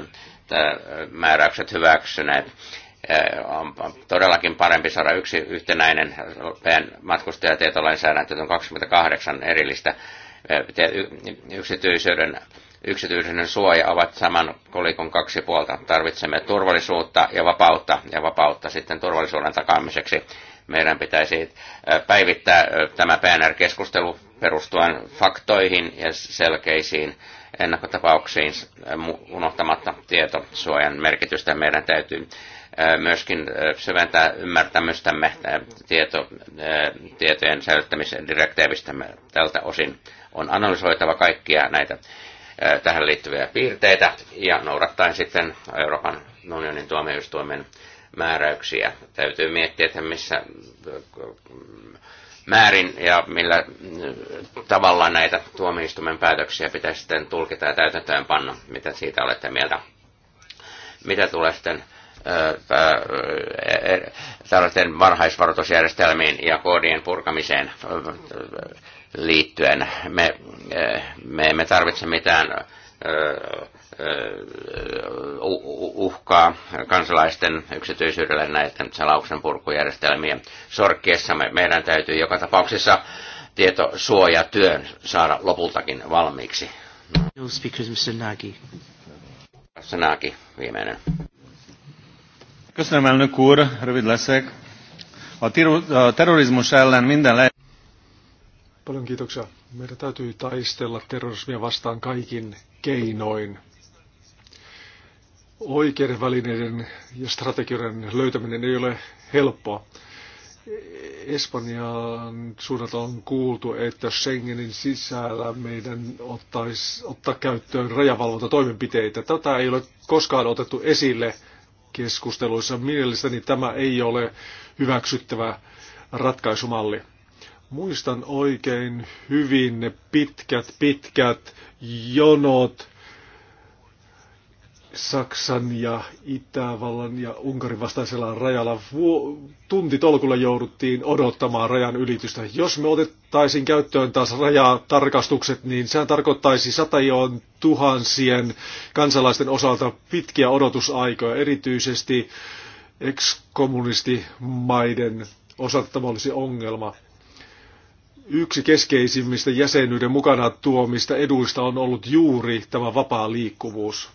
määräykset hyväksyneet. On todellakin parempi saada yksi yhtenäinen matkustajatietolainsäädäntö, on 28 erillistä yksityisyyden yksityisyyden suoja ovat saman kolikon kaksi puolta. Tarvitsemme turvallisuutta ja vapautta ja vapautta sitten turvallisuuden takaamiseksi. Meidän pitäisi päivittää tämä PNR-keskustelu perustuen faktoihin ja selkeisiin ennakkotapauksiin unohtamatta tietosuojan merkitystä. Meidän täytyy myöskin syventää ymmärtämystämme tieto, tietojen direktiivistämme. tältä osin. On analysoitava kaikkia näitä tähän liittyviä piirteitä ja noudattaen sitten Euroopan unionin tuomioistuimen määräyksiä. Täytyy miettiä, että missä määrin ja millä mm, tavalla näitä tuomioistuimen päätöksiä pitäisi sitten tulkita ja täytäntöön panna. Mitä siitä olette mieltä? Mitä tulee sitten e, e, tällaisten varhaisvaroitusjärjestelmiin ja koodien purkamiseen liittyen. Me, e, me emme tarvitse mitään uhkaa kansalaisten yksityisyydelle näiden salauksen purkujärjestelmien sorkkiessa. Meidän täytyy joka tapauksessa tietosuojatyön saada lopultakin valmiiksi. No speakers, Mr. Nagy. Mr. Nagy, viimeinen. Köszönöm, elnök úr, rövid leszek. A terrorizmus ellen minden le... Paljon kiitoksia. Meidän täytyy taistella terrorismia vastaan kaikin keinoin oikeiden välineiden ja strategioiden löytäminen ei ole helppoa. Espanjan suunnalta on kuultu, että Schengenin sisällä meidän ottaisi ottaa käyttöön rajavalvontatoimenpiteitä. Tätä ei ole koskaan otettu esille keskusteluissa. Mielestäni tämä ei ole hyväksyttävä ratkaisumalli. Muistan oikein hyvin ne pitkät, pitkät jonot Saksan ja Itävallan ja Unkarin vastaisella rajalla vuo- tuntitolkulla jouduttiin odottamaan rajan ylitystä. Jos me otettaisiin käyttöön taas rajatarkastukset, niin sehän tarkoittaisi satajoon tuhansien kansalaisten osalta pitkiä odotusaikoja, erityisesti ex-kommunistimaiden osalta tämä olisi ongelma. Yksi keskeisimmistä jäsenyyden mukana tuomista eduista on ollut juuri tämä vapaa liikkuvuus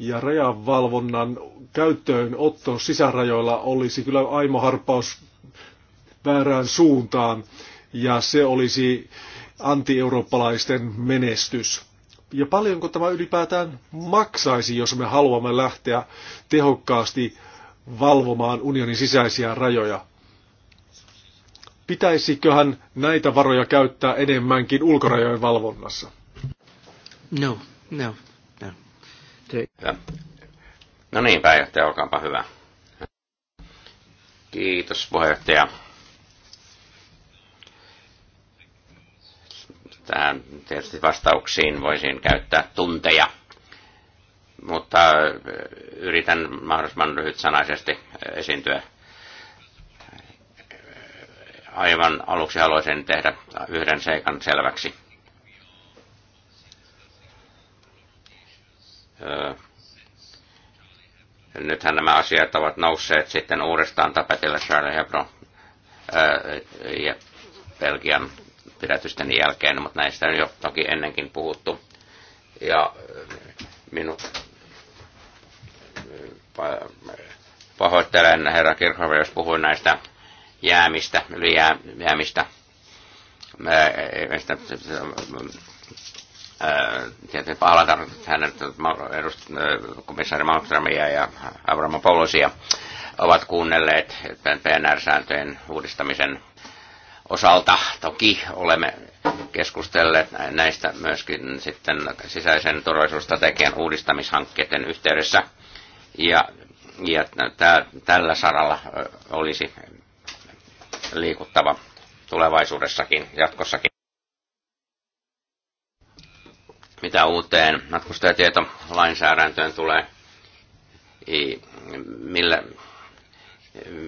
ja rajavalvonnan käyttöönotto sisärajoilla olisi kyllä aimoharppaus väärään suuntaan ja se olisi antieurooppalaisten menestys. Ja paljonko tämä ylipäätään maksaisi, jos me haluamme lähteä tehokkaasti valvomaan unionin sisäisiä rajoja? Pitäisiköhän näitä varoja käyttää enemmänkin ulkorajojen valvonnassa? No, no. Hyvä. No niin, pääjohtaja, olkaapa hyvä. Kiitos, puheenjohtaja. Tähän tietysti vastauksiin voisin käyttää tunteja, mutta eh, yritän mahdollisimman lyhyt sanaisesti eh, esiintyä. Aivan aluksi haluaisin tehdä yhden seikan selväksi nythän nämä asiat ovat nousseet sitten uudestaan tapetilla Charlie Hebron ja Belgian pidätysten jälkeen, mutta näistä on jo toki ennenkin puhuttu. Ja minun pahoittelen herra Kirchhoff, jos puhuin näistä jäämistä, ylijäämistä, jää, palata hänet edust, komissaari Malmströmiä ja Avramopoulosia ovat kuunnelleet PNR-sääntöjen uudistamisen osalta. Toki olemme keskustelleet näistä myöskin sitten sisäisen turvallisuusstrategian uudistamishankkeiden yhteydessä. Ja, ja tää, tällä saralla olisi liikuttava tulevaisuudessakin, jatkossakin. Mitä uuteen matkustajatietolainsäädäntöön tulee, millä,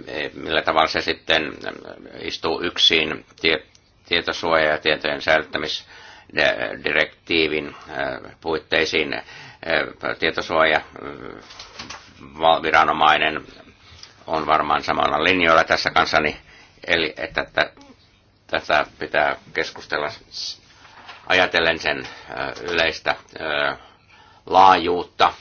e, millä tavalla se sitten istuu yksin tietosuoja- ja tietojen säilyttämisdirektiivin e, puitteisiin e, tietosuoja viranomainen on varmaan samalla linjoilla tässä kanssani, eli että tätä pitää keskustella ajatellen sen yleistä laajuutta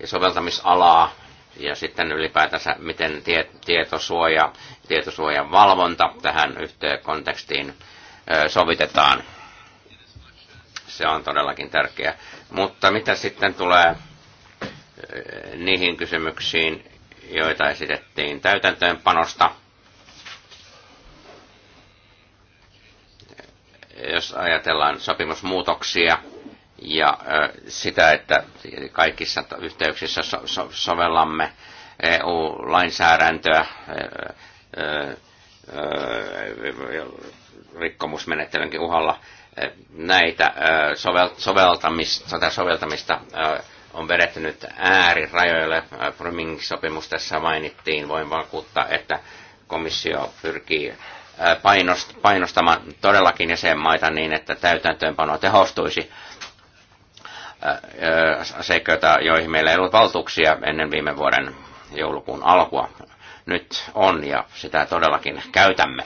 ja soveltamisalaa ja sitten ylipäätänsä miten tie, tietosuoja, tietosuojan valvonta tähän yhteen kontekstiin sovitetaan. Se on todellakin tärkeää. Mutta mitä sitten tulee niihin kysymyksiin, joita esitettiin täytäntöönpanosta, jos ajatellaan sopimusmuutoksia ja sitä, että kaikissa yhteyksissä so- so- sovellamme EU-lainsäädäntöä rikkomusmenettelynkin uhalla, näitä soveltamista, tätä soveltamista on vedetty nyt äärirajoille. Proming-sopimus tässä mainittiin. Voin vakuuttaa, että komissio pyrkii painostamaan todellakin jäsenmaita niin, että täytäntöönpano tehostuisi Seikkoita joihin meillä ei ollut valtuuksia ennen viime vuoden joulukuun alkua. Nyt on ja sitä todellakin käytämme.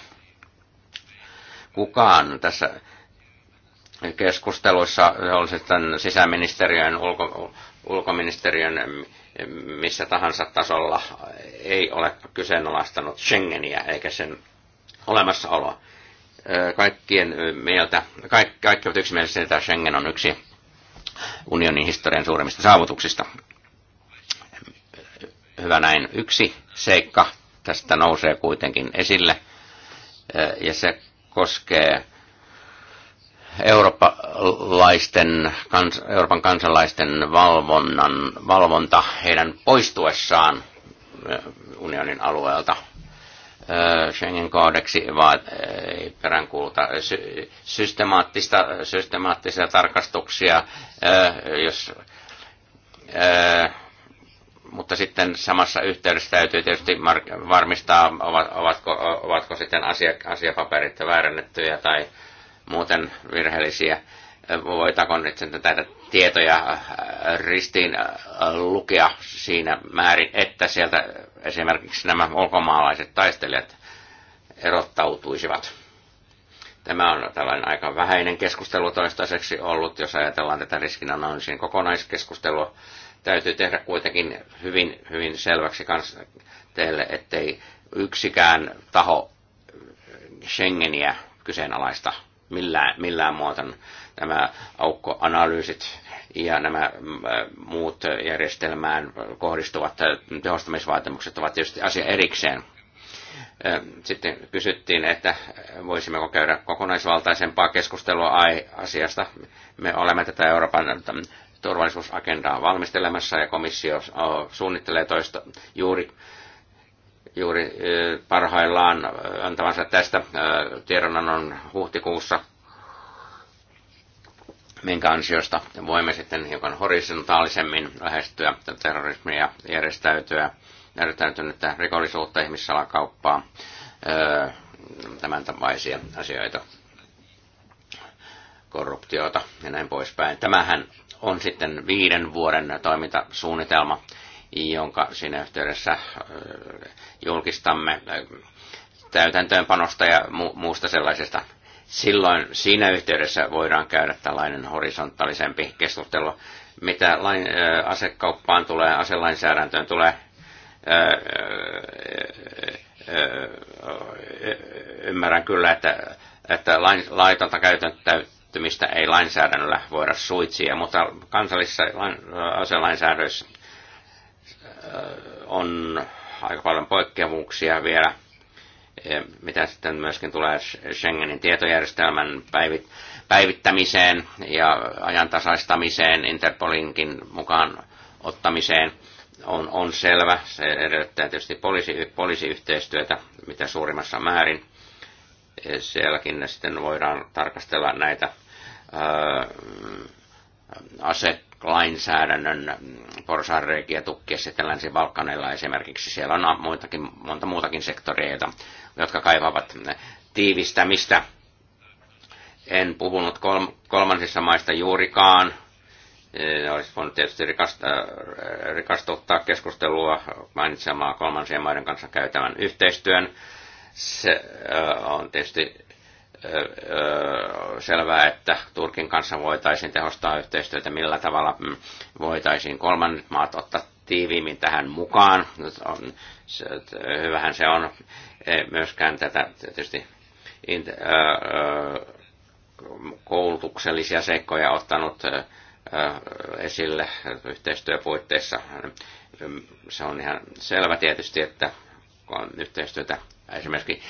Kukaan tässä keskusteluissa, oli sitten sisäministeriön, ulko, ulkoministeriön, missä tahansa tasolla, ei ole kyseenalaistanut Schengeniä eikä sen olemassaoloa. Kaikkien mieltä, kaikki, kaikki ovat yksimielisiä, että Schengen on yksi unionin historian suurimmista saavutuksista. Hyvä näin. Yksi seikka tästä nousee kuitenkin esille, ja se koskee eurooppalaisten, kans, Euroopan kansalaisten valvonnan, valvonta heidän poistuessaan unionin alueelta Schengen-koodeksi, vaan ei peräänkuuluta systemaattista, systemaattisia tarkastuksia, jos, mutta sitten samassa yhteydessä täytyy tietysti varmistaa, ovatko, ovatko sitten asia, asiapaperit väärännettyjä tai muuten virheellisiä. voitako nyt sitten tätä tietoja ristiin lukea siinä määrin, että sieltä esimerkiksi nämä ulkomaalaiset taistelijat erottautuisivat. Tämä on tällainen aika vähäinen keskustelu toistaiseksi ollut, jos ajatellaan tätä riskinanalyysin kokonaiskeskustelua. Täytyy tehdä kuitenkin hyvin, hyvin selväksi kans teille, ettei yksikään taho Schengeniä kyseenalaista millään, millään muoton. Nämä aukkoanalyysit ja nämä mm, äh, muut järjestelmään kohdistuvat tehostamisvaatimukset ovat tietysti asia erikseen. Äh, sitten kysyttiin, että voisimmeko käydä kokonaisvaltaisempaa keskustelua asiasta. Me olemme tätä Euroopan äh, turvallisuusagendaa valmistelemassa ja komissio suunnittelee toista juuri, juuri parhaillaan antavansa tästä tiedonannon huhtikuussa minkä ansiosta voimme sitten hiukan horisontaalisemmin lähestyä terrorismia, järjestäytyä, järjestäytynyttä rikollisuutta, ihmissalakauppaa, tämän tapaisia asioita, korruptiota ja näin poispäin. Tämähän on sitten viiden vuoden toimintasuunnitelma, jonka siinä yhteydessä julkistamme täytäntöönpanosta ja muusta sellaisesta silloin siinä yhteydessä voidaan käydä tällainen horisontaalisempi keskustelu, mitä lain, ä, asekauppaan tulee, aselainsäädäntöön tulee, ä, ä, ymmärrän kyllä, että, että lain, laitonta käytön täyttymistä ei lainsäädännöllä voida suitsia, mutta kansallisissa lain, aselainsäädöissä on aika paljon poikkeavuuksia vielä – mitä sitten myöskin tulee Schengenin tietojärjestelmän päivit, päivittämiseen ja ajantasaistamiseen, Interpolinkin mukaan ottamiseen, on, on selvä. Se edellyttää tietysti poliisi, poliisiyhteistyötä mitä suurimmassa määrin. Sielläkin sitten voidaan tarkastella näitä ää, öö, ase, lainsäädännön porsaanreikiä tukkia sitten Länsi-Balkanilla esimerkiksi. Siellä on muitakin, monta muutakin sektoreita, jotka kaivavat tiivistämistä. En puhunut kolm, kolmansissa maista juurikaan. Olisi voinut tietysti rikasta, rikastuttaa keskustelua mainitsemaan kolmansien maiden kanssa käytävän yhteistyön. Se on tietysti selvää, että Turkin kanssa voitaisiin tehostaa yhteistyötä, millä tavalla mm, voitaisiin kolmannet maat ottaa tiiviimmin tähän mukaan. Nyt on, se, hyvähän se on myöskään tätä tietysti koulutuksellisia seikkoja ottanut esille yhteistyöpuitteissa. Se on ihan selvä tietysti, että yhteistyötä esimerkiksi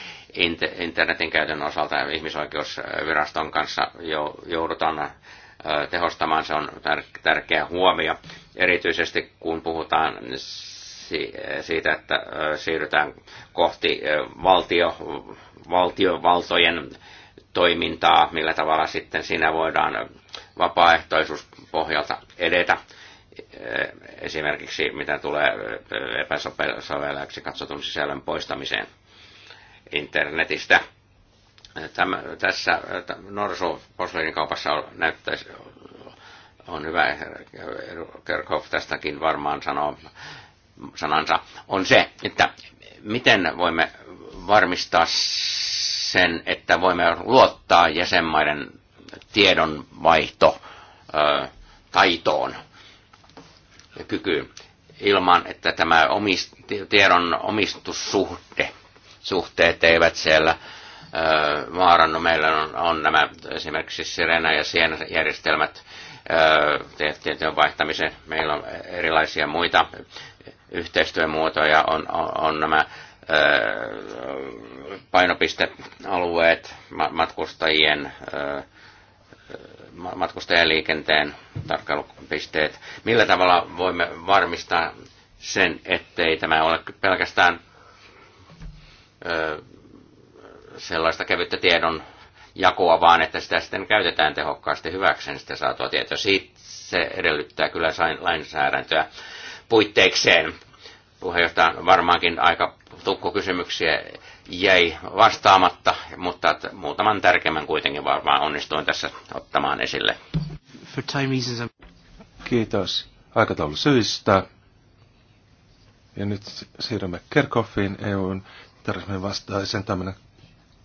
internetin käytön osalta ihmisoikeusviraston kanssa joudutaan tehostamaan. Se on tärkeä huomio, erityisesti kun puhutaan siitä, että siirrytään kohti valtio, valtiovaltojen toimintaa, millä tavalla sitten siinä voidaan vapaaehtoisuuspohjalta edetä. Esimerkiksi mitä tulee epäsovelleeksi katsotun sisällön poistamiseen – internetistä. Tämä, tässä Norsu kaupassa näyttäisi, on hyvä, Kerkhoff tästäkin varmaan sanoo sanansa, on se, että miten voimme varmistaa sen, että voimme luottaa jäsenmaiden tiedonvaihto taitoon ja kykyyn ilman, että tämä omist, tiedon omistussuhde suhteet eivät siellä vaarannu. Meillä on, on nämä esimerkiksi Sirena ja Sien järjestelmät tietojen vaihtamiseen. Meillä on erilaisia muita yhteistyömuotoja, on, on, on nämä painopistealueet matkustajien matkustajaliikenteen tarkkailupisteet. Millä tavalla voimme varmistaa sen, ettei tämä ole pelkästään sellaista kevyttä tiedon jakoa, vaan että sitä sitten käytetään tehokkaasti hyväkseen niin sitä saatua tietoa. Siitä se edellyttää kyllä lainsäädäntöä puitteikseen. Puheenjohtaja varmaankin aika tukko kysymyksiä jäi vastaamatta, mutta muutaman tärkeimmän kuitenkin varmaan onnistuin tässä ottamaan esille. For time reasons. Kiitos aikataulusyistä. Ja nyt siirrymme Kerkoffiin, EUn terrorismin vastaisen tämmöinen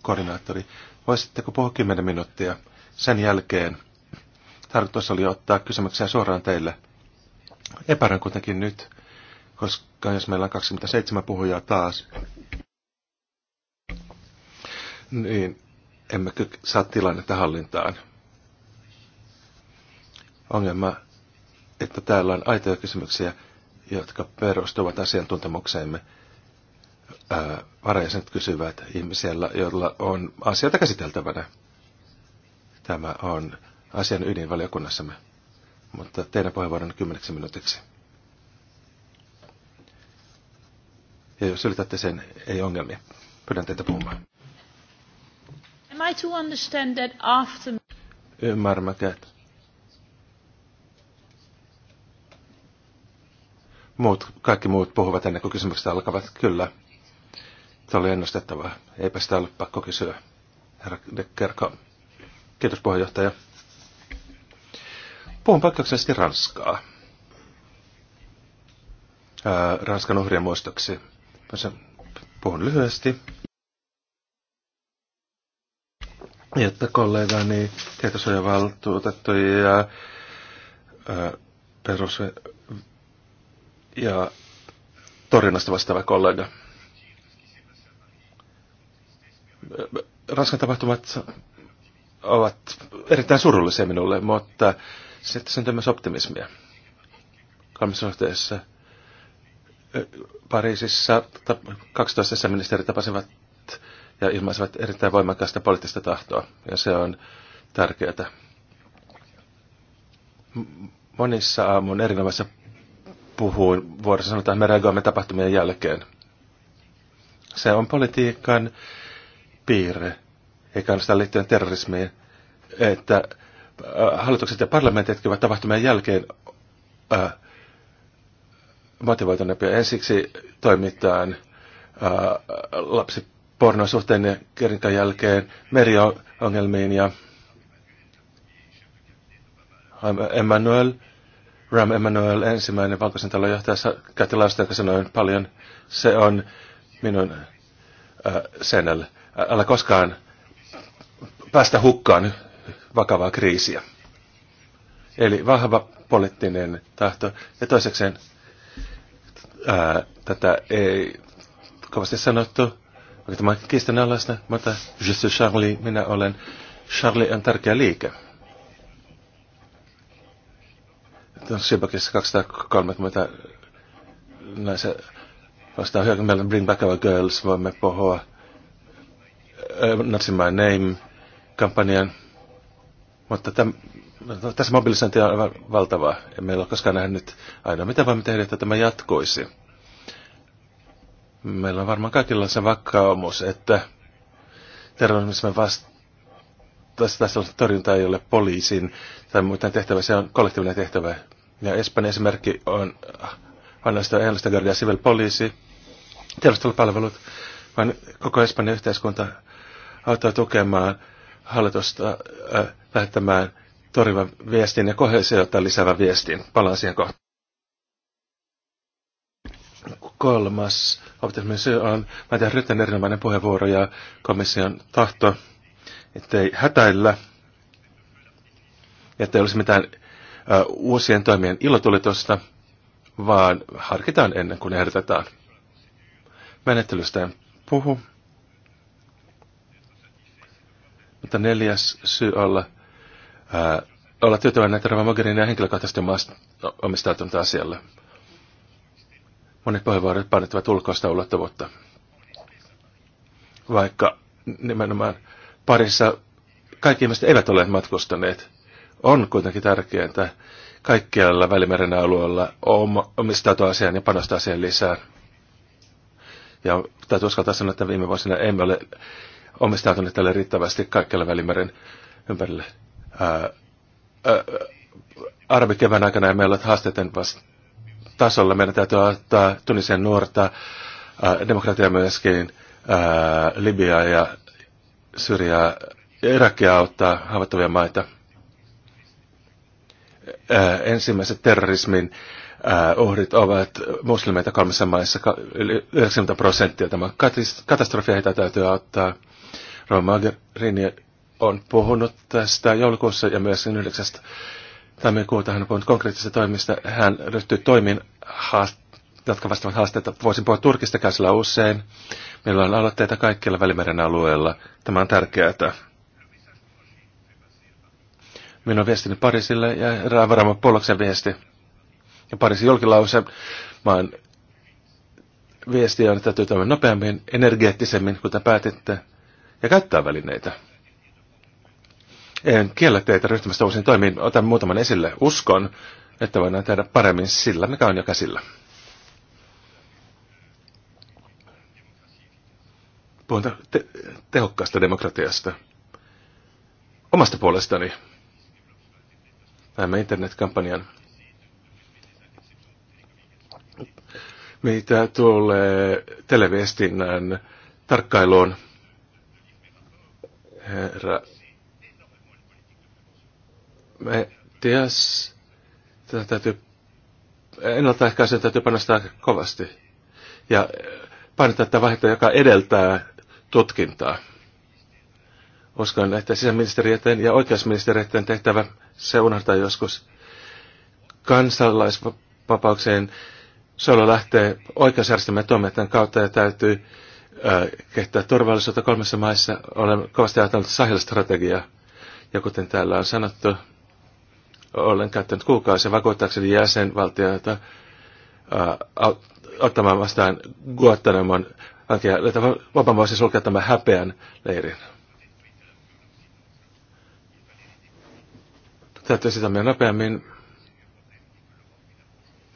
koordinaattori. Voisitteko puhua 10 minuuttia sen jälkeen? Tarkoitus oli ottaa kysymyksiä suoraan teille. Epäröin kuitenkin nyt, koska jos meillä on 27 puhujaa taas, niin emme saa tilannetta hallintaan. Ongelma, että täällä on aitoja kysymyksiä, jotka perustuvat asiantuntemukseemme Äh, varajäsenet kysyvät ihmisellä, jolla on asioita käsiteltävänä. Tämä on asian ydin valiokunnassamme, mutta teidän puheenvuoron kymmeneksi minuutiksi. Ja jos ylitätte sen, ei ongelmia. Pyydän teitä puhumaan. Am I to understand that after... Ymmärrämmekö, että muut, kaikki muut puhuvat ennen kuin kysymykset alkavat. Kyllä. Se oli ennustettavaa. Eipä sitä ole pakko kysyä, herra de Kerko. Kiitos puheenjohtaja. Puhun poikkeuksellisesti Ranskaa. Ää, Ranskan uhrien muistoksi. Puhun lyhyesti. Jotta kollegani tietosuojavaltuutettu ja ää, perus ja torjunnasta vastaava kollega Ranskan tapahtumat ovat erittäin surullisia minulle, mutta sitten syntyy myös optimismia. Kolmessa Pariisissa 12 sisäministeri tapasivat ja ilmaisivat erittäin voimakasta poliittista tahtoa, ja se on tärkeää. Monissa aamun erinomaisissa puhuin vuorossa sanotaan, että me reagoimme tapahtumien jälkeen. Se on politiikan piirre, eikä ainoastaan liittyen terrorismiin, että äh, hallitukset ja parlamentit ovat tapahtumien jälkeen äh, motivoituneempia. Ensiksi toimitaan lapsi äh, lapsipornon suhteen ja kerinkan jälkeen meriongelmiin ja Emmanuel, Ram Emmanuel, ensimmäinen valkoisen talon johtaja, käytti lausta, joka sanoi paljon, se on minun äh, senelle älä koskaan päästä hukkaan vakavaa kriisiä. Eli vahva poliittinen tahto. Ja toisekseen ää, tätä ei kovasti sanottu, oli tämä kiistanalaista, mutta je suis Charlie, minä olen. Charlie on tärkeä liike. Sibakissa 230 näissä vastaan hyökkäyksellä Bring Back Our Girls voimme puhua Äh, in My Name-kampanjan, mutta tämän, no, tässä mobilisointi on aivan valtavaa. Ja meillä on koskaan nähnyt aina, mitä voimme tehdä, että tämä jatkoisi. Meillä on varmaan kaikilla se vakkaumus, että terrorismin vasta tässä torjunta ei ole poliisin tai muiden tehtävä, se on kollektiivinen tehtävä. Ja Espanjan esimerkki on vanhasta Ernesta Guardia Civil Poliisi, tiedustelupalvelut, vaan koko Espanjan yhteiskunta auttaa tukemaan hallitusta äh, lähettämään torjuvan viestin ja kohesiota lisäävän viestin. Palaan siihen kohtaan. Kolmas optimismin syy on Matias Rytten erinomainen puheenvuoro ja komission tahto, ettei hätäillä, ettei olisi mitään äh, uusien toimien ilotulitusta, vaan harkitaan ennen kuin ehdotetaan. Menettelystä en puhu mutta neljäs syy olla, ää, olla tyytyväinen, että Rava Mogherini on henkilökohtaisesti omistautunut asialle. Monet puheenvuorot painettavat ulkoista ulottuvuutta. Vaikka nimenomaan parissa kaikki ihmiset eivät ole matkustaneet, on kuitenkin tärkeää, että kaikkialla Välimeren alueella omistautua asiaan ja panostaa siihen lisää. Ja täytyy uskaltaa sanoa, että viime vuosina emme ole omistautuneet tälle riittävästi kaikkialla Välimeren ympärille. Ää, kevään aikana ja meillä on haasteiden vasta tasolla. Meidän täytyy ottaa Tunisian nuorta, demokratia myöskin, ää, ja Syriaa ja Irakia auttaa haavoittuvia maita. Ää, ensimmäiset terrorismin ää, uhrit ovat muslimeita kolmessa maissa, 90 prosenttia. Tämä katastrofi heitä täytyy auttaa. Roma Rini on puhunut tästä joulukuussa ja myös 9. tammikuuta hän on puhunut konkreettisista toimista. Hän ryhtyy toimiin, jotka vastaavat haasteita. Voisin puhua Turkista käsillä usein. Meillä on aloitteita kaikkialla Välimeren alueella. Tämä on tärkeää. Minun viestini Parisille ja Raavarama Polloksen viesti. Ja Pariisin julkilause. Maan viesti on, että täytyy toimia nopeammin, energeettisemmin, kuten päätitte ja käyttää välineitä. En kiellä teitä ryhtymästä uusiin toimiin. Otan muutaman esille. Uskon, että voidaan tehdä paremmin sillä, mikä on jo käsillä. Puhun te- tehokkaasta demokratiasta. Omasta puolestani näemme internetkampanjan. Mitä tulee televiestinnän tarkkailuun, Herra, me ties, tätä täytyy, ennaltaehkäisyyn täytyy panostaa kovasti. Ja painottaa tätä vaihetta, joka edeltää tutkintaa. Uskon, että sisäministeriöiden ja oikeusministeriöiden tehtävä se unohtaa joskus. Kansalaisvapaukseen Se lähtee oikeusjärjestelmän toimijoiden kautta ja täytyy Äh, kehittää turvallisuutta kolmessa maissa. Olen kovasti ajatellut Sahel-strategiaa. Ja kuten täällä on sanottu, olen käyttänyt kuukausia vakuuttaakseni jäsenvaltioita äh, ottamaan vastaan Guantanamon vankia. Obama voisi sulkea tämän häpeän leirin. Täytyy sitä mennä nopeammin.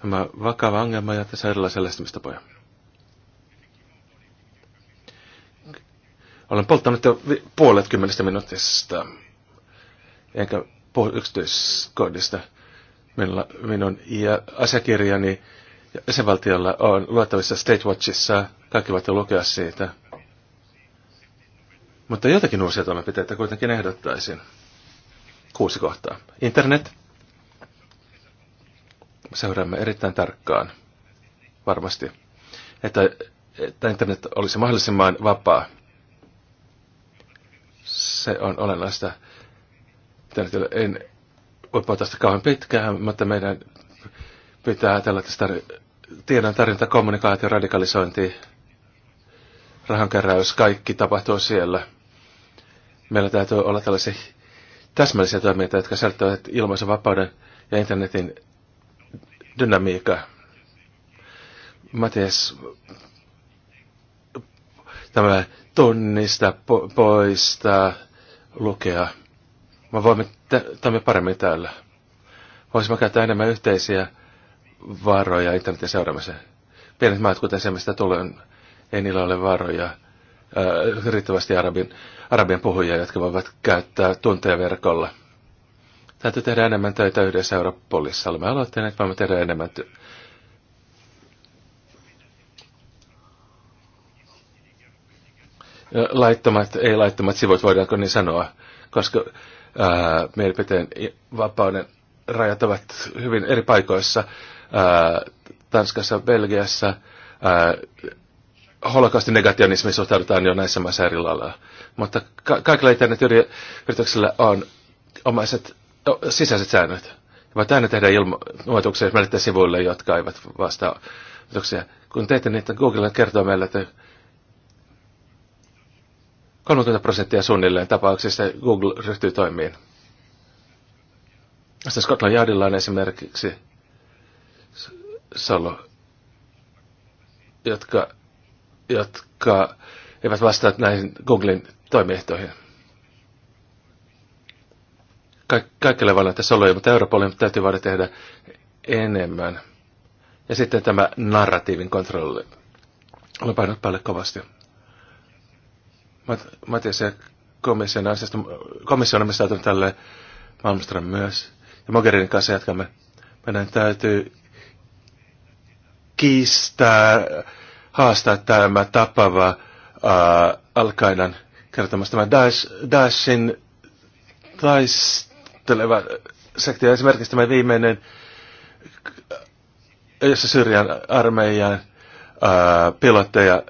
Tämä vakava ongelma ja tässä erilaisia lähestymistapoja. Olen polttanut jo puolet kymmenestä minuutista, enkä puhu yksityiskohdista. Minulla, minun ja asiakirjani ja jäsenvaltiolla on luettavissa State Watchissa. Kaikki voitte lukea siitä. Mutta jotakin uusia toimenpiteitä kuitenkin ehdottaisin. Kuusi kohtaa. Internet. Seuraamme erittäin tarkkaan. Varmasti. Että, että internet olisi mahdollisimman vapaa se on olennaista. En voi tästä kauhean pitkään, mutta meidän pitää tällä tästä tiedon tarjonta, kommunikaatio, radikalisointi, rahankeräys, kaikki tapahtuu siellä. Meillä täytyy olla tällaisia täsmällisiä toimijoita, jotka säilyttävät ilmaisen vapauden ja internetin dynamiikkaa. Matias, tämä tunnista, po- poistaa, lukea. mä voimme toimia paremmin täällä. Voisimme käyttää enemmän yhteisiä varoja internetin seuraamiseen. Pienet maat, kuten se, mistä tulee, ei niillä ole varoja. Äh, riittävästi arabin, arabien puhujia, jotka voivat käyttää tunteja verkolla. Täytyy tehdä enemmän töitä yhdessä Europolissa. Olemme aloittaneet, voimme tehdä enemmän työtä. laittomat, ei-laittomat sivut, voidaanko niin sanoa, koska ää, mielipiteen vapauden rajat ovat hyvin eri paikoissa. Ää, Tanskassa, Belgiassa, ää, holokausti negationismi suhtaudutaan jo näissä maissa eri lailla. Mutta ka- kaikilla internetyrityksillä on omaiset o, sisäiset säännöt. Voit aina tehdä ilmoituksia, jos menette sivuille, jotka eivät vastaa. Kun teette niitä, Google kertoo meille, että 30 prosenttia suunnilleen tapauksista Google ryhtyy toimiin. Sitten Scotland Yardilla on esimerkiksi solo, jotka, jotka eivät vastaa näihin Googlen toimiehtoihin. Ka- kaikille vain näitä soloja, mutta Europolin täytyy vain tehdä enemmän. Ja sitten tämä narratiivin kontrolli. Olen painanut päälle kovasti. Mat- Matias ja komission asiasta, komissio on omistautunut tälle Malmström myös. Ja Mogherinin kanssa jatkamme. Meidän täytyy kiistää, haastaa tämä tapava Al-Qaidan kertomasta tämä Daesh, Daeshin taisteleva sektio. Esimerkiksi tämä viimeinen, jossa Syyrian armeijan pilotteja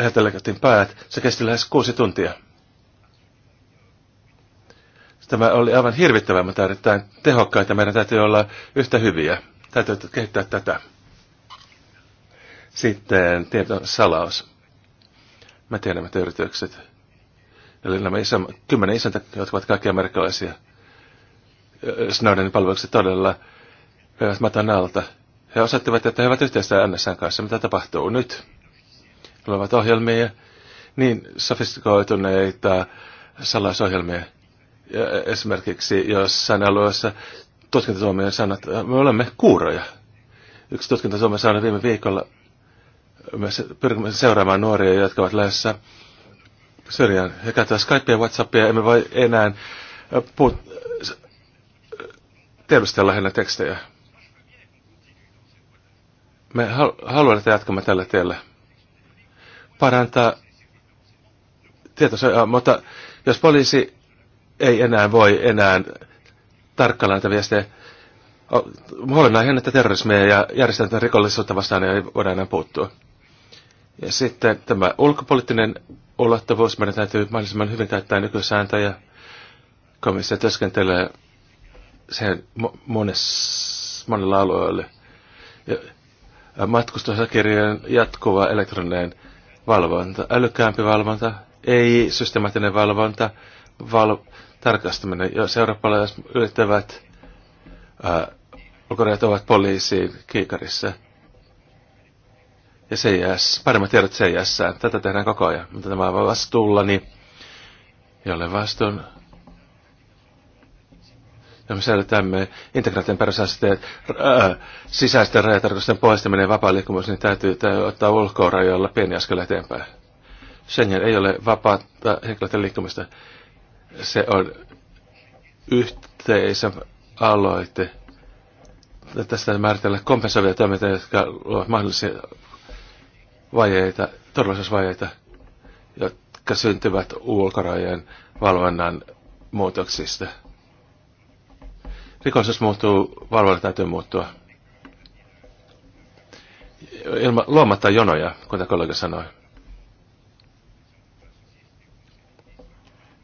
hätäleikattiin päät. Se kesti lähes kuusi tuntia. Tämä oli aivan hirvittävää, mutta erittäin tehokkaita. Meidän täytyy olla yhtä hyviä. Täytyy kehittää tätä. Sitten salaus. Mä tiedän, että yritykset, eli nämä isän, kymmenen isäntä, jotka ovat kaikki amerikkalaisia, Snowdenin palvelukset todella veivät matan alta. He osoittivat, että he ovat yhteistä NSN kanssa. Mitä tapahtuu nyt? olevat ohjelmia, niin sofistikoituneita salaisohjelmia. Esimerkiksi jossain alueessa tutkintatuomioon sanat, me olemme kuuroja. Yksi tutkintatuomio sanoi viime viikolla, me pyrimme seuraamaan nuoria, jotka ovat lähdössä syrjään. He käyttävät Skypea, Whatsappia, emme voi enää puut, tiedustella heidän tekstejä. Me haluamme, että jatkamme tällä tiellä parantaa tietosuojaa, mutta jos poliisi ei enää voi enää tarkkailla näitä viestejä, huolenaiheena, että terrorismia ja järjestäytyntä rikollisuutta vastaan ei voida enää puuttua. Ja sitten tämä ulkopoliittinen ulottuvuus, meidän täytyy mahdollisimman hyvin käyttää nykysääntöjä. Komissio työskentelee sen monessa, monella alueella. Ja matkustusakirjojen jatkuva elektroninen valvonta, älykkäämpi valvonta, ei systemaattinen valvonta, val- tarkastaminen. Jos eurooppalaiset ylittävät äh, ulkorajat ovat poliisiin kiikarissa ja CIS, paremmat tiedot CIS, tätä tehdään koko ajan, mutta tämä on vastuullani, jolle vastuun ja me säilytämme integraation perusasteet, ää, äh, sisäisten rajatarkoisten poistaminen ja vapaa liikkumus, niin täytyy ottaa rajoilla pieni askel eteenpäin. Schengen ei ole vapaata henkilöiden liikkumista. Se on yhteisön aloite. Tästä määritellä kompensoivia toimintoja, jotka luovat mahdollisia vajeita, turvallisuusvajeita, jotka syntyvät ulkorajojen valvonnan muutoksista. Rikollisuus muuttuu, valvonta täytyy muuttua. Ilma, luomatta jonoja, kuten kollega sanoi.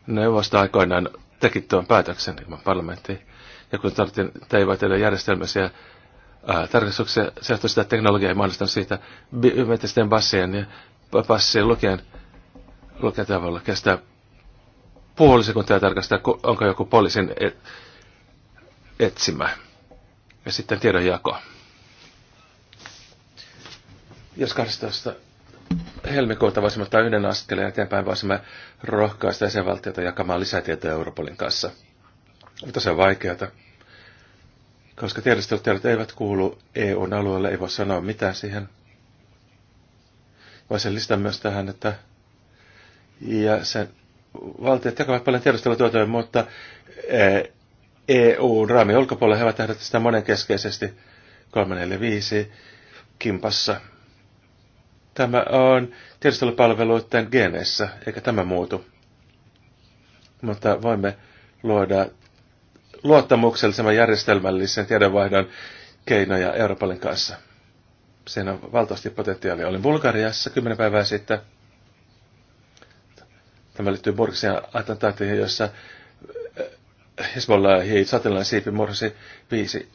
Neuvosto aikoinaan teki tuon päätöksen ilman parlamenttiin. Ja kun tarvittiin teivä järjestelmäisiä tarkastuksia, se johtui sitä teknologiaa ja mahdollistanut siitä biometristen passien ja passien lukien, lukien tavalla kestää puoli sekuntia tarkastaa, onko joku poliisin etsimä. Ja sitten tiedonjako. Jos 12 helmikuuta voisimme ottaa yhden askeleen eteenpäin, voisimme rohkaista jäsenvaltiota jakamaan lisätietoja Europolin kanssa. Mutta se on vaikeata, koska tiedustelutiedot eivät kuulu EUn alueelle, ei voi sanoa mitään siihen. Voisin lisätä myös tähän, että ja sen valtiot jakavat paljon tiedustelutietoja, mutta eh, EU:n raamin ulkopuolella. He ovat tehneet sitä monenkeskeisesti 345 kimpassa. Tämä on tiedustelupalveluiden geneissä, eikä tämä muutu. Mutta voimme luoda luottamuksellisemman järjestelmällisen tiedonvaihdon keinoja Euroopan kanssa. Siinä on valtavasti potentiaalia. Olin Bulgariassa kymmenen päivää sitten. Tämä liittyy Burgsian attentaatioihin, jossa Hezbollahi sotilainen siipi morsi viisi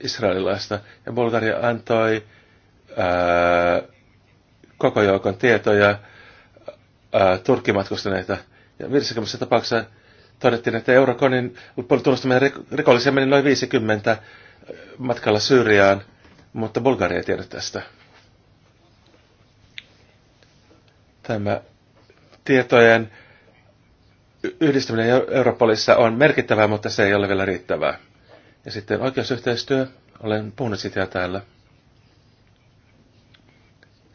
israelilaista ja Bulgaria antoi ää, koko joukon tietoja Turkkiin Ja virsikymmässä tapauksessa todettiin, että Eurokonin tunnustaminen rikollisia meni noin 50 matkalla Syyriaan, mutta Bulgaria ei tiedä tästä. Tämä tietojen yhdistäminen Europolissa on merkittävää, mutta se ei ole vielä riittävää. Ja sitten oikeusyhteistyö, olen puhunut sitä täällä.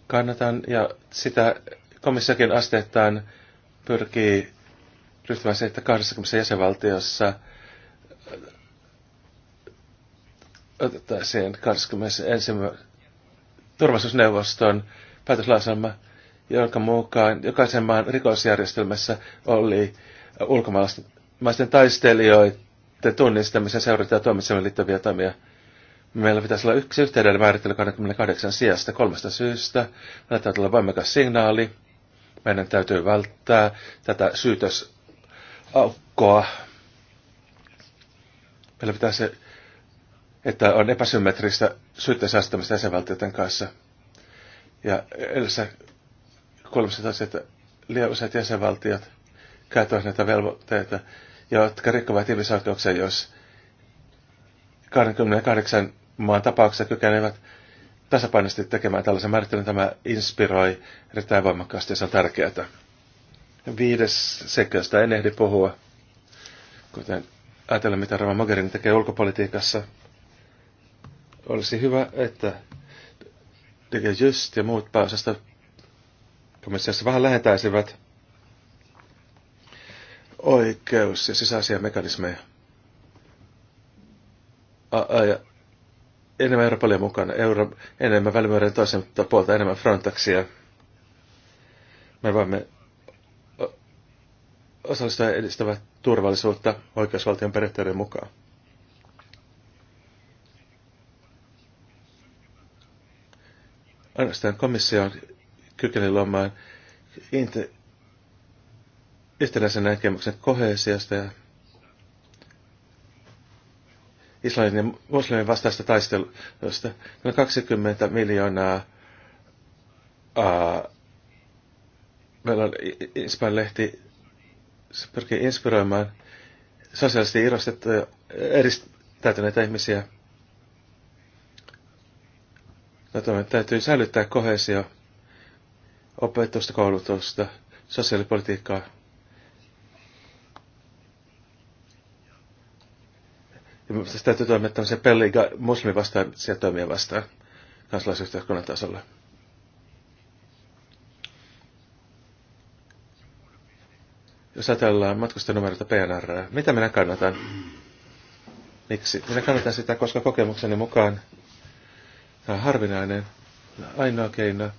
Kannatan ja sitä komissakin asteittain pyrkii ryhtymään se, että 20 jäsenvaltiossa otettaisiin 21. turvallisuusneuvoston päätöslauselma, jonka mukaan jokaisen maan rikosjärjestelmässä oli ulkomaalaisten taistelijoiden tunnistamisen seurata ja tuomitsemaan liittyviä toimia. Meillä pitäisi olla yksi yhteydellä määrittely 28 sijasta kolmesta syystä. Meillä täytyy olla voimakas signaali. Meidän täytyy välttää tätä syytösaukkoa. Meillä pitäisi, että on epäsymmetristä syytteen saastamista jäsenvaltioiden kanssa. Ja edessä kolmessa taas, että liian useat jäsenvaltiot – käytäisiin näitä velvoitteita, jotka rikkovat ihmisoikeuksia, jos 28 maan tapauksessa kykenevät tasapainoisesti tekemään tällaisen määrittelyn. Tämä inspiroi erittäin voimakkaasti ja se on tärkeää. Viides seköstä en ehdi puhua, kuten ajatella, mitä Rama Mogherini tekee ulkopolitiikassa. Olisi hyvä, että Dege Just ja muut pääosasta komissiossa vähän lähentäisivät oikeus- ja ja Enemmän Europolia mukana, Euro, enemmän välimäärin toisen puolta, enemmän Frontexia. Me voimme osallistua ja edistävät turvallisuutta oikeusvaltion periaatteiden mukaan. Ainoastaan komissio on kykenevä luomaan inte- yhtenäisen näkemyksen kohesiosta ja islamin ja muslimin vastaista taistelusta. Noin 20 miljoonaa. Ää, meillä on Inspan lehti, se pyrkii inspiroimaan sosiaalisesti irrostettuja, eristäytyneitä ihmisiä. No, tämän, täytyy säilyttää kohesio, opetusta, koulutusta, sosiaalipolitiikkaa. se täytyy toimia tämmöisen pelliga muslimi vastaan ja toimia vastaan kansalaisyhteiskunnan tasolla. Jos ajatellaan matkustanumeroita PNR, mitä minä kannatan? Miksi? Minä kannatan sitä, koska kokemukseni mukaan tämä on harvinainen ainoa keino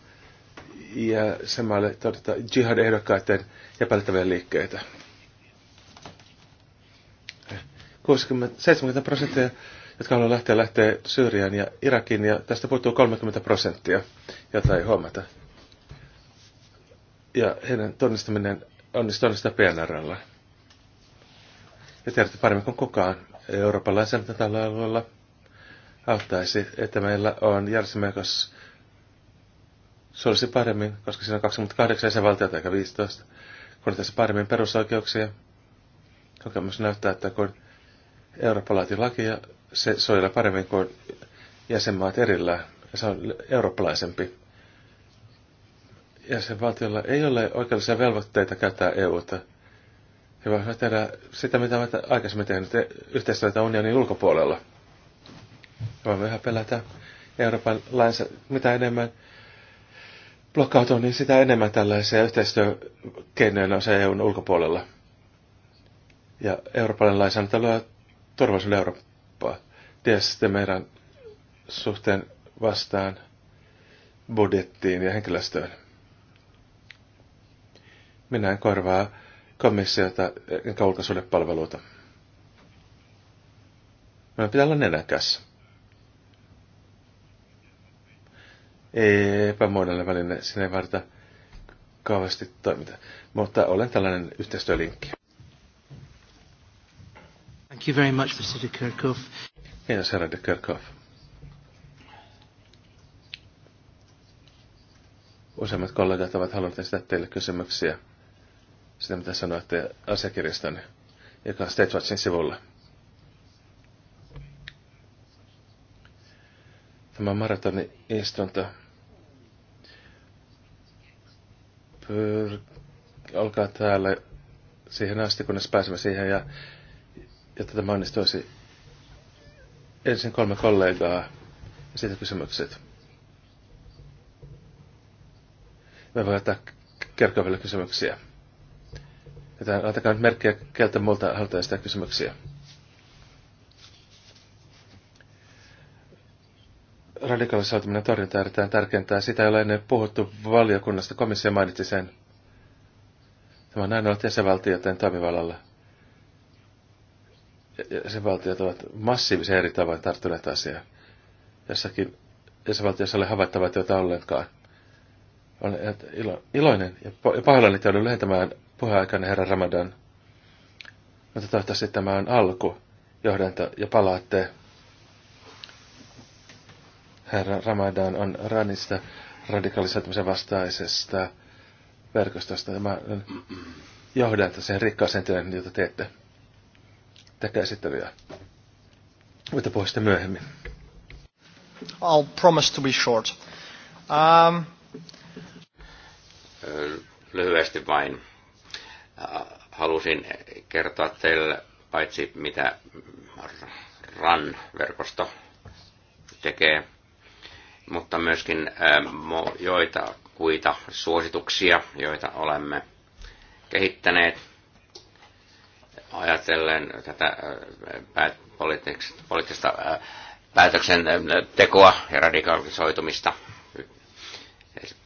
ja samalle todeta jihad-ehdokkaiden epäilyttäviä liikkeitä. 60, 70 prosenttia, jotka haluaa lähteä, lähteä Syyriaan ja Irakiin, ja tästä puuttuu 30 prosenttia, jota ei huomata. Ja heidän tunnistaminen onnistuu onnistaa PNRllä. Ja tiedätte paremmin kuin kukaan Euroopan lainsäädäntö tällä alueella auttaisi, että meillä on järjestelmä, joka se olisi paremmin, koska siinä on 28 jäsenvaltiota eikä 15, kun tässä paremmin perusoikeuksia. Kokemus näyttää, että kun eurooppalaisia lakeja, se soida paremmin kuin jäsenmaat erillään. Ja se on eurooppalaisempi. Jäsenvaltiolla ei ole oikeudellisia velvoitteita käyttää EUta. He voivat tehdä sitä, mitä ovat aikaisemmin tehneet yhteistyötä unionin ulkopuolella. Ja voimme ihan pelätä Euroopan lainsä, mitä enemmän blokkautuu, niin sitä enemmän tällaisia yhteistyökeinoja on se EUn ulkopuolella. Ja Euroopan lainsäädäntö turvallisuuden Eurooppaa. Ties sitten meidän suhteen vastaan budjettiin ja henkilöstöön. Minä en korvaa komissiota enkä ulkoisuuden palveluita. Meidän pitää olla nenäkäs. Epämuodollinen väline, sinä ei varta kauheasti toimita. Mutta olen tällainen yhteistyölinkki. Thank you very much, Mr. de Kerkhoff. Yes, herra de Kerkhoff. Useimmat kollegat ovat halunneet esittää teille kysymyksiä sitä, mitä sanoitte asiakirjaston, joka on Statewatchin sivulla. Tämä maratonin istunto pyr- olkaa täällä siihen asti, kunnes pääsemme siihen ja jotta tämä onnistuisi ensin kolme kollegaa ja sitten kysymykset. Me voimme ottaa kerkoville kysymyksiä. Joten laitakaa nyt merkkiä, keltä muulta halutaan sitä kysymyksiä. radikalisoituminen torjunta erittäin tärkeintä. Sitä ei ole ennen puhuttu valiokunnasta. Komissio mainitsi sen. Tämä on ainoa jäsenvaltioiden toimivallalla jäsenvaltiot ovat massiivisen eri tavoin tarttuneet asiaan. Jossakin jäsenvaltiossa ole havaittavaa jotain ollenkaan. Olen ilo, iloinen ja pahoillani joudun lyhentämään puheaikana herra Ramadan. Mutta toivottavasti tämä on alku, johdanto ja palaatte. Herra Ramadan on Ranista radikalisoitumisen vastaisesta verkostosta. Tämä on johdanto sen rikkaaseen työn, jota teette tekee sitten Voitte puhua sitten myöhemmin. I'll promise to be short. Um... Lyhyesti vain. Halusin kertoa teille paitsi mitä RAN-verkosto tekee, mutta myöskin joita kuita suosituksia, joita olemme kehittäneet – ajatellen tätä poliittista päätöksentekoa ja radikalisoitumista.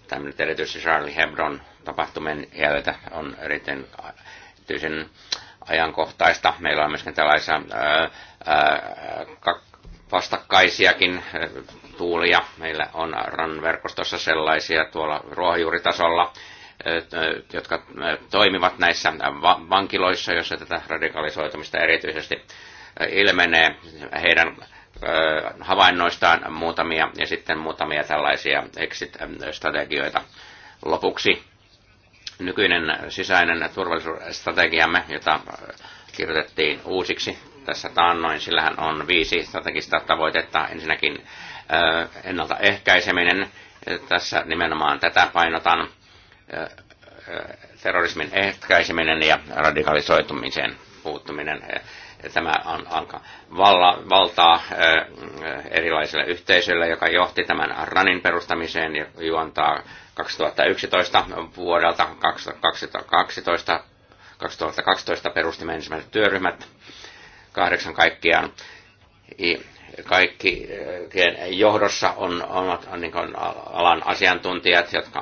Tämä erityisesti Charlie Hebron tapahtumien jäljiltä on erittäin erityisen ajankohtaista. Meillä on myöskin tällaisia ää, ää, vastakkaisiakin tuulia. Meillä on RAN-verkostossa sellaisia tuolla ruohonjuuritasolla, Äh, jotka äh, toimivat näissä vankiloissa, joissa tätä radikalisoitumista erityisesti äh, ilmenee heidän havainnoistaan muutamia ja sitten muutamia tällaisia exit-strategioita lopuksi. Nykyinen sisäinen turvallisuusstrategiamme, jota kirjoitettiin uusiksi tässä taannoin, sillähän on viisi strategista tavoitetta. Ensinnäkin ennaltaehkäiseminen, tässä nimenomaan tätä painotan terrorismin ehkäiseminen ja radikalisoitumisen puuttuminen. Tämä on alkaa valla, valtaa erilaisille yhteisöille, joka johti tämän RANin perustamiseen ja juontaa 2011 vuodelta 2012, 2012 perustimme ensimmäiset työryhmät, kahdeksan kaikkiaan. Kaikkien johdossa on, on, on niin alan asiantuntijat, jotka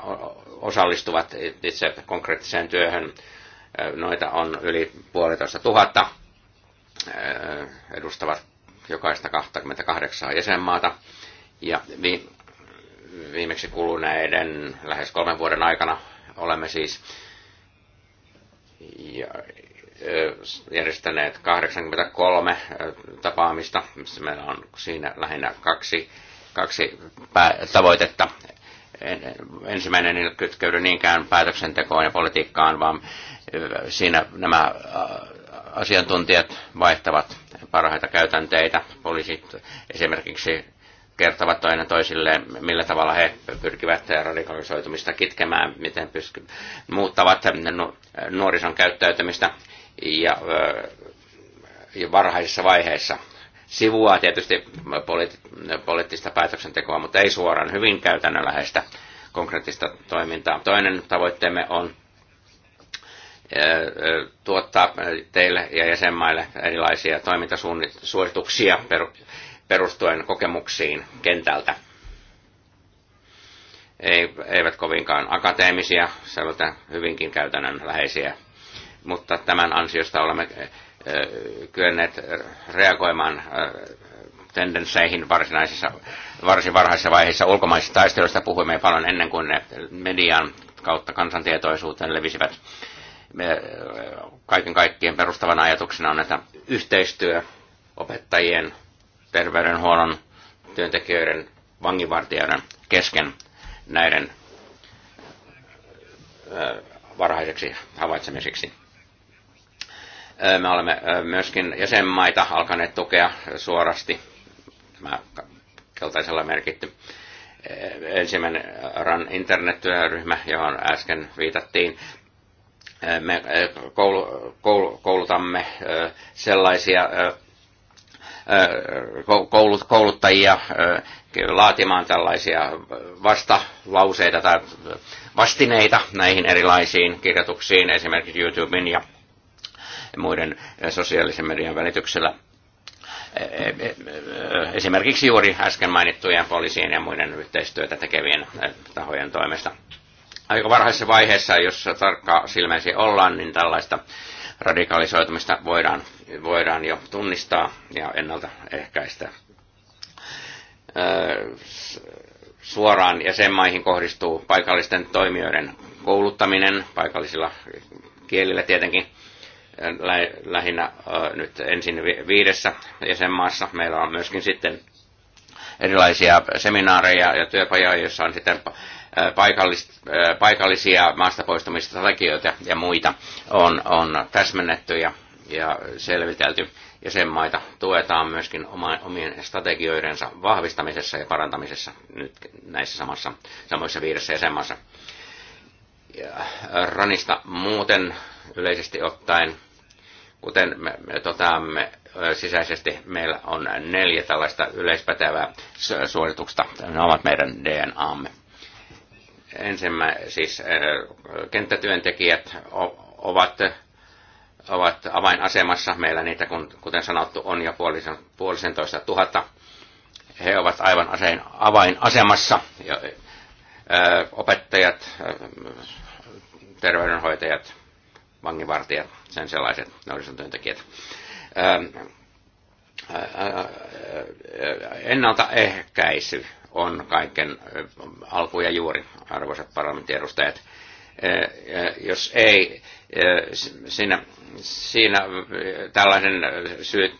osallistuvat itse konkreettiseen työhön. Noita on yli puolitoista tuhatta, edustavat jokaista 28 jäsenmaata. Ja viimeksi kuluneiden lähes kolmen vuoden aikana olemme siis järjestäneet 83 tapaamista. missä Meillä on siinä lähinnä kaksi, kaksi pää, tavoitetta ensimmäinen ei kytkeydy niinkään päätöksentekoon ja politiikkaan, vaan siinä nämä asiantuntijat vaihtavat parhaita käytänteitä. Poliisit esimerkiksi kertovat toinen toisille millä tavalla he pyrkivät radikalisoitumista kitkemään, miten pysky, muuttavat nuorison käyttäytymistä ja, ja varhaisissa vaiheissa sivuaa tietysti poliitt- poliittista päätöksentekoa, mutta ei suoraan hyvin käytännönläheistä konkreettista toimintaa. Toinen tavoitteemme on tuottaa teille ja jäsenmaille erilaisia toimintasuosituksia perustuen kokemuksiin kentältä. Ei, eivät kovinkaan akateemisia, sellaisia hyvinkin käytännönläheisiä, mutta tämän ansiosta olemme kyenneet reagoimaan tendensseihin varsinaisissa, varsin varhaisissa vaiheissa ulkomaisista taisteluista puhuimme paljon ennen kuin ne median kautta kansantietoisuuteen levisivät. Me, kaiken kaikkien perustavana ajatuksena on, että yhteistyö opettajien, terveydenhuollon, työntekijöiden, vanginvartijoiden kesken näiden varhaiseksi havaitsemiseksi me olemme myöskin jäsenmaita alkaneet tukea suorasti. Tämä keltaisella merkitty ensimmäinen RAN internettyöryhmä, johon äsken viitattiin. Me koulutamme sellaisia kouluttajia laatimaan tällaisia vastalauseita tai vastineita näihin erilaisiin kirjoituksiin, esimerkiksi YouTuben ja muiden eh, sosiaalisen median välityksellä eh, eh, esimerkiksi juuri äsken mainittujen poliisien ja muiden yhteistyötä tekevien tahojen toimesta. Aika varhaisessa vaiheessa, jos tarkka silmäisi ollaan, niin tällaista radikalisoitumista voidaan, voidaan jo tunnistaa ja ennaltaehkäistä. Suoraan jäsenmaihin kohdistuu paikallisten toimijoiden kouluttaminen paikallisilla kielillä tietenkin – lähinnä nyt ensin viidessä jäsenmaassa. Meillä on myöskin sitten erilaisia seminaareja ja työpajoja, joissa on sitten paikallisia maasta poistumistrategioita ja muita on, on täsmennetty ja, ja selvitelty. Jäsenmaita tuetaan myöskin oma, omien strategioidensa vahvistamisessa ja parantamisessa nyt näissä samassa, samoissa viidessä jäsenmaassa. Ja Ranista muuten yleisesti ottaen. Kuten me, me toteamme sisäisesti, meillä on neljä tällaista yleispätevää suoritusta. Ne ovat meidän DNAmme. Ensimmäinen, siis kenttätyöntekijät ovat ovat avainasemassa. Meillä niitä, kuten sanottu, on jo puolisen, puolisentoista tuhatta. He ovat aivan asein, avainasemassa. Ja, ö, opettajat, terveydenhoitajat, vanginvartijat, sen sellaiset nuorisotyöntekijät. Ennaltaehkäisy on kaiken alku ja juuri, arvoisat edustajat. Jos ei siinä, siinä tällaisen syyt,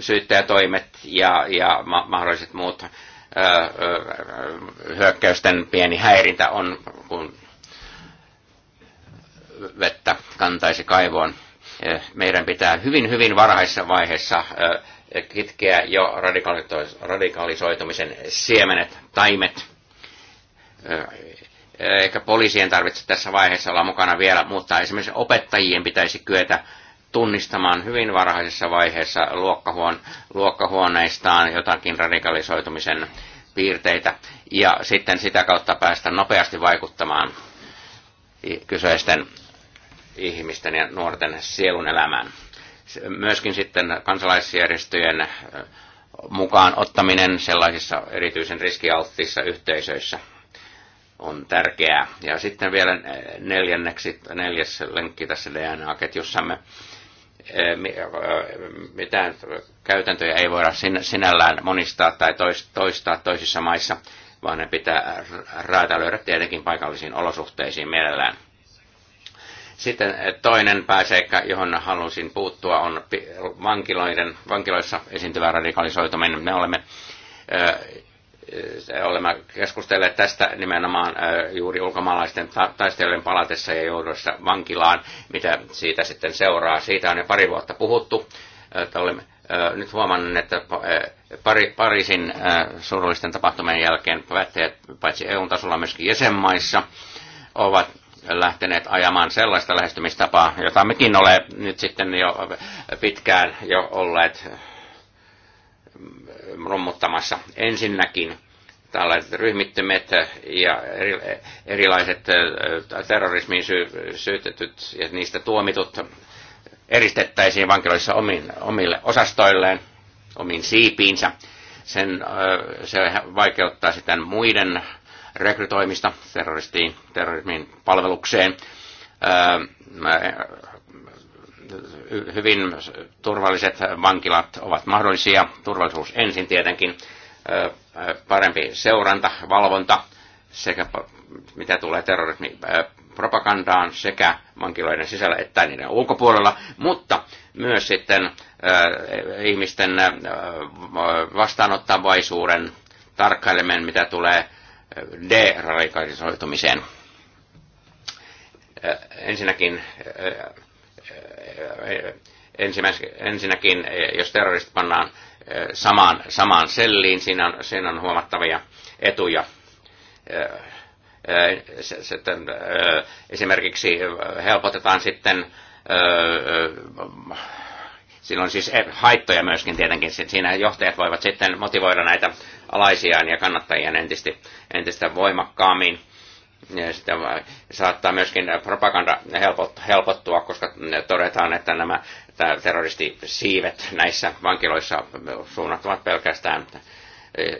syyttäjätoimet ja, ja mahdolliset muut hyökkäysten pieni häirintä on, kun vettä kantaisi kaivoon. Eh, meidän pitää hyvin, hyvin varhaisessa vaiheessa eh, kitkeä jo radikalisoitumisen siemenet, taimet. Eh, eikä poliisien tarvitse tässä vaiheessa olla mukana vielä, mutta esimerkiksi opettajien pitäisi kyetä tunnistamaan hyvin varhaisessa vaiheessa luokkahuon, luokkahuoneistaan jotakin radikalisoitumisen piirteitä ja sitten sitä kautta päästä nopeasti vaikuttamaan kyseisten ihmisten ja nuorten sielun elämään. Myöskin sitten kansalaisjärjestöjen mukaan ottaminen sellaisissa erityisen riskialttiissa yhteisöissä on tärkeää. Ja sitten vielä neljänneksi, neljäs lenkki tässä DNA-ketjussamme. Mitään käytäntöjä ei voida sinällään monistaa tai toistaa toisissa maissa, vaan ne pitää räätälöidä tietenkin paikallisiin olosuhteisiin mielellään. Sitten eh, toinen pääseikka, johon halusin puuttua, on vankiloiden, vankiloissa esiintyvä radikalisoituminen. Me olemme, eh, eh, olemme keskustelleet tästä nimenomaan juuri ulkomaalaisten taistelujen palatessa ja joudussa vankilaan, mitä siitä sitten seuraa. Siitä on jo pari vuotta puhuttu. Olemme nyt huomannut, että pari, Pariisin surullisten tapahtumien jälkeen päättäjät paitsi EU-tasolla myöskin jäsenmaissa ovat lähteneet ajamaan sellaista lähestymistapaa, jota mekin ole nyt sitten jo pitkään jo olleet rummuttamassa. Ensinnäkin tällaiset ryhmittymät ja eri, erilaiset terrorismiin sy, syytetyt ja niistä tuomitut eristettäisiin vankiloissa omiin, omille osastoilleen, omiin siipiinsä. Sen, se vaikeuttaa sitten muiden rekrytoimista terroristiin, terrorismin palvelukseen. Hyvin turvalliset vankilat ovat mahdollisia. Turvallisuus ensin tietenkin, parempi seuranta, valvonta sekä mitä tulee terrorismin propagandaan sekä vankiloiden sisällä että niiden ulkopuolella, mutta myös sitten ihmisten vastaanottavaisuuden tarkkaileminen, mitä tulee deradikalisoitumiseen. Ensinnäkin, ensinnäkin jos terrorist pannaan samaan, samaan selliin, siinä on, siinä on huomattavia etuja sitten, esimerkiksi helpotetaan sitten silloin siis e- haittoja myöskin tietenkin. Siinä johtajat voivat sitten motivoida näitä alaisiaan ja kannattajia entistä, entistä voimakkaammin. Ja sitten äh, saattaa myöskin äh, propaganda helpottua, koska äh, todetaan, että nämä terroristisiivet näissä vankiloissa suunnattuvat pelkästään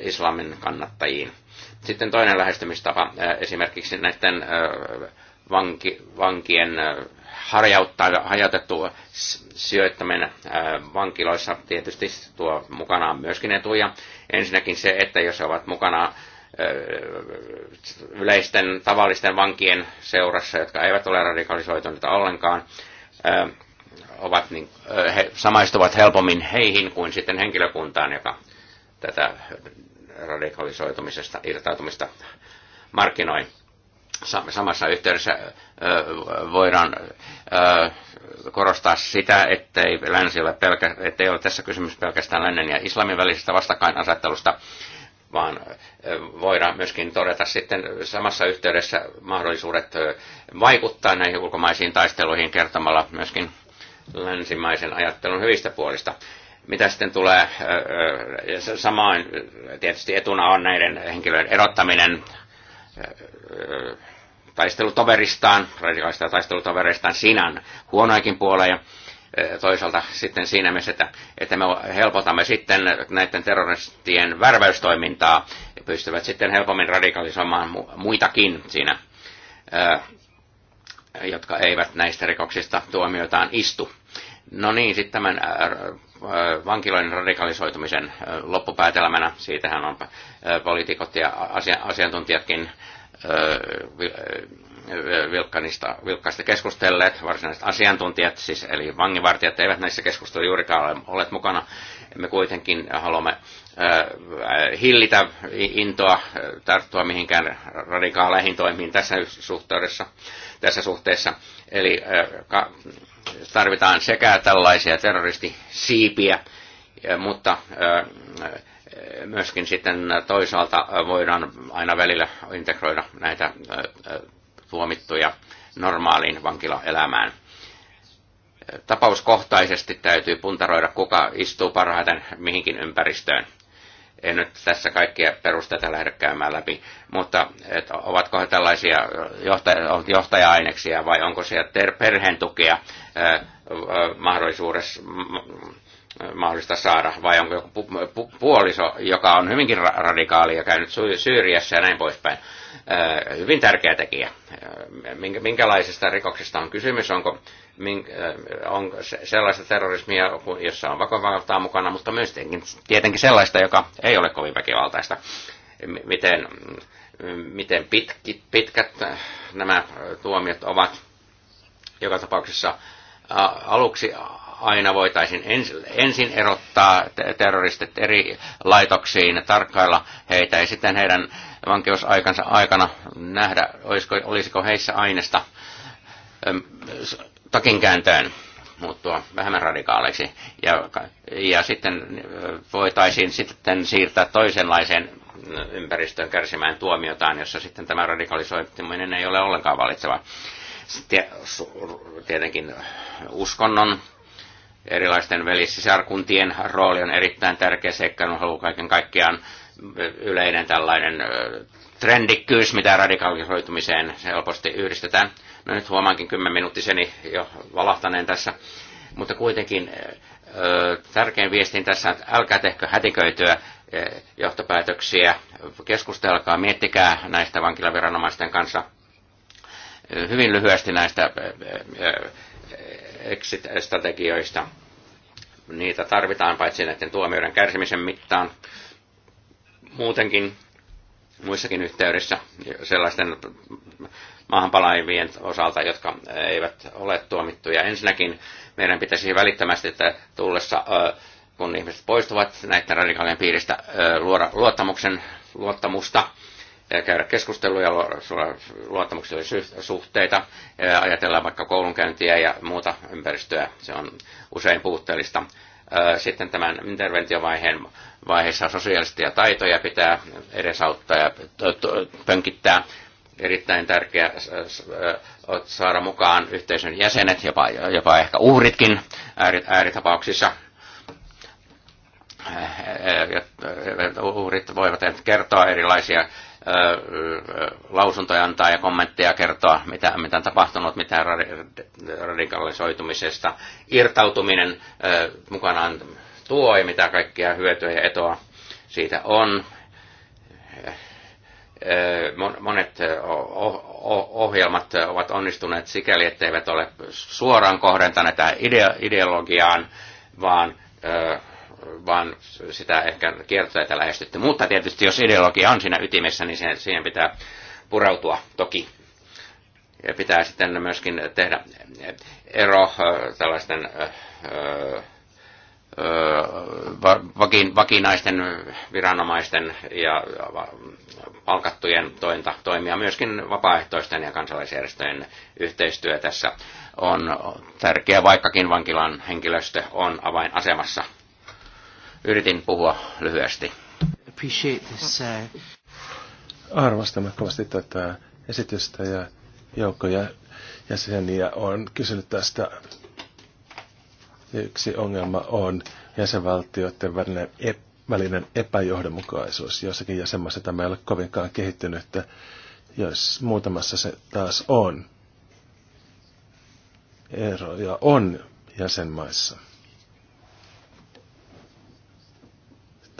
islamin kannattajiin. Sitten toinen lähestymistapa esimerkiksi näiden vanki, vankien äh, hajautettu sijoittaminen äh, vankiloissa tietysti tuo mukanaan myöskin etuja. Ensinnäkin se, että jos he ovat mukana äh, yleisten tavallisten vankien seurassa, jotka eivät ole radikalisoituneet ollenkaan, ovat niin, he samaistuvat helpommin heihin kuin sitten henkilökuntaan, joka tätä radikalisoitumisesta, irtautumista markkinoi samassa yhteydessä voidaan korostaa sitä, ettei, länsi ole pelkä, että ei ole tässä kysymys pelkästään lännen ja islamin välisestä vastakkainasettelusta, vaan voidaan myöskin todeta sitten samassa yhteydessä mahdollisuudet vaikuttaa näihin ulkomaisiin taisteluihin kertomalla myöskin länsimaisen ajattelun hyvistä puolista. Mitä sitten tulee, samaan tietysti etuna on näiden henkilöiden erottaminen taistelutoveristaan, radikaalista taistelutoveristaan Sinan huonoakin puoleja. Toisaalta sitten siinä mielessä, että, että me helpotamme sitten näiden terroristien värväystoimintaa ja pystyvät sitten helpommin radikalisoimaan muitakin siinä, jotka eivät näistä rikoksista tuomiotaan istu. No niin, sitten tämän Äh, vankiloiden radikalisoitumisen äh, loppupäätelmänä. Siitähän on äh, poliitikot ja asiantuntijatkin vilkkaista keskustelleet, varsinaiset asiantuntijat, siis eli vanginvartijat eivät näissä keskusteluissa juurikaan ole olleet mukana. Me kuitenkin haluamme hillitä intoa tarttua mihinkään radikaaleihin toimiin tässä suhteessa. Tässä suhteessa. Eli tarvitaan sekä tällaisia terroristisiipiä, eh, mutta eh, eh, myöskin sitten toisaalta voidaan aina välillä integroida näitä tuomittuja normaaliin vankilaelämään. Tapauskohtaisesti täytyy puntaroida, kuka istuu parhaiten mihinkin ympäristöön. En nyt tässä kaikkia perusteita lähde käymään läpi, mutta et ovatko he tällaisia johtaja-aineksia vai onko siellä perheen tukea mahdollisuudessa mahdollista saada, vai onko joku pu- pu- puoliso, joka on hyvinkin ra- radikaali ja käynyt Syyriassa ja näin poispäin. Öö, hyvin tärkeä tekijä. Minkä, minkälaisesta rikoksesta on kysymys? Onko onko se, sellaista terrorismia, jossa on vakavaltaa mukana, mutta myös tietenkin sellaista, joka ei ole kovin väkivaltaista. miten miten pitkit, pitkät nämä tuomiot ovat. Joka tapauksessa aluksi aina voitaisiin ensin erottaa terroristit eri laitoksiin, ja tarkkailla heitä ja sitten heidän vankeusaikansa aikana nähdä, olisiko, olisiko heissä aineesta takinkääntöön muuttua vähemmän radikaaleiksi. Ja, ja sitten äh, voitaisiin sitten siirtää toisenlaiseen äh, ympäristöön kärsimään tuomiotaan, jossa sitten tämä radikalisoituminen ei ole ollenkaan valitseva tietenkin uskonnon erilaisten velissisarkuntien rooli on erittäin tärkeä seikka, on ollut kaiken kaikkiaan yleinen tällainen trendikkyys, mitä radikalisoitumiseen helposti yhdistetään. No nyt huomaankin minuuttiseni jo valahtaneen tässä, mutta kuitenkin tärkein viestin tässä on, että älkää tehkö hätiköityä johtopäätöksiä, keskustelkaa, miettikää näistä vankilaviranomaisten kanssa, Hyvin lyhyesti näistä exit-strategioista. Niitä tarvitaan paitsi näiden tuomioiden kärsimisen mittaan, muutenkin muissakin yhteydessä sellaisten maahanpalaivien osalta, jotka eivät ole tuomittuja. Ensinnäkin meidän pitäisi välittömästi, että tullessa, kun ihmiset poistuvat näiden radikaalien piiristä, luoda luottamuksen, luottamusta käydä keskusteluja, luottamuksellisia suhteita, ajatellaan vaikka koulunkäyntiä ja muuta ympäristöä. Se on usein puutteellista. Sitten tämän interventiovaiheen vaiheessa sosiaalisia taitoja pitää edesauttaa ja pönkittää. Erittäin tärkeää saada mukaan yhteisön jäsenet, jopa, jopa ehkä uhritkin ääritapauksissa uhrit voivat kertoa erilaisia lausuntoja antaa ja kommentteja kertoa, mitä, mitä on tapahtunut, mitä radikalisoitumisesta irtautuminen mukanaan tuo ja mitä kaikkia hyötyä ja etoa siitä on. Monet ohjelmat ovat onnistuneet sikäli, etteivät ole suoraan kohdentaneet ideologiaan, vaan vaan sitä ehkä kiertoteitä lähestytty. Mutta tietysti jos ideologia on siinä ytimessä, niin sen, siihen pitää pureutua toki. Ja pitää sitten myöskin tehdä ero tällaisten vakinaisten viranomaisten ja palkattujen tointa, toimia, myöskin vapaaehtoisten ja kansalaisjärjestöjen yhteistyö tässä on tärkeä, vaikkakin vankilan henkilöstö on avainasemassa Yritin puhua lyhyesti. Uh, Arvostamme kovasti tätä esitystä ja joukkoja jäseniä on kysynyt tästä. Yksi ongelma on jäsenvaltioiden välinen, ep- välinen epäjohdonmukaisuus. Jossakin jäsenmaassa tämä ei ole kovinkaan kehittynyt, että jos muutamassa se taas on. Eroja on jäsenmaissa.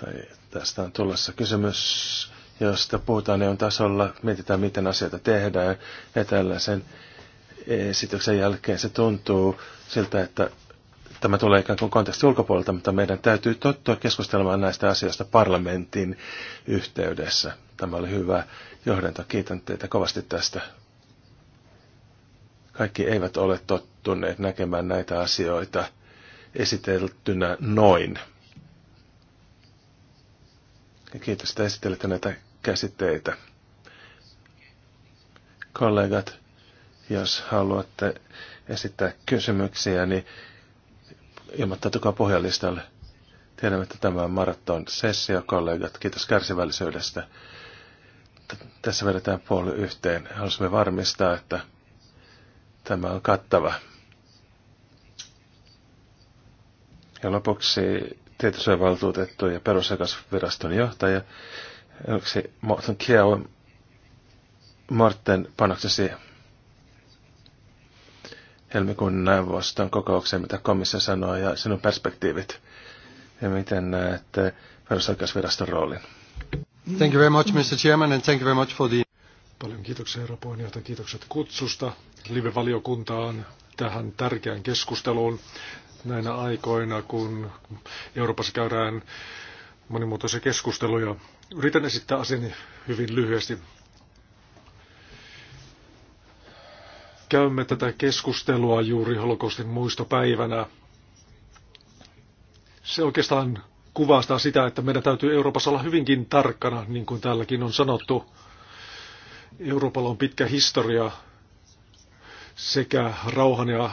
tai tästä on tulossa kysymys, josta puhutaan EUn tasolla, mietitään miten asioita tehdään ja tällaisen esityksen jälkeen se tuntuu siltä, että tämä tulee ikään kuin konteksti ulkopuolelta, mutta meidän täytyy tottua keskustelemaan näistä asioista parlamentin yhteydessä. Tämä oli hyvä johdanto. Kiitän teitä kovasti tästä. Kaikki eivät ole tottuneet näkemään näitä asioita esiteltynä noin. Ja kiitos, että esittelette näitä käsitteitä. Kollegat, jos haluatte esittää kysymyksiä, niin ilmoittautukaa pohjalistalle. Tiedämme, että tämä on maraton sessio, kollegat. Kiitos kärsivällisyydestä. tässä vedetään puoli yhteen. Haluaisimme varmistaa, että tämä on kattava. Ja lopuksi tietosuojavaltuutettu ja perusakasviraston johtaja. Yksi Morten Kjau Morten panoksesi helmikuun neuvoston kokoukseen, mitä komissio sanoo, ja sinun perspektiivit, ja miten näet perusoikeusviraston roolin. Thank you very much, Mr. Chairman, and thank you very much for the... Paljon kiitoksia, herra puheenjohtaja. Kiitokset kutsusta live-valiokuntaan tähän tärkeään keskusteluun näinä aikoina, kun Euroopassa käydään monimuotoisia keskusteluja. Yritän esittää asian hyvin lyhyesti. Käymme tätä keskustelua juuri holokostin muistopäivänä. Se oikeastaan kuvastaa sitä, että meidän täytyy Euroopassa olla hyvinkin tarkkana, niin kuin täälläkin on sanottu. Euroopalla on pitkä historia sekä rauhan ja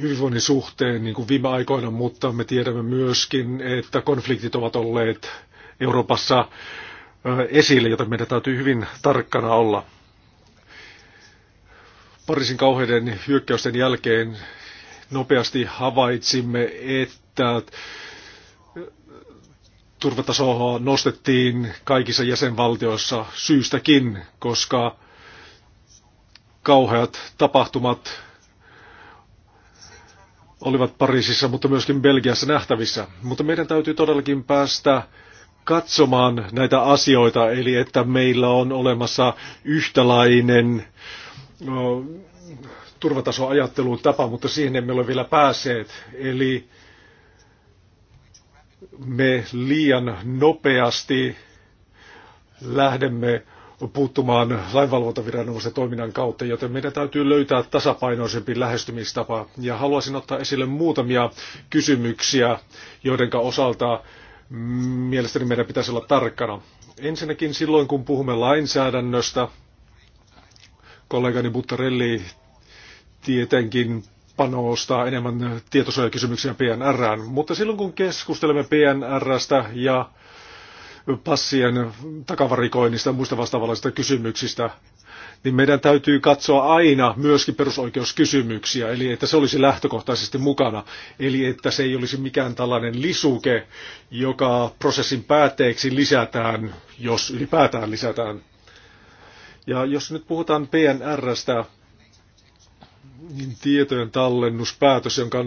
hyvinvoinnin suhteen niin kuin viime aikoina, mutta me tiedämme myöskin, että konfliktit ovat olleet Euroopassa esille, joten meidän täytyy hyvin tarkkana olla. Pariisin kauheiden hyökkäysten jälkeen nopeasti havaitsimme, että turvatasoa nostettiin kaikissa jäsenvaltioissa syystäkin, koska kauheat tapahtumat olivat Pariisissa, mutta myöskin Belgiassa nähtävissä. Mutta meidän täytyy todellakin päästä katsomaan näitä asioita, eli että meillä on olemassa yhtälainen no, turvatasoajattelun tapa, mutta siihen emme ole vielä päässeet. Eli me liian nopeasti lähdemme puuttumaan lainvalvontaviranomaisen toiminnan kautta, joten meidän täytyy löytää tasapainoisempi lähestymistapa. Ja haluaisin ottaa esille muutamia kysymyksiä, joiden osalta mielestäni meidän pitäisi olla tarkkana. Ensinnäkin silloin, kun puhumme lainsäädännöstä, kollegani Buttarelli tietenkin panostaa enemmän tietosuojakysymyksiä PNRään, mutta silloin kun keskustelemme PNRstä ja passien takavarikoinnista ja muista vastaavanlaisista kysymyksistä, niin meidän täytyy katsoa aina myöskin perusoikeuskysymyksiä, eli että se olisi lähtökohtaisesti mukana, eli että se ei olisi mikään tällainen lisuke, joka prosessin päätteeksi lisätään, jos ylipäätään lisätään. Ja jos nyt puhutaan PNRstä, niin tietojen tallennuspäätös, jonka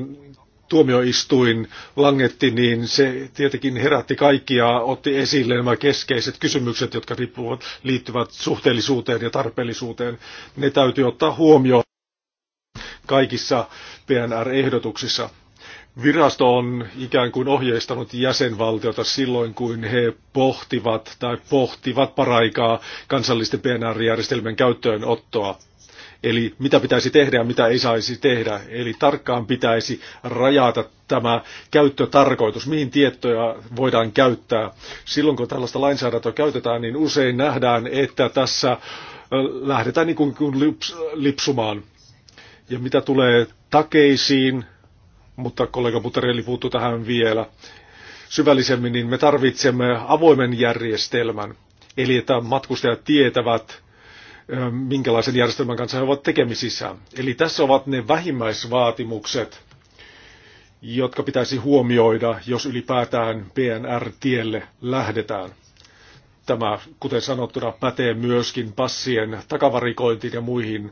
tuomioistuin langetti, niin se tietenkin herätti kaikkia, otti esille nämä keskeiset kysymykset, jotka riippuvat, liittyvät suhteellisuuteen ja tarpeellisuuteen. Ne täytyy ottaa huomioon kaikissa PNR-ehdotuksissa. Virasto on ikään kuin ohjeistanut jäsenvaltiota silloin, kun he pohtivat tai pohtivat paraikaa kansallisten PNR-järjestelmien käyttöönottoa. Eli mitä pitäisi tehdä ja mitä ei saisi tehdä. Eli tarkkaan pitäisi rajata tämä käyttötarkoitus, mihin tietoja voidaan käyttää. Silloin kun tällaista lainsäädäntöä käytetään, niin usein nähdään, että tässä lähdetään niin kuin lips, lipsumaan. Ja mitä tulee takeisiin, mutta kollega Buterelli puuttuu tähän vielä syvällisemmin, niin me tarvitsemme avoimen järjestelmän. Eli että matkustajat tietävät, minkälaisen järjestelmän kanssa he ovat tekemisissä. Eli tässä ovat ne vähimmäisvaatimukset, jotka pitäisi huomioida, jos ylipäätään PNR-tielle lähdetään. Tämä, kuten sanottuna, pätee myöskin passien takavarikointiin ja muihin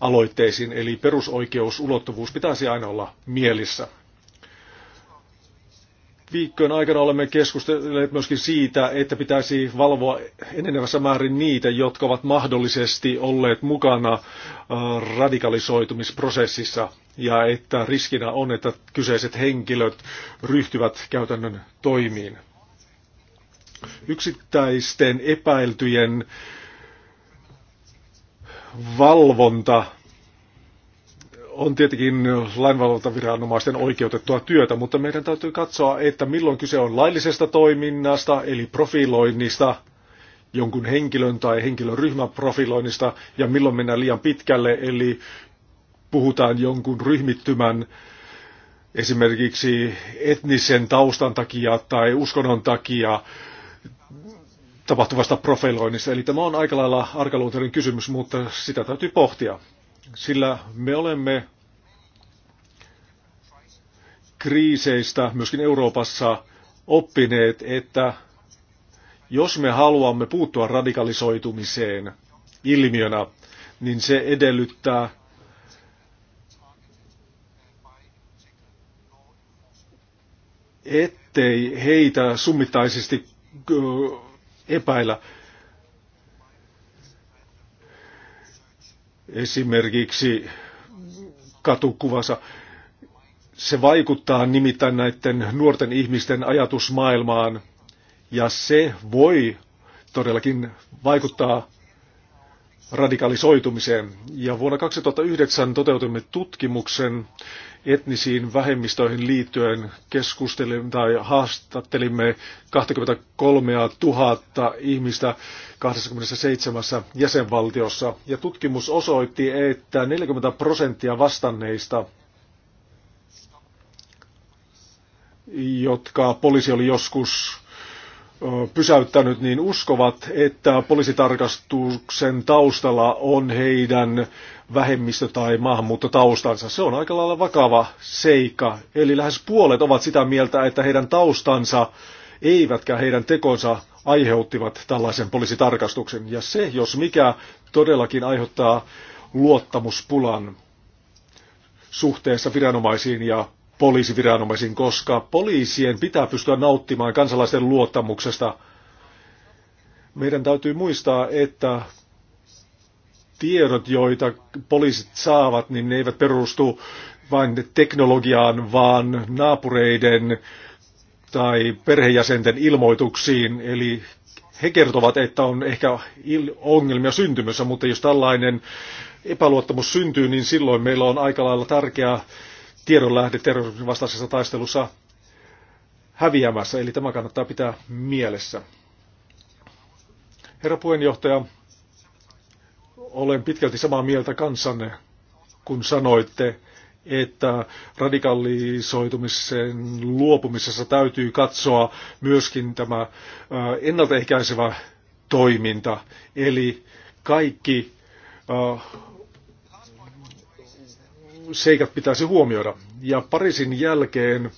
aloitteisiin, eli perusoikeusulottuvuus pitäisi aina olla mielissä viikkojen aikana olemme keskustelleet myöskin siitä, että pitäisi valvoa enenevässä määrin niitä, jotka ovat mahdollisesti olleet mukana äh, radikalisoitumisprosessissa ja että riskinä on, että kyseiset henkilöt ryhtyvät käytännön toimiin. Yksittäisten epäiltyjen valvonta on tietenkin lainvalvontaviranomaisten oikeutettua työtä, mutta meidän täytyy katsoa, että milloin kyse on laillisesta toiminnasta, eli profiloinnista, jonkun henkilön tai henkilöryhmän profiloinnista, ja milloin mennään liian pitkälle, eli puhutaan jonkun ryhmittymän esimerkiksi etnisen taustan takia tai uskonnon takia tapahtuvasta profiloinnista. Eli tämä on aika lailla arkaluontoinen kysymys, mutta sitä täytyy pohtia sillä me olemme kriiseistä myöskin Euroopassa oppineet, että jos me haluamme puuttua radikalisoitumiseen ilmiönä, niin se edellyttää ettei heitä summittaisesti epäillä. esimerkiksi katukuvansa. Se vaikuttaa nimittäin näiden nuorten ihmisten ajatusmaailmaan ja se voi todellakin vaikuttaa radikalisoitumiseen. Ja vuonna 2009 toteutimme tutkimuksen etnisiin vähemmistöihin liittyen. Keskustelimme tai haastattelimme 23 000 ihmistä 27 jäsenvaltiossa. Ja tutkimus osoitti, että 40 prosenttia vastanneista jotka poliisi oli joskus pysäyttänyt, niin uskovat, että poliisitarkastuksen taustalla on heidän vähemmistö- tai maahanmuuttotaustansa. Se on aika lailla vakava seikka. Eli lähes puolet ovat sitä mieltä, että heidän taustansa eivätkä heidän tekonsa aiheuttivat tällaisen poliisitarkastuksen. Ja se, jos mikä, todellakin aiheuttaa luottamuspulan suhteessa viranomaisiin ja Poliisiviranomaisin, koska poliisien pitää pystyä nauttimaan kansalaisten luottamuksesta. Meidän täytyy muistaa, että tiedot, joita poliisit saavat, niin ne eivät perustu vain teknologiaan, vaan naapureiden tai perhejäsenten ilmoituksiin. Eli he kertovat, että on ehkä ongelmia syntymässä, mutta jos tällainen epäluottamus syntyy, niin silloin meillä on aika lailla tärkeää tiedonlähde terrorismin vastaisessa taistelussa häviämässä, eli tämä kannattaa pitää mielessä. Herra puheenjohtaja, olen pitkälti samaa mieltä kanssanne, kun sanoitte, että radikalisoitumisen luopumisessa täytyy katsoa myöskin tämä äh, ennaltaehkäisevä toiminta, eli kaikki äh, seikat pitäisi huomioida. Ja Pariisin jälkeen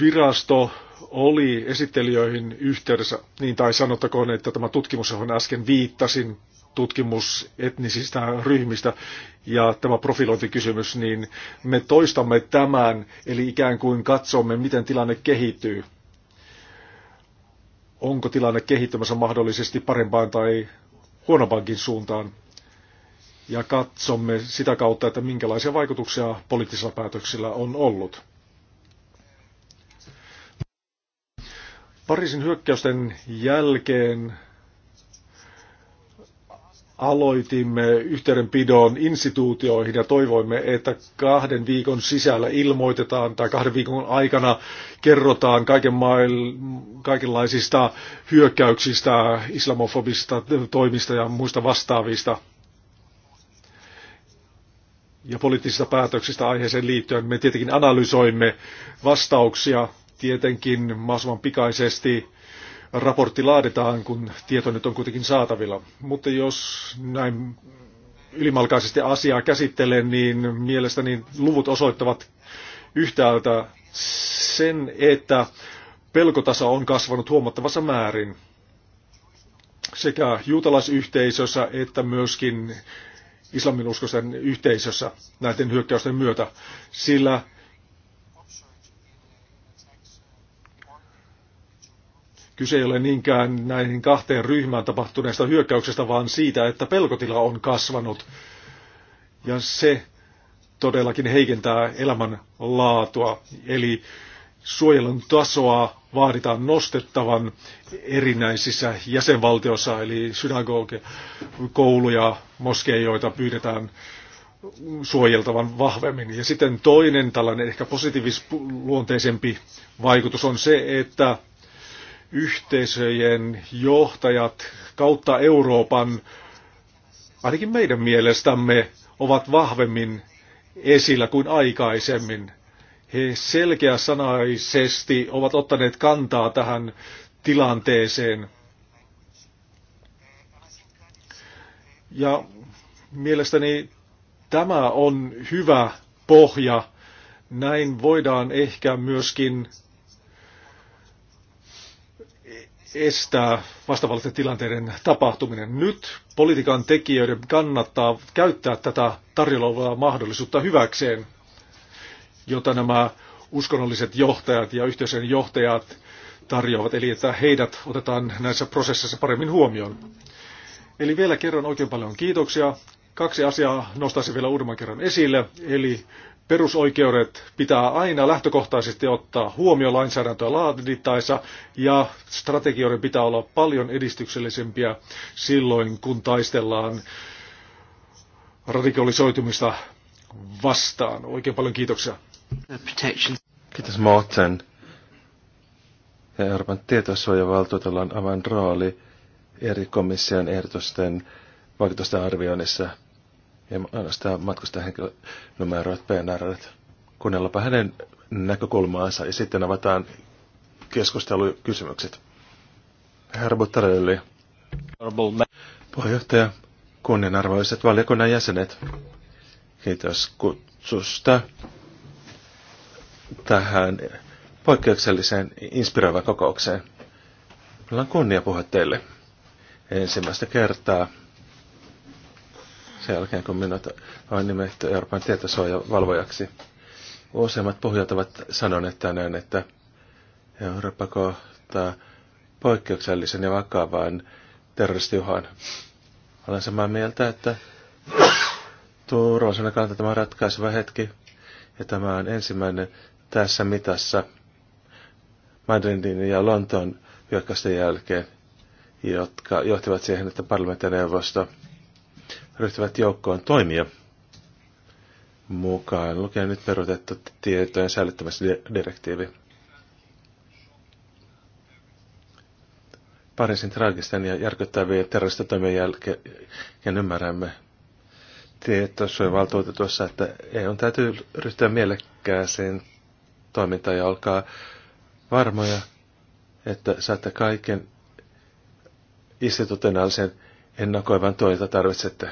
virasto oli esittelijöihin yhteydessä, niin tai sanottakoon, että tämä tutkimus, johon äsken viittasin, tutkimus etnisistä ryhmistä ja tämä profilointikysymys, niin me toistamme tämän, eli ikään kuin katsomme, miten tilanne kehittyy. Onko tilanne kehittymässä mahdollisesti parempaan tai huonompaankin suuntaan? ja katsomme sitä kautta, että minkälaisia vaikutuksia poliittisilla päätöksillä on ollut. Pariisin hyökkäysten jälkeen aloitimme yhteydenpidon instituutioihin ja toivoimme, että kahden viikon sisällä ilmoitetaan tai kahden viikon aikana kerrotaan kaiken mail, kaikenlaisista hyökkäyksistä, islamofobista toimista ja muista vastaavista ja poliittisista päätöksistä aiheeseen liittyen. Me tietenkin analysoimme vastauksia tietenkin mahdollisimman pikaisesti raportti laaditaan, kun tieto nyt on kuitenkin saatavilla. Mutta jos näin ylimalkaisesti asiaa käsittelen, niin mielestäni luvut osoittavat yhtäältä sen, että pelkotaso on kasvanut huomattavassa määrin sekä juutalaisyhteisössä että myöskin islaminuskoisen yhteisössä näiden hyökkäysten myötä, sillä kyse ei ole niinkään näihin kahteen ryhmään tapahtuneesta hyökkäyksestä, vaan siitä, että pelkotila on kasvanut. Ja se todellakin heikentää elämänlaatua. Eli suojelun tasoa vaaditaan nostettavan erinäisissä jäsenvaltioissa, eli synagoge, kouluja, moskeijoita pyydetään suojeltavan vahvemmin. Ja sitten toinen tällainen ehkä positiivisluonteisempi vaikutus on se, että yhteisöjen johtajat kautta Euroopan, ainakin meidän mielestämme, ovat vahvemmin esillä kuin aikaisemmin he selkeäsanaisesti ovat ottaneet kantaa tähän tilanteeseen. Ja mielestäni tämä on hyvä pohja. Näin voidaan ehkä myöskin estää vastavallisten tilanteiden tapahtuminen. Nyt politiikan tekijöiden kannattaa käyttää tätä tarjolla olevaa mahdollisuutta hyväkseen jota nämä uskonnolliset johtajat ja yhteisön johtajat tarjoavat, eli että heidät otetaan näissä prosesseissa paremmin huomioon. Eli vielä kerran oikein paljon kiitoksia. Kaksi asiaa nostaisin vielä uudemman kerran esille, eli perusoikeudet pitää aina lähtökohtaisesti ottaa huomioon lainsäädäntöä laadittaessa ja strategioiden pitää olla paljon edistyksellisempiä silloin, kun taistellaan radikalisoitumista vastaan. Oikein paljon kiitoksia. Kiitos Morten. Ja Euroopan tietosuojavaltuutella on rooli eri komission ehdotusten vaikutusten arvioinnissa ja ainoastaan henkilönumeroit PNR. Kuunnellaanpa hänen näkökulmaansa ja sitten avataan keskustelukysymykset. Herra Buttarelli. Puheenjohtaja, kunnianarvoiset valiokunnan jäsenet. Kiitos kutsusta tähän poikkeukselliseen inspiroivaan kokoukseen. Meillä on kunnia puhua teille ensimmäistä kertaa sen jälkeen, kun minut on nimetty Euroopan tietosuojavalvojaksi. Useimmat puhujat ovat sanoneet tänään, että Eurooppa kohtaa poikkeuksellisen ja vakavan terroristiuhan. Olen samaa mieltä, että turvallisuuden kannalta tämä on ratkaiseva hetki, ja tämä on ensimmäinen tässä mitassa Madridin ja Lontoon hyökkäysten jälkeen, jotka johtivat siihen, että parlamenttineuvosto ryhtyvät joukkoon toimia mukaan lukee nyt perutettu tietojen säilyttämisdirektiivi. Pariisin traagisten ja järkyttävien terroristitoimien jälkeen ymmärrämme tietosuojavaltuutetussa, että EU täytyy ryhtyä mielekkääseen toimintaa ja olkaa varmoja, että saatte kaiken institutionaalisen ennakoivan tuen, jota tarvitsette.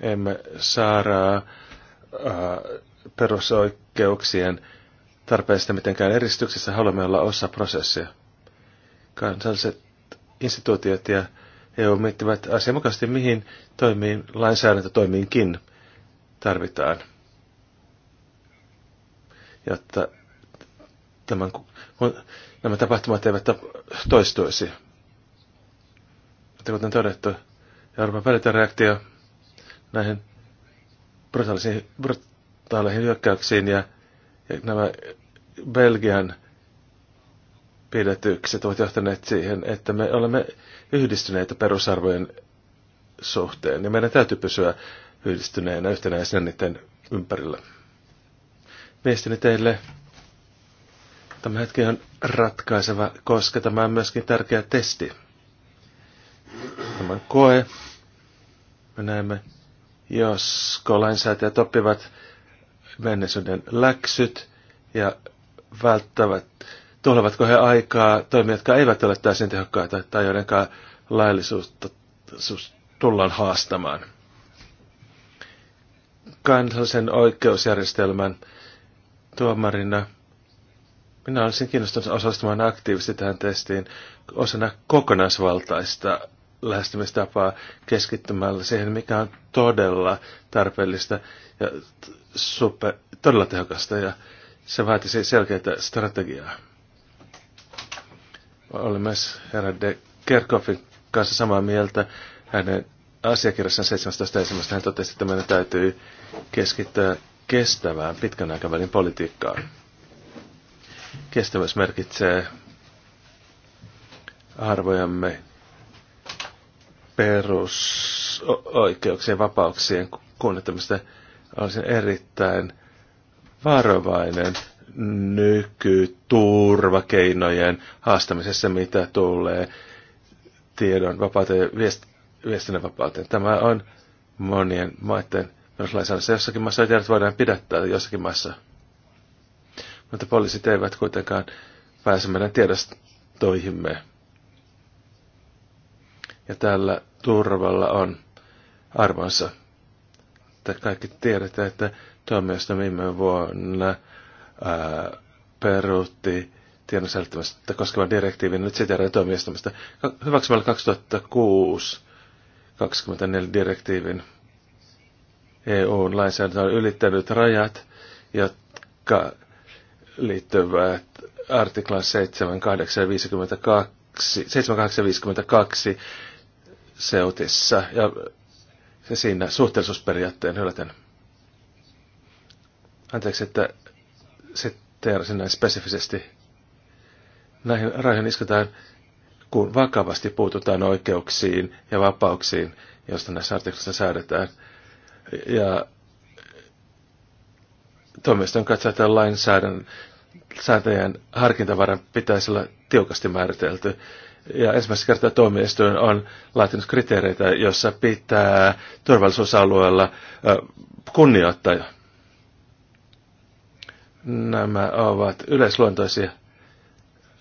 Emme saaraa äh, perusoikeuksien tarpeesta mitenkään eristyksessä. Haluamme olla osa prosessia. Kansalliset instituutiot ja EU miettivät asianmukaisesti, mihin toimiin lainsäädäntötoimiinkin tarvitaan että tämän, kun nämä tapahtumat eivät toistuisi. Mutta kuten todettu, Euroopan välitön reaktio näihin brutaalisiin, brutaaleihin hyökkäyksiin ja, ja nämä Belgian pidetykset ovat johtaneet siihen, että me olemme yhdistyneitä perusarvojen suhteen ja meidän täytyy pysyä yhdistyneenä yhtenäisenä niiden ympärillä viestini teille. Tämä hetki on ratkaiseva, koska tämä on myöskin tärkeä testi. Tämä on koe. Me näemme, jos lainsäätäjät oppivat menneisyyden läksyt ja välttävät, tulevatko he aikaa toimia, jotka eivät ole täysin tehokkaita tai joidenkaan laillisuutta tullaan haastamaan. Kansallisen oikeusjärjestelmän tuomarina minä olisin kiinnostunut osallistumaan aktiivisesti tähän testiin osana kokonaisvaltaista lähestymistapaa keskittymällä siihen, mikä on todella tarpeellista ja super, todella tehokasta ja se vaatisi selkeää strategiaa. Olen myös herra de Kerkhoffin kanssa samaa mieltä. Hänen asiakirjassaan 17.1. hän totesi, että meidän täytyy keskittyä kestävään pitkän aikavälin politiikkaan. Kestävyys merkitsee arvojamme perusoikeuksien vapauksien kunnittamista. Olisin erittäin varovainen nykyturvakeinojen haastamisessa, mitä tulee tiedon vapauteen ja viestinnän vapauteen. Tämä on monien maiden jos lainsäädännössä jossakin maassa tiedot voidaan pidättää jossakin maassa. Mutta poliisit eivät kuitenkaan pääse meidän tiedostoihimme. Ja tällä turvalla on arvonsa. Te kaikki tiedätte, että tuomioista viime vuonna ää, peruutti tiedon säilyttämistä koskevan direktiivin nyt siteerän tuomioistamista hyväksymällä 2006 24 direktiivin EU-lainsäädäntö on ylittänyt rajat, jotka liittyvät artiklaan 7852, 7852 seutissa ja se siinä suhteellisuusperiaatteen hylätän. Anteeksi, että siteerasin näin spesifisesti. Näihin rajoihin isketään, kun vakavasti puututaan oikeuksiin ja vapauksiin, joista näissä artikloissa säädetään – ja toimiston katsotaan että lainsäätäjän harkintavaran pitäisi olla tiukasti määritelty. Ja ensimmäistä kertaa toimiston on laatinut kriteereitä, joissa pitää turvallisuusalueella kunnioittaa. Nämä ovat yleisluontoisia,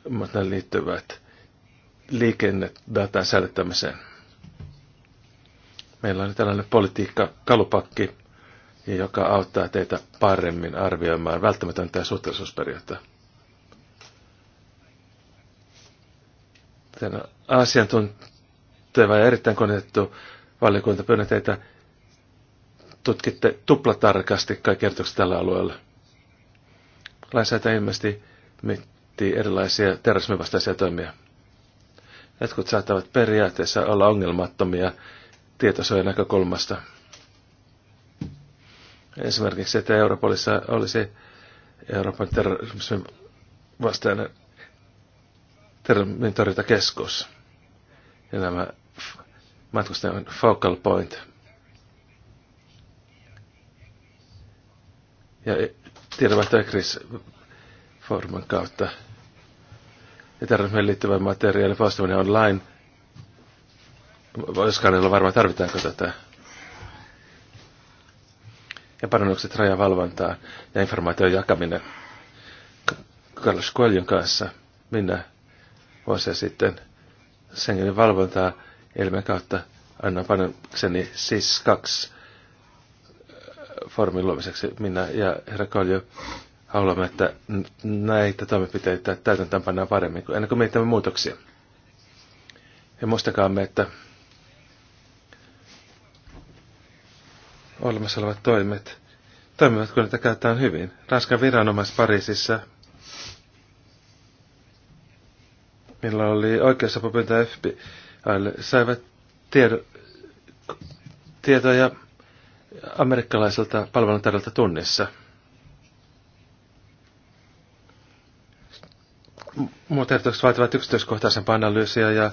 mutta ne liittyvät liikennedatan säilyttämiseen. Meillä on tällainen politiikka kalupakki, joka auttaa teitä paremmin arvioimaan välttämätöntä suhteellisuusperiaatta. Teidän asiantunteva ja erittäin konnettu valiokunta pyydän teitä tutkitte tuplatarkasti kaikki kertokset tällä alueella. Lainsäätä ilmeisesti miettii erilaisia terrorismin vastaisia toimia. Jotkut saattavat periaatteessa olla ongelmattomia tietosuojan näkökulmasta. Esimerkiksi, että Europolissa olisi Euroopan terrorismin vastainen terrorismintorjuntakeskus ja nämä matkustajan focal point. Ja tiedonvaihtoja Chris forman kautta. Ja terrorismiin liittyvä materiaali poistaminen online – voisikaan olla varmaan tarvitaanko tätä. Ja parannukset rajavalvontaa ja informaation jakaminen Carlos Coelhon kanssa. Minä vuosia sitten Schengenin valvontaa elimen kautta annan panokseni siis kaksi äh, formin luomiseksi. Minä ja herra Koljo haluamme, että näitä toimenpiteitä täytäntään pannaan paremmin kuin ennen kuin mietitään muutoksia. Ja muistakaamme, että olemassa olevat toimet, toimivatko niitä käytetään hyvin? Ranskan viranomais Pariisissa, millä oli oikeusapupyyntö FBI, saivat tiedo, tietoja amerikkalaiselta palveluntarjolta tunnissa. Muut ehdotukset vaativat yksityiskohtaisempaa analyysiä ja,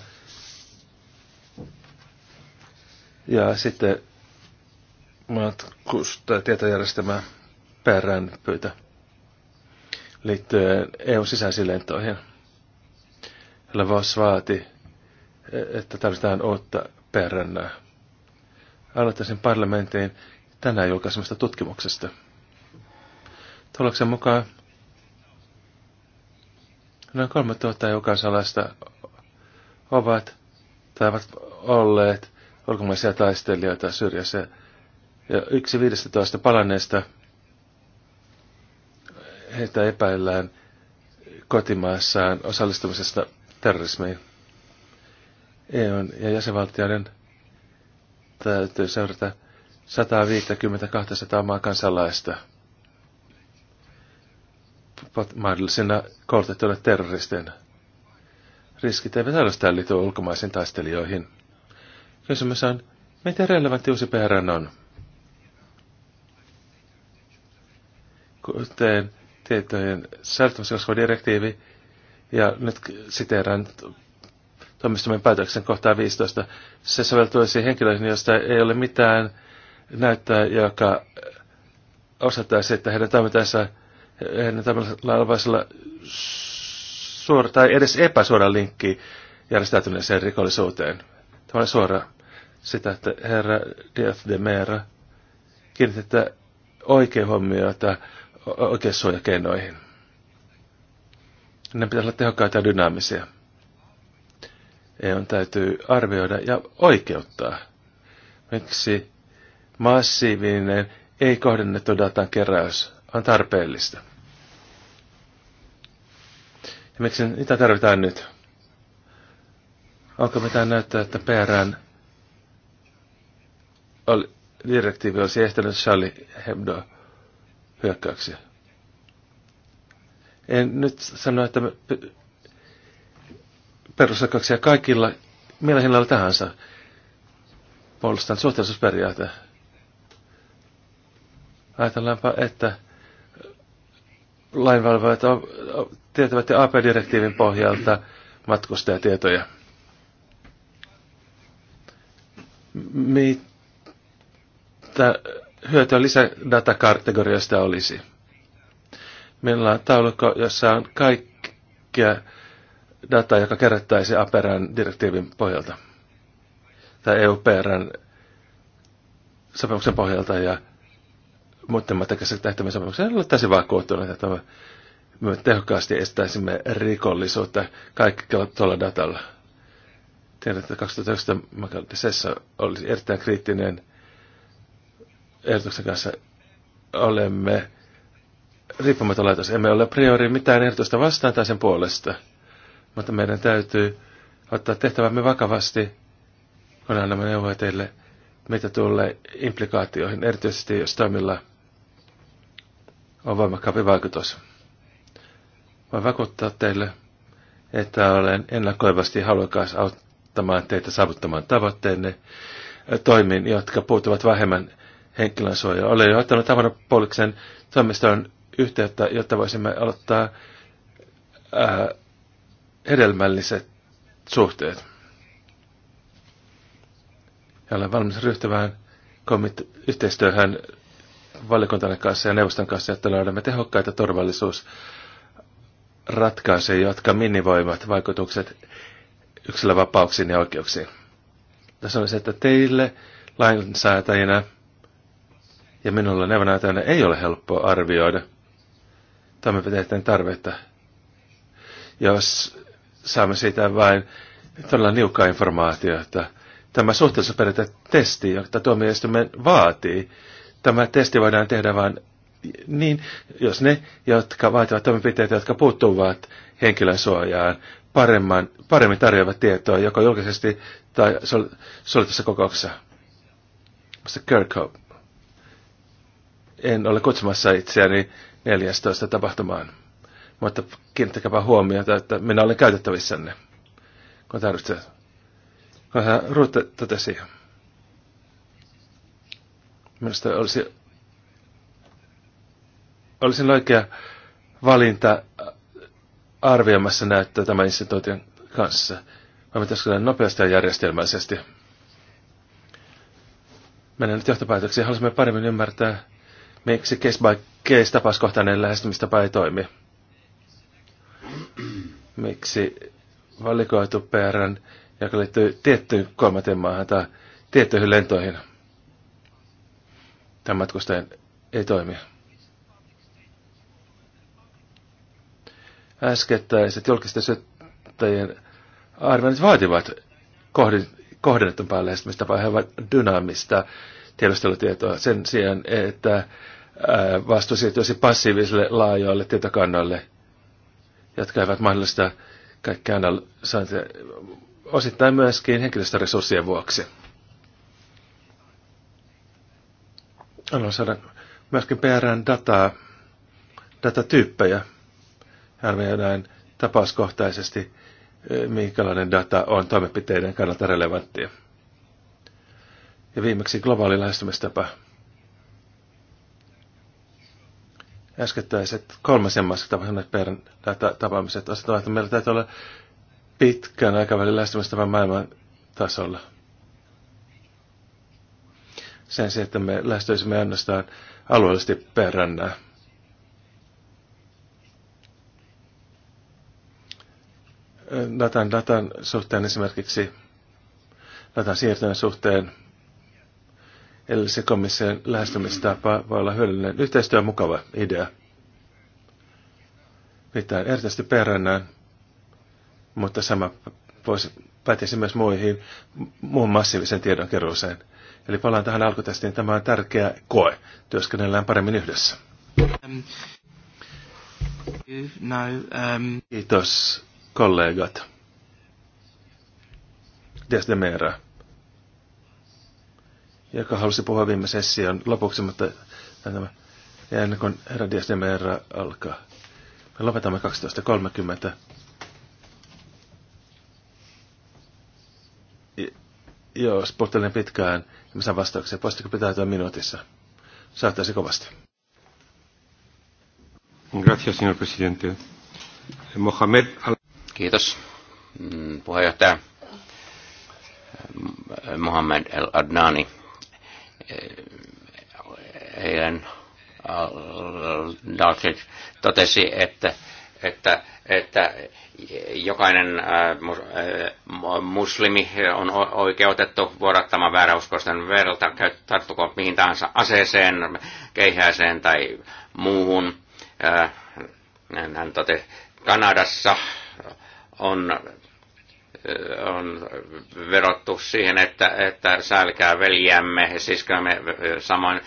ja sitten matkusta tietojärjestelmää pääränpyytä liittyen EUn sisäisiin lentoihin. Lavos vaati, että tarvitaan uutta päärännää. Aloittaisin parlamentin tänään julkaisemasta tutkimuksesta. Tuloksen mukaan noin 3000 jokaisalaista ovat tai ovat olleet ulkomaisia taistelijoita syrjässä ja yksi 15 palanneesta heitä epäillään kotimaassaan osallistumisesta terrorismiin. EU ja jäsenvaltioiden täytyy seurata 150-200 maan kansalaista mahdollisina koulutettuna terroristeina. Riskit eivät ainoastaan liittyä ulkomaisiin taistelijoihin. Kysymys on, miten relevantti uusi PRN on? kuten tietojen säilyttämiskoskeva direktiivi, ja nyt siteerään tuomioistuimen päätöksen kohtaa 15. Se soveltuisi henkilöihin, joista ei ole mitään näyttää, joka osataisi että heidän toimintansa heidän tämmöisellä suora tai edes epäsuora linkki järjestäytyneeseen rikollisuuteen. Tämä on suora sitä, että herra Diaz de Mera kiinnitettä oikein huomiota oikeussuojakeinoihin. Ne pitäisi olla tehokkaita ja dynaamisia. EUn täytyy arvioida ja oikeuttaa. Miksi massiivinen ei kohdennettu datan keräys on tarpeellista? Ja miksi niitä tarvitaan nyt? Onko mitään näyttää, että PRN direktiivi olisi ehtinyt Charlie Hebdoa? hyökkäyksiä. En nyt sano, että perusrakkauksia kaikilla, millä hinnalla tahansa, puolustan suhteellisuusperiaate. Ajatellaanpa, että lainvalvojat tietävät ja AP-direktiivin pohjalta matkustajatietoja. Mitä hyötyä lisädatakategoriasta olisi. Meillä on taulukko, jossa on kaikkia dataa, joka kerättäisiin APRän direktiivin pohjalta tai EUPRn sopimuksen pohjalta ja muiden matkaisen tähtäimen sopimuksen olla täysin vakuuttuneita, että me tehokkaasti estäisimme rikollisuutta kaikilla tuolla datalla. Tiedän, että 2019 Magaldi Sessa oli erittäin kriittinen – ehdotuksen kanssa olemme riippumaton laitos. Emme ole priori mitään ehdotusta vastaan tai sen puolesta, mutta meidän täytyy ottaa tehtävämme vakavasti, kun annamme neuvoja teille, mitä tulee implikaatioihin, erityisesti jos toimilla on voimakkaampi vaikutus. Voin vakuuttaa teille, että olen ennakoivasti halukas auttamaan teitä saavuttamaan tavoitteenne toimin, jotka puuttuvat vähemmän henkilön suojaa. Olen jo ottanut poliksen toimiston yhteyttä, jotta voisimme aloittaa ää, hedelmälliset suhteet. Ja olen valmis ryhtymään kommit- yhteistyöhön valiokuntanne kanssa ja neuvoston kanssa, että löydämme tehokkaita turvallisuusratkaisuja, jotka minimoivat vaikutukset yksilövapauksiin ja oikeuksiin. Tässä on se, että teille lainsäätäjinä – ja minulla neuvonantajana ei ole helppoa arvioida toimenpiteiden tarvetta, jos saamme siitä vain todella niukkaa informaatiota. Tämä suhteellisuusperiaate testi, jota tuomioistuimen vaatii, tämä testi voidaan tehdä vain niin, jos ne, jotka vaativat toimenpiteitä, jotka puuttuvat henkilön suojaan, paremman, paremmin tarjoavat tietoa joko julkisesti tai sol, solitussa kokouksessa. Mr. Kirkhope en ole kutsumassa itseäni 14 tapahtumaan. Mutta kiinnittäkääpä huomiota, että minä olen käytettävissänne, kun tarvitsee. Kunhan Ruutte totesi. Minusta olisi, olisin oikea valinta arvioimassa näyttöä tämän instituution kanssa. Vai pitäisikö nopeasti ja järjestelmällisesti? Mennään nyt johtopäätöksiin. Haluaisimme paremmin ymmärtää miksi case by case tapauskohtainen lähestymistapa ei toimi. Miksi valikoitu PRN, joka liittyy tiettyyn kolmanteen maahan tai tiettyihin lentoihin, tämän matkustajan ei toimi. Äskettäiset julkisten syöttäjien arvioinnit vaativat kohdennettumpaa lähestymistapaa. He ovat dynaamista tiedustelutietoa sen sijaan, että vastuu siirtyisi passiivisille laajoille tietokannoille, jotka eivät mahdollista kaikkea analysointia osittain myöskin henkilöstöresurssien vuoksi. Haluan saada myöskin PRN dataa, datatyyppejä. Arvioidaan tapauskohtaisesti, minkälainen data on toimenpiteiden kannalta relevanttia. Ja viimeksi globaali lähestymistapa. Äskettäiset kolmasen maassa tapahtuneet tapaamiset asettavat, että meillä täytyy olla pitkän aikavälin lähestymistapa maailman tasolla. Sen sijaan, että me lähestyisimme ainoastaan alueellisesti perännää. datan, datan suhteen esimerkiksi, datan siirtojen suhteen – Eli se komission lähestymistapa voi olla hyödyllinen. Yhteistyö on mukava idea. Mitään erityisesti peränään, mutta sama voisi pätisi myös muihin, muun massiivisen tiedon keruuseen. Eli palaan tähän alkutestiin. Tämä on tärkeä koe. Työskennellään paremmin yhdessä. Um, Kiitos kollegat. Desdemera joka halusi puhua viime session lopuksi, mutta tämä, ennen kuin herra Dias alkaa. Me lopetamme 12.30. Joo, spottelen pitkään ja mä saan vastauksia. Voisitko pitäytyä minuutissa? Saattaisi kovasti. Gracias, señor presidente. Mohamed Al- Kiitos, mm, puheenjohtaja. Mohamed El Adnani eilen äh, Daltrich totesi, että, että, että jokainen äh, äh, muslimi on oikeutettu vuodattamaan vääräuskoisten verta, tarttuko mihin tahansa aseeseen, keihääseen tai muuhun. Hän totesi, Kanadassa on on verottu siihen, että, että säälkää veljämme, siskamme samoin äh,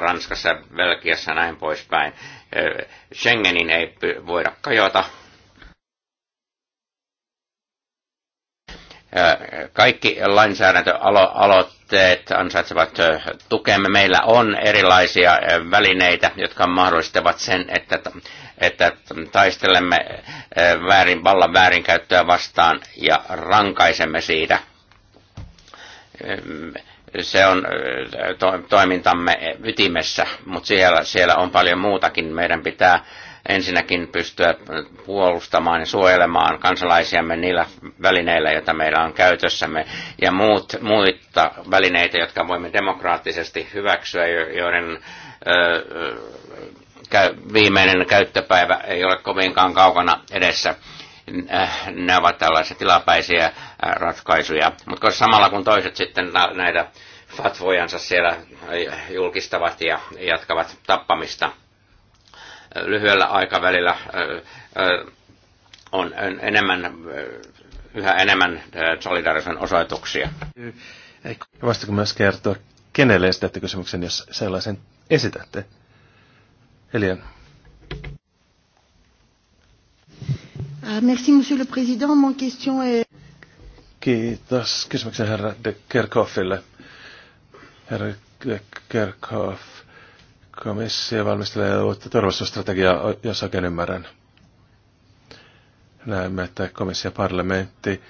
Ranskassa ja näin poispäin. Äh, Schengenin ei voida kajota. Äh, kaikki lainsäädäntöaloitteet ansaitsevat tukemme. Meillä on erilaisia välineitä, jotka mahdollistavat sen, että että taistelemme väärin, vallan väärinkäyttöä vastaan ja rankaisemme siitä. Se on to, toimintamme ytimessä, mutta siellä, siellä on paljon muutakin. Meidän pitää ensinnäkin pystyä puolustamaan ja suojelemaan kansalaisiamme niillä välineillä, joita meillä on käytössämme, ja muut, muita välineitä, jotka voimme demokraattisesti hyväksyä, joiden viimeinen käyttöpäivä ei ole kovinkaan kaukana edessä. Äh, ne ovat tällaisia tilapäisiä äh, ratkaisuja. Mutta samalla kun toiset sitten näitä fatvojansa siellä äh, julkistavat ja jatkavat tappamista lyhyellä aikavälillä, on enemmän, yhä enemmän solidaarisuuden osoituksia. Voisitko myös kertoa, kenelle esitätte kysymyksen, jos sellaisen esitätte? Elian. Ah, merci, monsieur le président. Mon question est... Kiitos kysymyksen herra de Kerkhoffille. Herra de Kerkhoff, komissio valmistelee uutta turvallisuusstrategiaa, jos oikein ymmärrän. Näemme, että komissio parlamentti,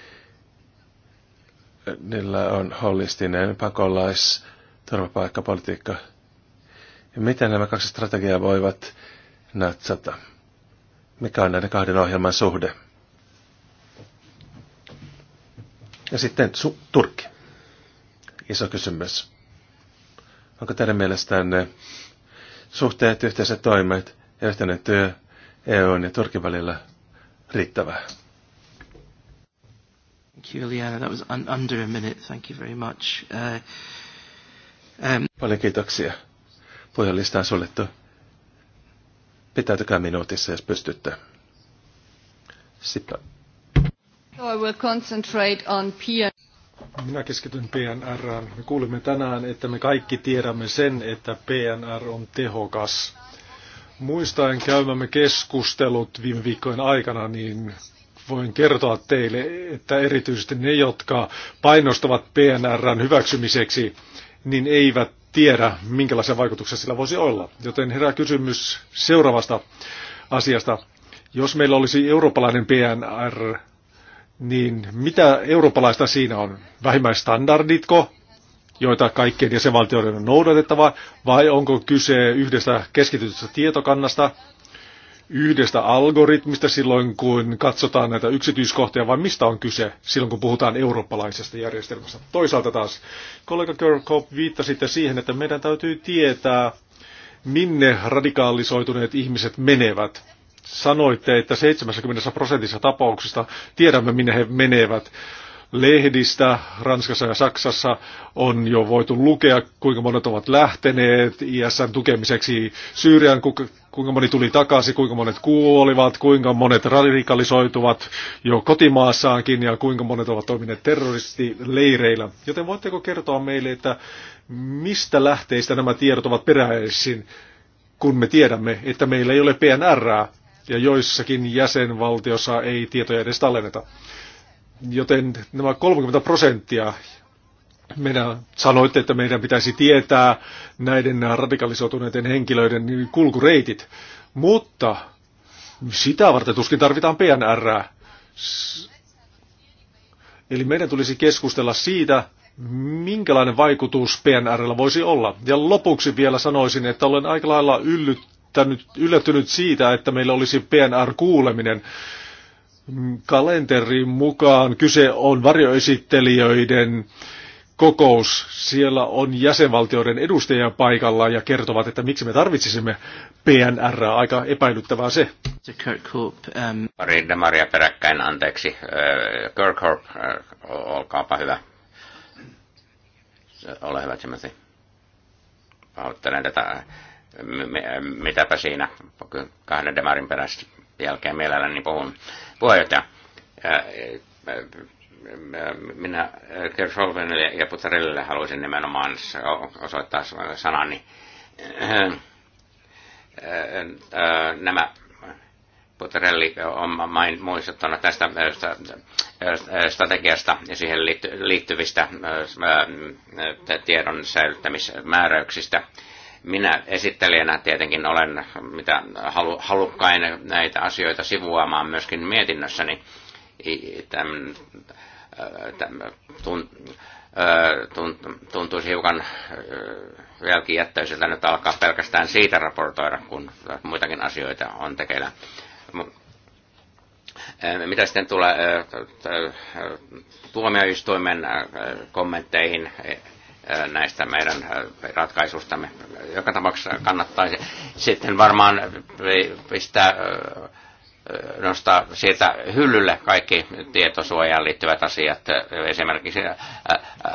niillä on holistinen pakolais turvapaikkapolitiikka. Ja miten nämä kaksi strategiaa voivat natsata? Mikä on näiden kahden ohjelman suhde? Ja sitten su- Turkki. Iso kysymys. Onko teidän mielestänne suhteet, yhteiset toimet ja yhteinen työ EUn ja Turkin välillä riittävää? Thank you, Liana. That was un- under a minute. Thank you very much. Uh, um... Paljon kiitoksia. Puhelista on suljettu. Pitäytykää minuutissa, jos pystytte. Sitten. So I will concentrate on PN. Minä keskityn PNR. Me kuulimme tänään, että me kaikki tiedämme sen, että PNR on tehokas. Muistaen käymämme keskustelut viime viikkojen aikana, niin voin kertoa teille, että erityisesti ne, jotka painostavat PNRn hyväksymiseksi, niin eivät tiedä, minkälaisia vaikutuksia sillä voisi olla. Joten herää kysymys seuraavasta asiasta. Jos meillä olisi eurooppalainen PNR, niin mitä eurooppalaista siinä on? Vähimmäistandarditko, joita kaikkien jäsenvaltioiden on noudatettava, vai onko kyse yhdestä keskitytystä tietokannasta, yhdestä algoritmista silloin, kun katsotaan näitä yksityiskohtia, vai mistä on kyse silloin, kun puhutaan eurooppalaisesta järjestelmästä. Toisaalta taas kollega Kirkhope viittasi siihen, että meidän täytyy tietää, minne radikaalisoituneet ihmiset menevät. Sanoitte, että 70 prosentissa tapauksista tiedämme, minne he menevät lehdistä Ranskassa ja Saksassa on jo voitu lukea, kuinka monet ovat lähteneet ISN tukemiseksi Syyrian, kuinka moni tuli takaisin, kuinka monet kuolivat, kuinka monet radikalisoituvat jo kotimaassaankin ja kuinka monet ovat toimineet terroristileireillä. Joten voitteko kertoa meille, että mistä lähteistä nämä tiedot ovat peräisin, kun me tiedämme, että meillä ei ole PNRää ja joissakin jäsenvaltiossa ei tietoja edes tallenneta. Joten nämä 30 prosenttia, meidän, sanoitte, että meidän pitäisi tietää näiden radikalisoituneiden henkilöiden kulkureitit, mutta sitä varten tuskin tarvitaan PNR. Eli meidän tulisi keskustella siitä, minkälainen vaikutus PNRllä voisi olla. Ja lopuksi vielä sanoisin, että olen aika lailla yllyttänyt, yllättynyt siitä, että meillä olisi PNR-kuuleminen kalenterin mukaan kyse on varjoesittelijöiden kokous. Siellä on jäsenvaltioiden edustajia paikalla ja kertovat, että miksi me tarvitsisimme PNR. Aika epäilyttävää se. Kirkhope, um... Pari demaria peräkkäin, anteeksi. Äh, Kirkhope, äh, olkaapa hyvä. Ole hyvä, Timothy. Pahoittelen tätä. M- mitäpä siinä kahden demarin perästä jälkeen mielelläni puhun puheenjohtaja. Minä Kersolvenille ja Putarelle haluaisin nimenomaan osoittaa sanani. Nämä Putarelli on main muistuttanut tästä strategiasta ja siihen liittyvistä tiedon säilyttämismääräyksistä – minä esittelijänä tietenkin olen mitä halu, halukkain näitä asioita sivuamaan myöskin mietinnössäni. Tämän, tämän, tun, tuntuisi hiukan jälkijättöiseltä nyt alkaa pelkästään siitä raportoida, kun muitakin asioita on tekeillä. Mitä sitten tulee tuomioistuimen kommentteihin näistä meidän ratkaisustamme. Joka tapauksessa kannattaisi sitten varmaan pistää nostaa sieltä hyllylle kaikki tietosuojaan liittyvät asiat, esimerkiksi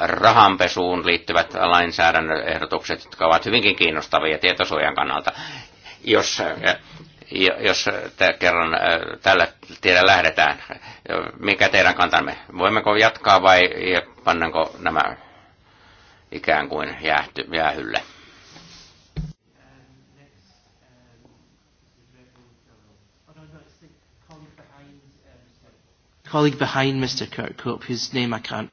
rahanpesuun liittyvät lainsäädännön ehdotukset, jotka ovat hyvinkin kiinnostavia tietosuojan kannalta. Jos, jos te kerran tällä tiedä lähdetään, mikä teidän kantanne? Voimmeko jatkaa vai pannanko nämä ikään kuin jäähty, jäähylle. colleague behind Mr. Kirkhope, whose name I can't...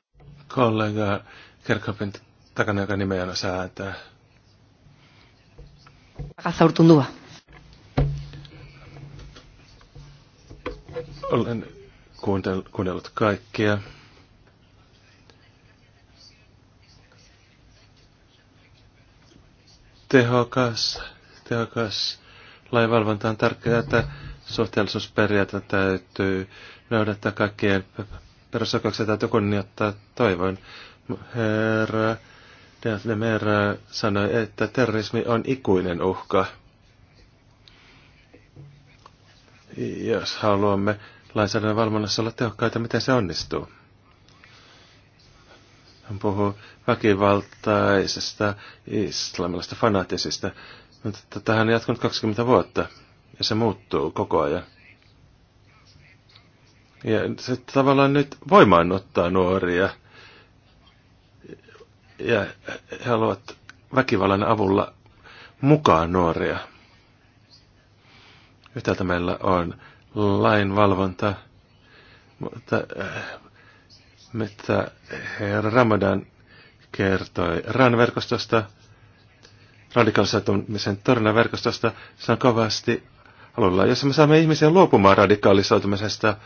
Kollega Kirkhopen takana, joka nimeä on säätää. Kazaurtundua. Olen kuunnellut kaikkia. tehokas, tehokas lainvalvonta on tärkeää, että suhteellisuusperiaate täytyy noudattaa kaikkien perusoikeuksia täytyy kunnioittaa. Toivon, herra Delmer sanoi, että terrorismi on ikuinen uhka. Jos haluamme lainsäädännön valvonnassa olla tehokkaita, miten se onnistuu? Hän puhuu väkivaltaisesta islamilaisesta fanaattisesta. Mutta no, tähän on jatkunut 20 vuotta ja se muuttuu koko ajan. Ja se tavallaan nyt ottaa nuoria. Ja he haluavat väkivallan avulla mukaan nuoria. Yhtäältä meillä on lainvalvonta, mutta äh, mitä herra Ramadan kertoi RAN-verkostosta, radikalisoitumisen torjunnan-verkostosta. Se on kovasti alulla. Jos me saamme ihmisiä luopumaan radikalisoitumisesta,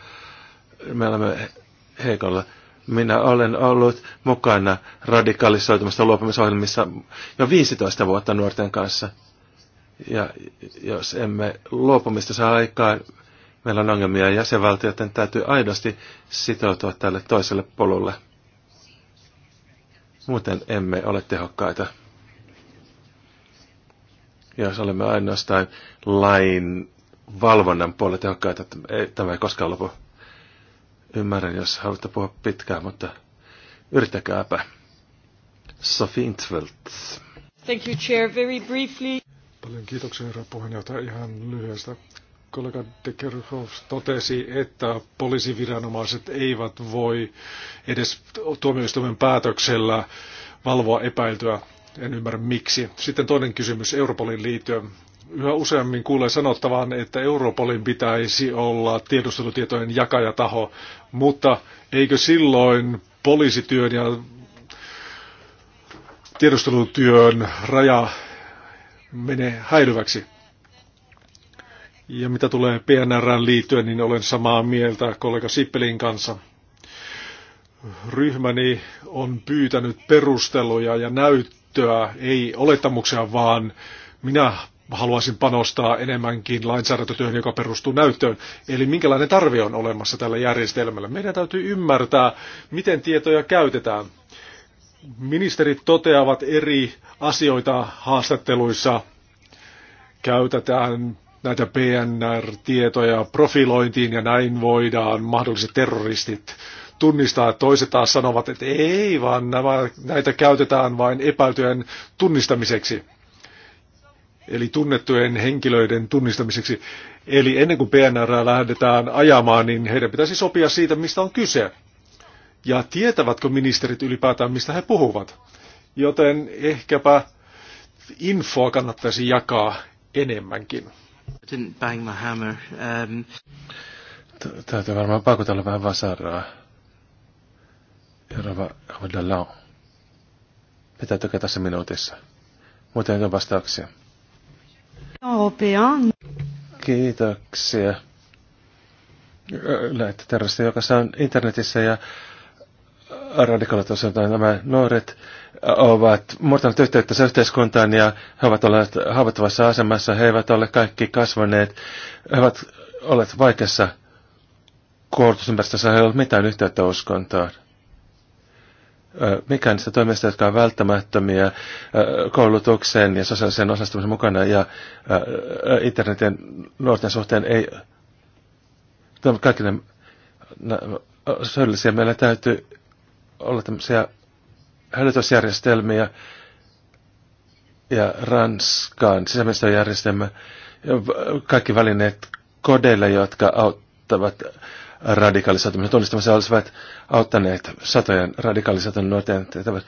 me olemme heikolla. Minä olen ollut mukana radikalisoitumista luopumisohjelmissa jo 15 vuotta nuorten kanssa. Ja jos emme luopumista saa aikaan, meillä on ongelmia ja jäsenvaltioiden täytyy aidosti sitoutua tälle toiselle polulle. Muuten emme ole tehokkaita. Jos olemme ainoastaan lain valvonnan puolella tehokkaita, ei, tämä ei koskaan lopu. Ymmärrän, jos haluatte puhua pitkään, mutta yrittäkääpä. Sophie Intveld. Thank you, Chair. Very briefly. Paljon kiitoksia, herra puheenjohtaja. Ihan lyhyestä kollega de Kerhoff totesi, että poliisiviranomaiset eivät voi edes tuomioistuimen päätöksellä valvoa epäiltyä. En ymmärrä miksi. Sitten toinen kysymys Europolin liittyen. Yhä useammin kuulee sanottavan, että Europolin pitäisi olla tiedustelutietojen jakajataho, mutta eikö silloin poliisityön ja tiedustelutyön raja mene häilyväksi? Ja mitä tulee PNRään liittyen, niin olen samaa mieltä kollega Sippelin kanssa. Ryhmäni on pyytänyt perusteluja ja näyttöä, ei olettamuksia, vaan minä haluaisin panostaa enemmänkin lainsäädäntötyöhön, joka perustuu näyttöön. Eli minkälainen tarve on olemassa tällä järjestelmällä. Meidän täytyy ymmärtää, miten tietoja käytetään. Ministerit toteavat eri asioita haastatteluissa. Käytetään näitä PNR-tietoja profilointiin ja näin voidaan mahdolliset terroristit tunnistaa. Toiset taas sanovat, että ei, vaan nämä, näitä käytetään vain epäiltyjen tunnistamiseksi. Eli tunnettujen henkilöiden tunnistamiseksi. Eli ennen kuin PNR lähdetään ajamaan, niin heidän pitäisi sopia siitä, mistä on kyse. Ja tietävätkö ministerit ylipäätään, mistä he puhuvat. Joten ehkäpä infoa kannattaisi jakaa enemmänkin. Didn't bang my hammer. Um... Täytyy varmaan pakotella vähän vasaraa. Ja Rava Hodallaan. Pitää tykätä se minuutissa. Muuten ei ole vastauksia. European. Kiitoksia. Näitä terroristeja, joka saa internetissä ja radikalit osaltaan nämä nuoret ovat murtaneet yhteyttä yhteiskuntaan ja he ovat olleet haavoittuvassa asemassa. He eivät ole kaikki kasvaneet. He ovat olleet vaikeassa koulutusympäristössä. He eivät ole mitään yhteyttä uskontoon. Mikään niistä toimista, jotka ovat välttämättömiä koulutukseen ja sosiaalisen osallistumisen mukana ja internetin nuorten suhteen ei... Kaikki ne syyllisiä meillä täytyy olla tämmöisiä hälytysjärjestelmiä ja Ranskan sisäministeriöjärjestelmä, kaikki välineet kodeille, jotka auttavat radikalisoitumisen tunnistamisen olisivat auttaneet satojen radikalisoitun nuorten tehtävät.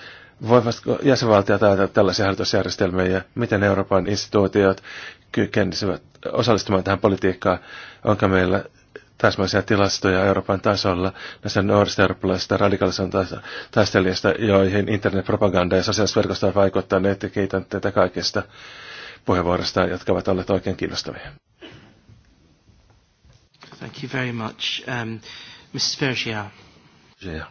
Voivatko jäsenvaltiot ajatella tällaisia hallitusjärjestelmiä ja miten Euroopan instituutiot kykenisivät osallistumaan tähän politiikkaan? Onko meillä täsmällisiä tilastoja Euroopan tasolla näistä nuorista eurooppalaisista radikaalisista taistelijoista, joihin internetpropaganda ja sosiaaliset verkostot vaikuttaneet. Ja kiitän teitä kaikista puheenvuorosta, jotka ovat olleet oikein kiinnostavia. Thank you very much. Um, Mrs. Vergia. Vergia.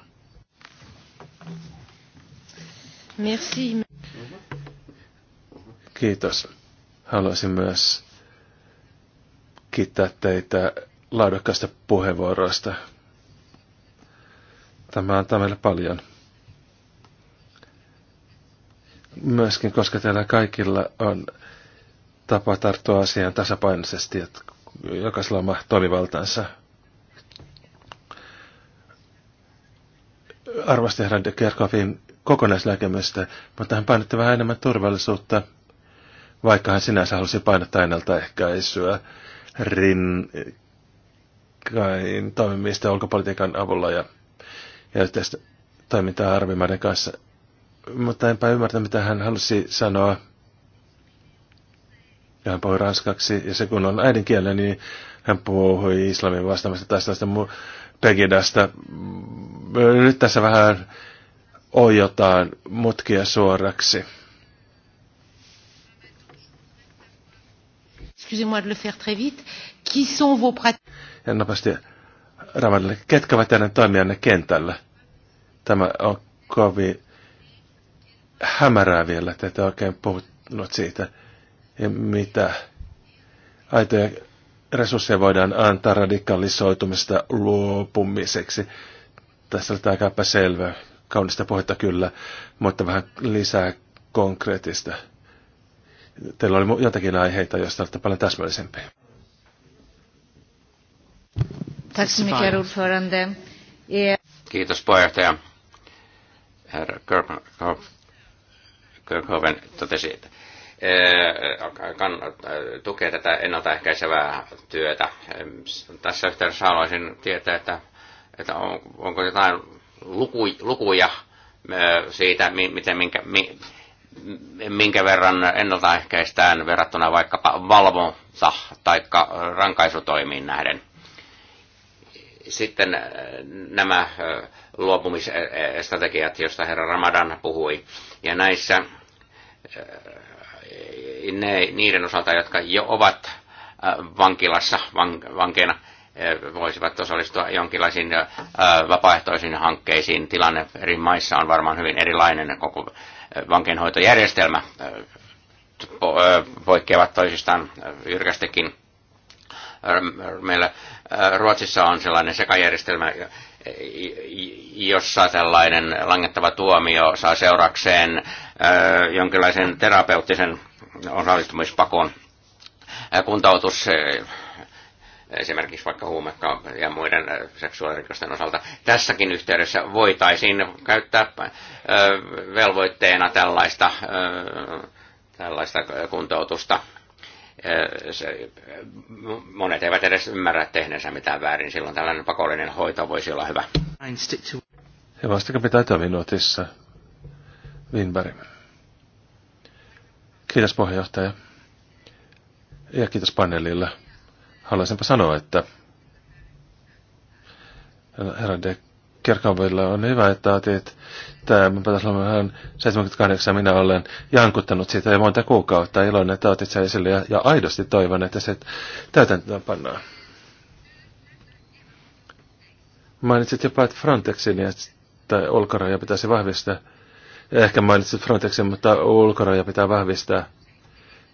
Merci. Kiitos. Haluaisin myös kiittää teitä laadukkaista puheenvuoroista. Tämä antaa meille paljon. Myöskin, koska teillä kaikilla on tapa tarttua asiaan tasapainoisesti, että jokaisella on oma toimivaltansa. Arvasti Herran de Kerkhoffin kokonaisnäkemystä, mutta hän painotti vähän enemmän turvallisuutta, vaikka hän sinänsä halusi painottaa ennaltaehkäisyä, rin, rinnakkain toimimista ulkopolitiikan avulla ja, ja yhteistä toimintaa arvimaiden kanssa. Mutta enpä ymmärtä, mitä hän halusi sanoa. Ja hän puhui ranskaksi, ja se kun on äidinkielellä, niin hän puhui islamin vastaamasta mu- Pegidasta. Nyt tässä vähän ojotaan mutkia suoraksi. Excusez-moi de le faire très vite. Qui sont vos pratiques? ja napasti Ravanille, ketkä ovat teidän toimijanne kentällä. Tämä on kovin hämärää vielä, että ette oikein puhunut siitä, mitä aitoja resursseja voidaan antaa radikalisoitumista luopumiseksi. Tässä on aika epäselvä, kaunista puhetta kyllä, mutta vähän lisää konkreettista. Teillä oli jotakin aiheita, joista olette paljon täsmällisempiä. Eh, Kiitos puheenjohtaja. Herra Kirkhoven totesi, että eh, eh, tukee tätä ennaltaehkäisevää työtä. Tässä yhteydessä haluaisin tietää, että, että on, onko jotain luku, lukuja siitä, miten, minkä, minkä verran ennaltaehkäistään verrattuna vaikkapa valvonta tai rankaisutoimiin nähden. Sitten äh, nämä äh, luopumisstrategiat, joista herra Ramadan puhui, ja näissä äh, ne, niiden osalta, jotka jo ovat vankilassa van, vankeina, voisivat osallistua jonkinlaisiin vapaaehtoisiin hankkeisiin. Tilanne eri maissa on varmaan hyvin erilainen, koko vankeinhoitojärjestelmä poikkeavat toisistaan jyrkästikin. Meillä Äh, Ruotsissa on sellainen sekajärjestelmä, jossa tällainen langettava tuomio saa seurakseen äh, jonkinlaisen terapeuttisen osallistumispakon äh, kuntoutus esimerkiksi vaikka huumekka ja muiden seksuaalirikosten osalta. Tässäkin yhteydessä voitaisiin käyttää velvoitteena tällaista, tällaista kuntoutusta monet eivät edes ymmärrä tehneensä mitään väärin. Silloin tällainen pakollinen hoito voisi olla hyvä. Ja vastakaa pitää minuutissa. Winberg. Kiitos puheenjohtaja. Ja kiitos paneelille. Haluaisinpa sanoa, että herra De Kirkonville on hyvä, että otit tämän Pataslamahan 78 minä olen jankuttanut siitä jo monta kuukautta. Iloinen, että otit sen esille ja, ja aidosti toivon, että se täytäntöä pannaan. Mainitsit jopa, että Frontexin ja tai ulkoraja pitäisi vahvistaa. Ehkä mainitsit Frontexin, mutta ulkoraja pitää vahvistaa.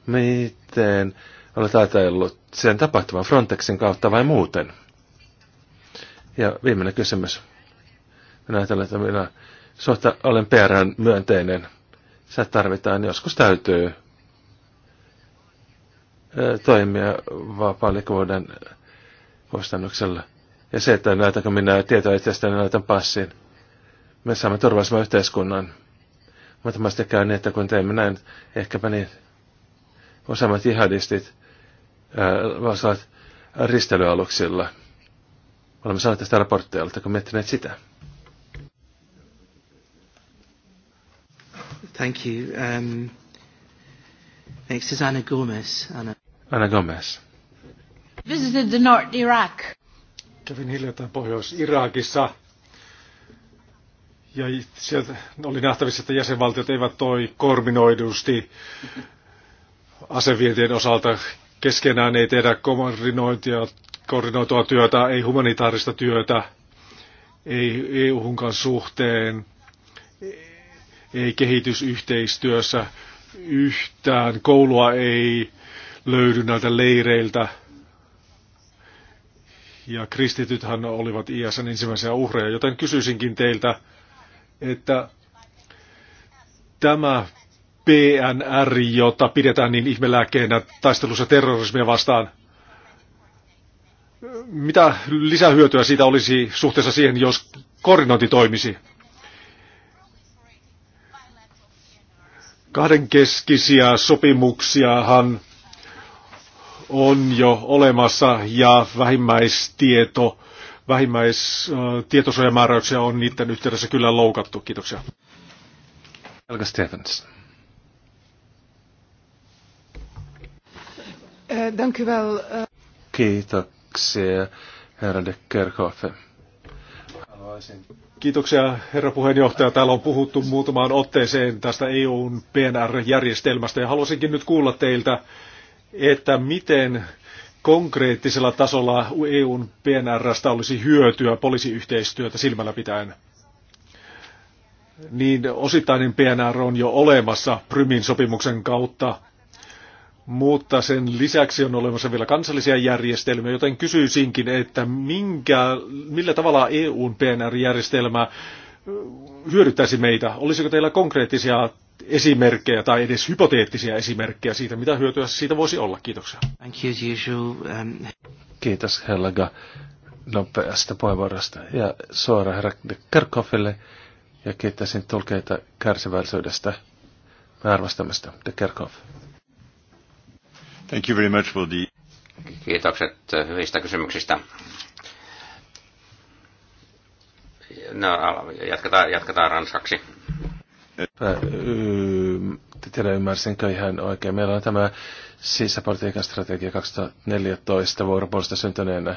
Miten olet ajatellut sen tapahtuvan Frontexin kautta vai muuten? Ja viimeinen kysymys. Minä ajattelen, että minä suhta olen perään myönteinen. Sä tarvitaan, joskus täytyy toimia vapaalikuuden kustannuksella. Ja se, että näytänkö minä tietoa itsestäni, niin näytän passin. Me saamme turvallisemman yhteiskunnan. Mutta mä sitten käy niin, että kun teemme näin, ehkäpä niin useammat jihadistit vastaavat ristelyaluksilla. Olemme saaneet tästä raportteja, oletteko miettineet sitä? Thank you. Um, next is Anna Gomez. Anna, Anna Gomez. Visited the North Iraq. Kävin hiljattain Pohjois-Irakissa. Ja sieltä oli nähtävissä, että jäsenvaltiot eivät toi koordinoidusti asevientien osalta. Keskenään ei tehdä koordinointia, koordinoitua työtä, ei humanitaarista työtä, ei EU-hunkan suhteen, ei kehitysyhteistyössä yhtään koulua ei löydy näiltä leireiltä. Ja kristitythän olivat ISN ensimmäisiä uhreja, joten kysyisinkin teiltä, että tämä PNR, jota pidetään niin ihmelääkkeenä taistelussa terrorismia vastaan, mitä lisähyötyä siitä olisi suhteessa siihen, jos koordinointi toimisi? kahdenkeskisiä sopimuksiahan on jo olemassa ja vähimmäistieto, vähimmäistietosuojamääräyksiä on niiden yhteydessä kyllä loukattu. Kiitoksia. Helga Stevens. Kiitoksia, herra de Kerkhoff. Kiitoksia herra puheenjohtaja. Täällä on puhuttu muutamaan otteeseen tästä EUn PNR-järjestelmästä ja haluaisinkin nyt kuulla teiltä, että miten konkreettisella tasolla EUn PNRstä olisi hyötyä poliisiyhteistyötä silmällä pitäen? Niin osittainen PNR on jo olemassa Prymin sopimuksen kautta mutta sen lisäksi on olemassa vielä kansallisia järjestelmiä, joten kysyisinkin, että minkä, millä tavalla EUn PNR-järjestelmä hyödyttäisi meitä? Olisiko teillä konkreettisia esimerkkejä tai edes hypoteettisia esimerkkejä siitä, mitä hyötyä siitä voisi olla? Kiitoksia. Um, Kiitos Helga nopeasta puheenvuorosta ja suora herra Kerkhoffille ja kiittäisin tulkeita kärsivällisyydestä. Me arvostamme sitä, de Kerkhoff. Thank you very much for the... Kiitokset hyvistä kysymyksistä. No, jatketaan, jatketaan ranskaksi. Mä, tiedä ymmärsinkö ihan oikein. Meillä on tämä sisäpolitiikan strategia 2014 vuoropuolesta syntyneenä.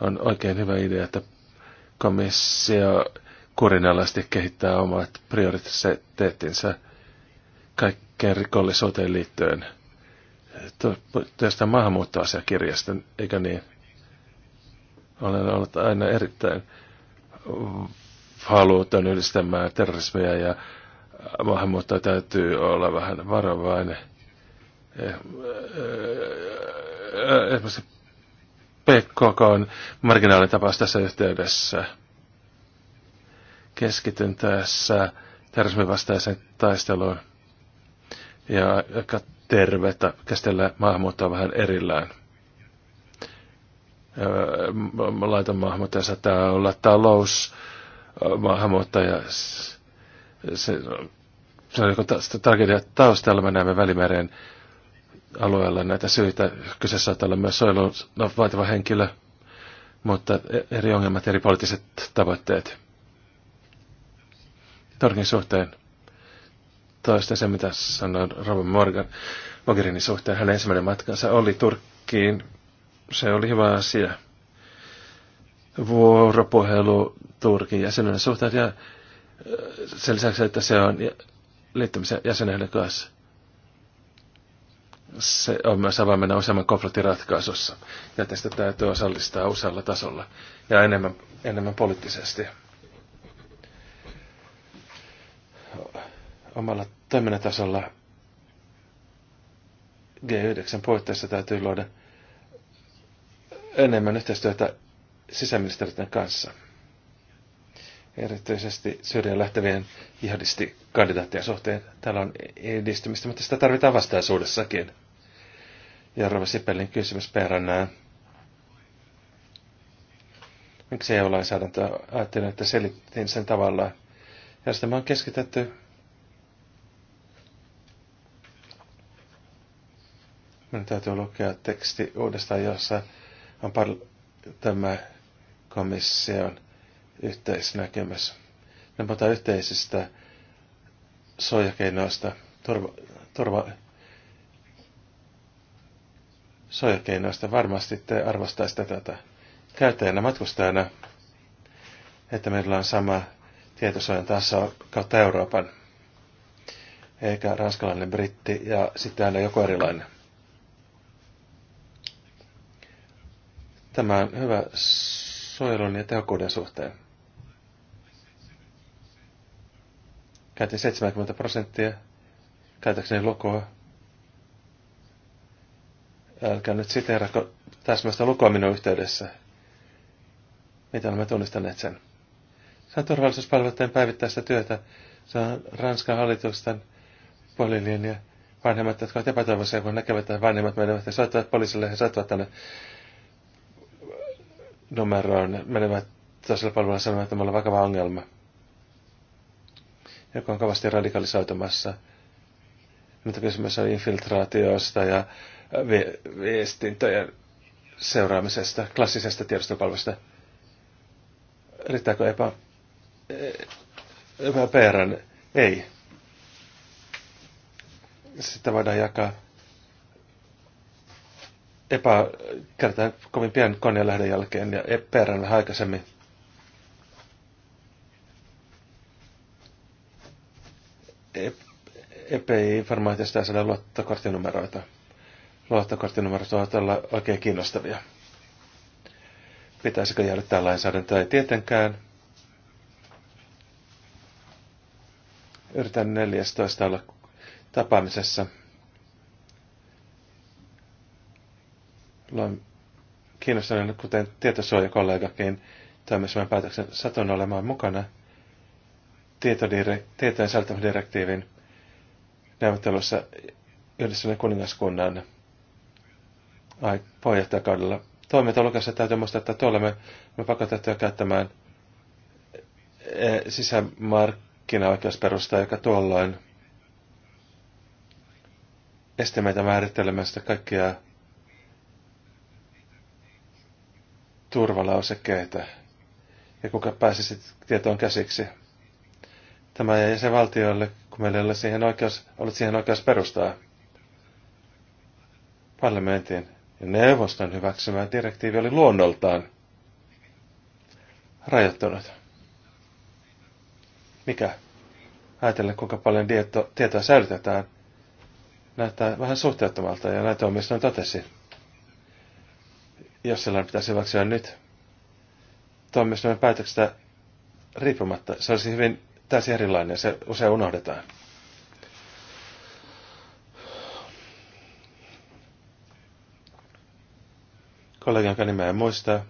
On oikein hyvä idea, että komissio kurinalaisesti kehittää omat prioriteettinsa kaikkeen rikollisuuteen liittyen – tästä maahanmuuttoasiakirjasta, eikä niin? Olen ollut aina erittäin haluuton ylistämään terrorismia ja maahanmuuttoa täytyy olla vähän varovainen. Eh, eh, esimerkiksi PKK on marginaalitapaus tässä yhteydessä. Keskityn tässä terrorismin vastaiseen taisteluun ja että käsitellään maahanmuuttoa vähän erillään. Öö, Laiton maahanmuuttaja saattaa olla talous, maahanmuuttaja, se, se on joku tragedia taustalla, me näemme Välimeren alueella näitä syitä. Kyseessä saattaa olla myös suojelun no, vaativa henkilö, mutta e-, eri ongelmat, eri poliittiset tavoitteet. Torkin suhteen toista se, mitä sanoi Robin Morgan Mogherinin suhteen. Hänen ensimmäinen matkansa oli Turkkiin. Se oli hyvä asia. Vuoropuhelu Turkin jäsenen suhteen ja äh, sen lisäksi, että se on liittymisen jäsenehden kanssa. Se on myös avaimena useamman konfliktin ratkaisussa. Ja tästä täytyy osallistaa usealla tasolla ja enemmän, enemmän poliittisesti. omalla toiminnatasolla G9 puitteissa täytyy luoda enemmän yhteistyötä sisäministeriöiden kanssa. Erityisesti syrjään lähtevien jihadistikandidaattien suhteen täällä on edistymistä, mutta sitä tarvitaan vastaisuudessakin. Ja Rova Sipelin kysymys peränään. Miksi EU-lainsäädäntö ajattelin, että selitin sen tavalla. Ja sitten me on keskitetty Minun täytyy lukea teksti uudestaan, jossa on par- tämä komission yhteisnäkemys. Ne puhutaan yhteisistä suojakeinoista, turva, turva, suojakeinoista. Varmasti te arvostaisitte tätä käyttäjänä, matkustajana, että meillä on sama tietosuojan taso kautta Euroopan, eikä ranskalainen britti ja sitten aina joku erilainen. Tämä on hyvä suojelun ja tehokkuuden suhteen. Käytin 70 prosenttia käytäkseni lukua. Älkää nyt siteerako täsmästä lukua minun yhteydessä. Miten olemme tunnistaneet sen? Se on turvallisuuspalveluiden päivittäistä työtä. Se on Ranskan hallituksen puolilinja. Vanhemmat, jotka ovat epätoivoisia, kun näkevät, että vanhemmat menevät ja soittavat poliisille ja soittavat tänne numeroon menevät palvelulla sanomaan, että meillä on vakava ongelma, joka on kovasti radikalisoitumassa. Nyt kysymys on infiltraatioista ja vi- viestintöjen seuraamisesta, klassisesta tiedostopalvelusta. Riittääkö epä, epä Ei. Sitä voidaan jakaa epä, kertaan kovin pian koneen lähden jälkeen ja perään vähän aikaisemmin. ei varmaan testää saada luottokorttinumeroita. Luottokorttinumerot ovat olla oikein kiinnostavia. Pitäisikö jäädyttää lainsäädäntöä? Ei tietenkään. Yritän 14 olla tapaamisessa Olen kiinnostunut, kuten tietosuojakollegakin, tämmöisen päätöksen satun olemaan mukana tietojen säätämisdirektiivin neuvottelussa Yhdistyneen kuningaskunnan ai, puheenjohtajakaudella. Toimintalukassa täytyy muistaa, että tuolla me, me pakotettuja käyttämään eh, sisämarkkinaoikeusperustaa, joka tuolloin esti meitä määrittelemästä kaikkia turvalausekkeita ja kuka pääsisi tietoon käsiksi. Tämä jäi jäsenvaltioille, kun meillä ei ole siihen oikeus, ollut siihen oikeus perustaa parlamentin ja neuvoston hyväksymä direktiivi oli luonnoltaan rajoittunut. Mikä? Ajatellen, kuinka paljon tieto, tietoa säilytetään, näyttää vähän suhteettomalta ja näin tuomioistuin totesi jos sellainen pitäisi hyväksyä nyt, tuomioistuimen päätöksestä riippumatta, se olisi hyvin täysin erilainen ja se usein unohdetaan. Kollegan jonka nimeä en muista,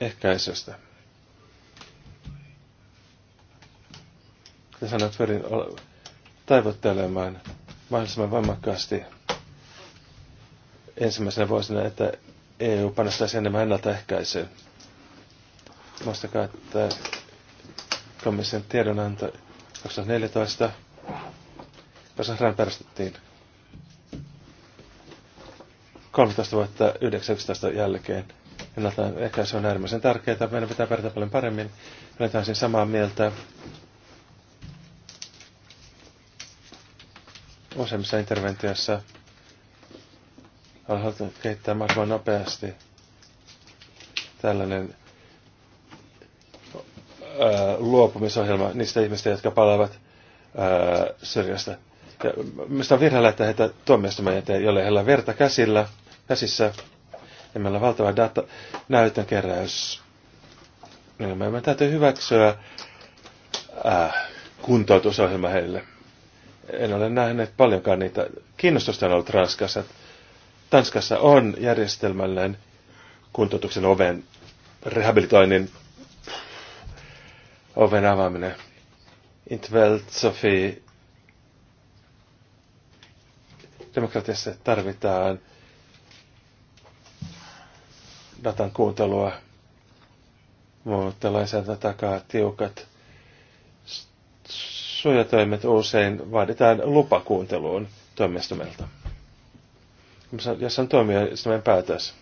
ehkäisystä. Ja sanoit pyrin taivottelemaan mahdollisimman voimakkaasti ensimmäisenä vuosina, että EU panostaisi enemmän ennaltaehkäisyyn. Muistakaa, että komission tiedonanto 2014 Kasahran perustettiin 13 vuotta 19 jälkeen. Ennaltaehkäisy on äärimmäisen tärkeää. Meidän pitää pärjätä paljon paremmin. Olen siinä samaa mieltä. Useimmissa interventioissa halutaan kehittää mahdollisimman nopeasti tällainen ää, luopumisohjelma niistä ihmistä, jotka palaavat syrjästä. Ja minusta on virhe lähettää heitä tuomioistumaan eteen, jolle heillä on verta käsillä, käsissä, ja meillä on valtava data, keräys. Niin meidän täytyy hyväksyä ää, kuntoutusohjelma heille. En ole nähnyt paljonkaan niitä. Kiinnostusta on ollut Ranskassa, että Tanskassa on järjestelmällinen kuntoutuksen oven rehabilitoinnin oven avaaminen. Intveld, Sofie, demokratiassa tarvitaan datan kuuntelua, mutta lainsäädäntö takaa tiukat suojatoimet usein vaaditaan lupakuunteluun toimistomelta jossa on tuomioistuimen päätös.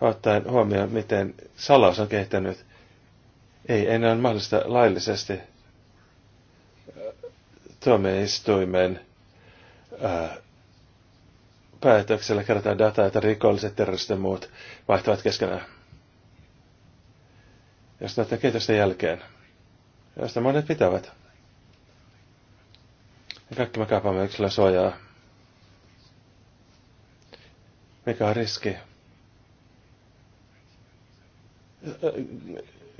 Ottaen huomioon, miten salaus on kehittänyt. ei enää ole mahdollista laillisesti äh, tuomioistuimen äh, päätöksellä kerätä dataa, että rikolliset terroristit ja muut vaihtavat keskenään. Jos näiden kehitysten jälkeen, josta monet pitävät. Ja niin kaikki me kaipaamme yksilön suojaa. Mikä on riski?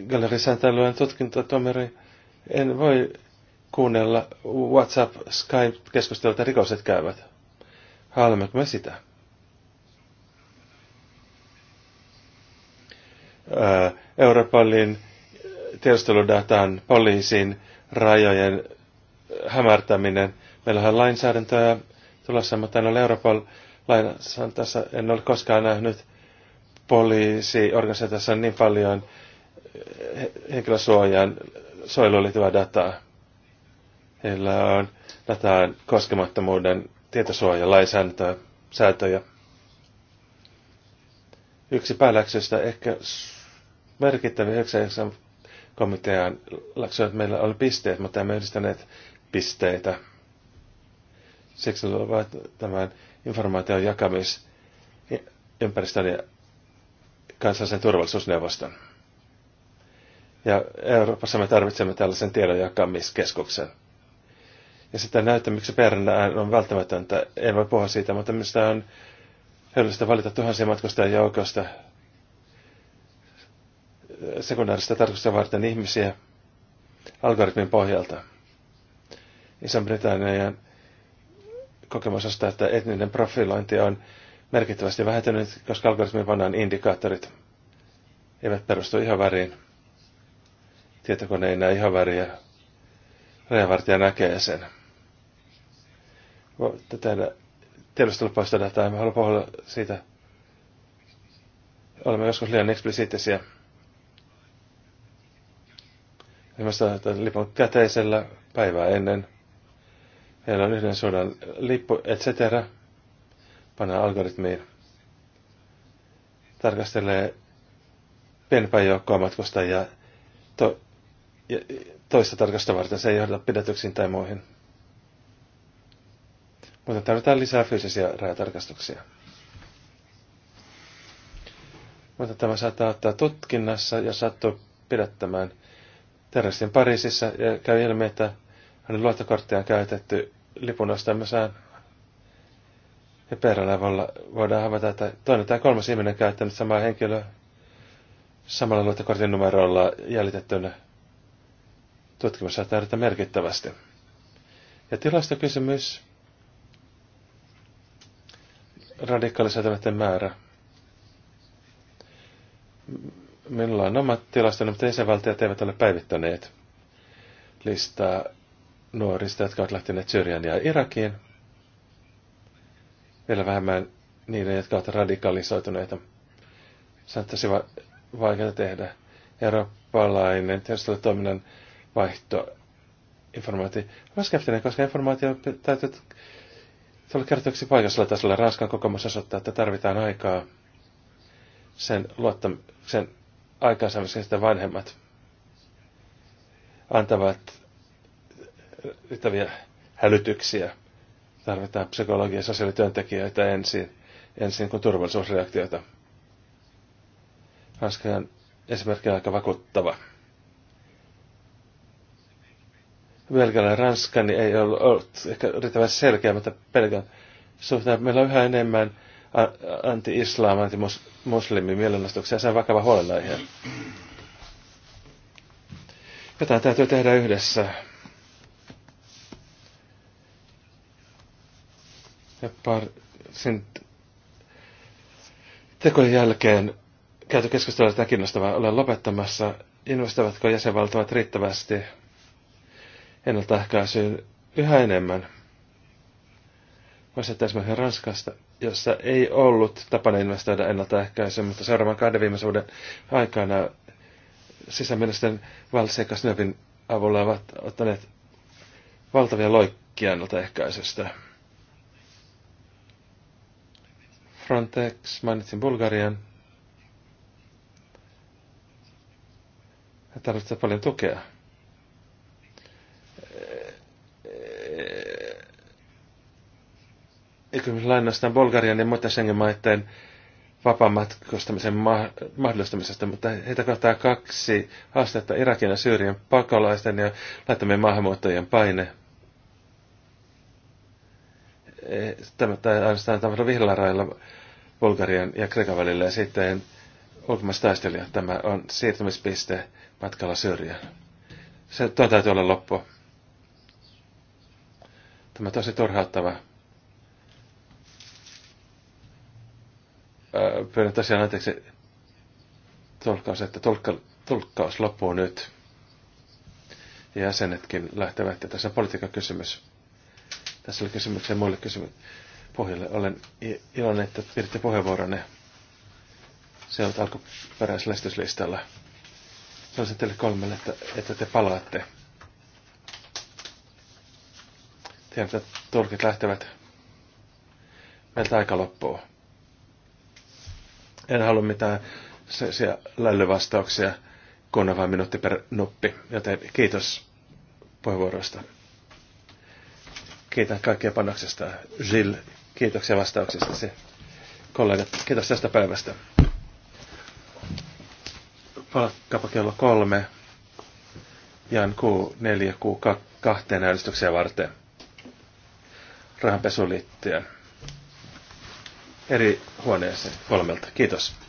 Gallerisääntelyn tutkintatomeri, en voi kuunnella WhatsApp, Skype-keskustelta rikoset käyvät. Haluammeko me sitä? Europolin tiedusteludatan, poliisin, rajojen hämärtäminen. Meillähän on lainsäädäntöä tulossa, mutta en ole Europol lainassa tässä en ole koskaan nähnyt poliisiorganisaatiossa niin paljon eh, henkilösuojan suojeluun liittyvää dataa. Heillä on dataan koskemattomuuden tietosuojalainsäädäntöä, säätöjä. Yksi pääläksyistä ehkä merkittävä 99 komitean läksy, että meillä oli pisteet, mutta emme yhdistäneet pisteitä. Siksi luovat tämän informaation jakamis ympäristön ja kansallisen turvallisuusneuvoston. Ja Euroopassa me tarvitsemme tällaisen tiedon jakamiskeskuksen. Ja sitä näyttää, miksi on välttämätöntä. En voi puhua siitä, mutta minusta on hyödyllistä valita tuhansien matkustajia joukosta sekundaarista tarkoitusta varten ihmisiä algoritmin pohjalta. Iso-Britannian kokemus ostaa, että etninen profilointi on merkittävästi vähentynyt, koska algoritmin vanhan indikaattorit. Eivät perustu ihan väriin. Tietokone ei näe ihan väriä. Rajavartija näkee sen. Tätä tiedostelupalsta dataa emme halua puhua siitä. Olemme joskus liian eksplisiittisiä. Esimerkiksi lipun käteisellä päivää ennen Heillä on yhden sodan lippu, et cetera. Pannaan algoritmiin. Tarkastelee pienempään matkusta ja, to, ja, toista tarkasta varten. Se ei johda pidätyksiin tai muihin. Mutta tarvitaan lisää fyysisiä rajatarkastuksia. Mutta tämä saattaa ottaa tutkinnassa ja sattuu pidättämään terroristin Pariisissa ja käy ilmi, että hänen luottokorttiaan käytetty lipunasta tämmöisään saan voidaan havaita, että toinen tai kolmas ihminen käyttänyt samaa henkilöä samalla luottokortin numerolla jäljitettynä tutkimus saattaa merkittävästi. Ja tilastokysymys, radikaalisäätämätten määrä. Minulla on omat tilastoni, mutta jäsenvaltiot eivät ole päivittäneet listaa nuorista, jotka ovat lähteneet Syyrian ja Irakiin. Vielä vähemmän niille, jotka ovat radikalisoituneita. Saattaisi va- vaikeaa tehdä. Eurooppalainen tiedustelutoiminnan vaihto informaatio. Mä skeptinen, koska informaatio täytyy tulla kertoksi paikallisella tasolla. Ranskan kokemus osoittaa, että tarvitaan aikaa sen, luottam- sen aikaansaamiseksi, sitä vanhemmat antavat yhtäviä hälytyksiä. Tarvitaan psykologia ja sosiaalityöntekijöitä ensin, ensin kuin turvallisuusreaktioita Ranskan esimerkki on aika vakuuttava. Belgialla ja Ranskani niin ei ollut, ollut ehkä riittävän selkeä, mutta Belgian suhteen meillä on yhä enemmän anti-islam, anti-muslimi mielenostuksia. Se on vakava huolenaihe. Jotain täytyy tehdä yhdessä. Ja par, sen tekojen jälkeen käyty keskustelua sitä kiinnostavaa. Olen lopettamassa. Investoivatko jäsenvaltiot riittävästi ennaltaehkäisyyn yhä enemmän? Voisi esimerkiksi Ranskasta, jossa ei ollut tapana investoida ennaltaehkäisyyn, mutta seuraavan kahden viimeisuuden aikana sisäministerin Valsekas Nöpin avulla ovat ottaneet valtavia loikkia ennaltaehkäisystä. Frontex, mainitsin Bulgarian. He tarvitsevat paljon tukea. Eikö lainastaan Bulgarian ja muita Schengen-maiden vapaamatkustamisen mahdollistamisesta, mutta heitä kohtaa kaksi haastetta Irakin ja Syyrien pakolaisten ja laittamien maahanmuuttajien paine – tämä tai ainoastaan tavalla vihlarailla Bulgarian ja Kreikan välillä ja sitten taistelija. Tämä on siirtymispiste matkalla syrjään. Se tuo täytyy olla loppu. Tämä on tosi turhauttava. Pyydän tosiaan anteeksi tulkkaus, että tulkka, tulkkaus loppuu nyt. Ja jäsenetkin lähtevät, että tässä on politiikan kysymys. Tässä oli kysymyksiä muille kysymyksille pohjalle. Olen iloinen, että piditte puheenvuoronne. Se on alkuperäislähestyslistalla. Sanoisin teille kolmelle, että, että te palaatte. Tiedän, että tulkit lähtevät. Meiltä aika loppuu. En halua mitään sellaisia lällyvastauksia, kun on vain minuutti per nuppi. Joten kiitos puheenvuorosta. Kiitän kaikkia panoksesta. Jill, kiitoksia se Kollegat, kiitos tästä päivästä. Palkkaapa kello kolme. Jan Q4, Q2 kahteen äänestykseen varten rahanpesuliittyen eri huoneeseen kolmelta. Kiitos.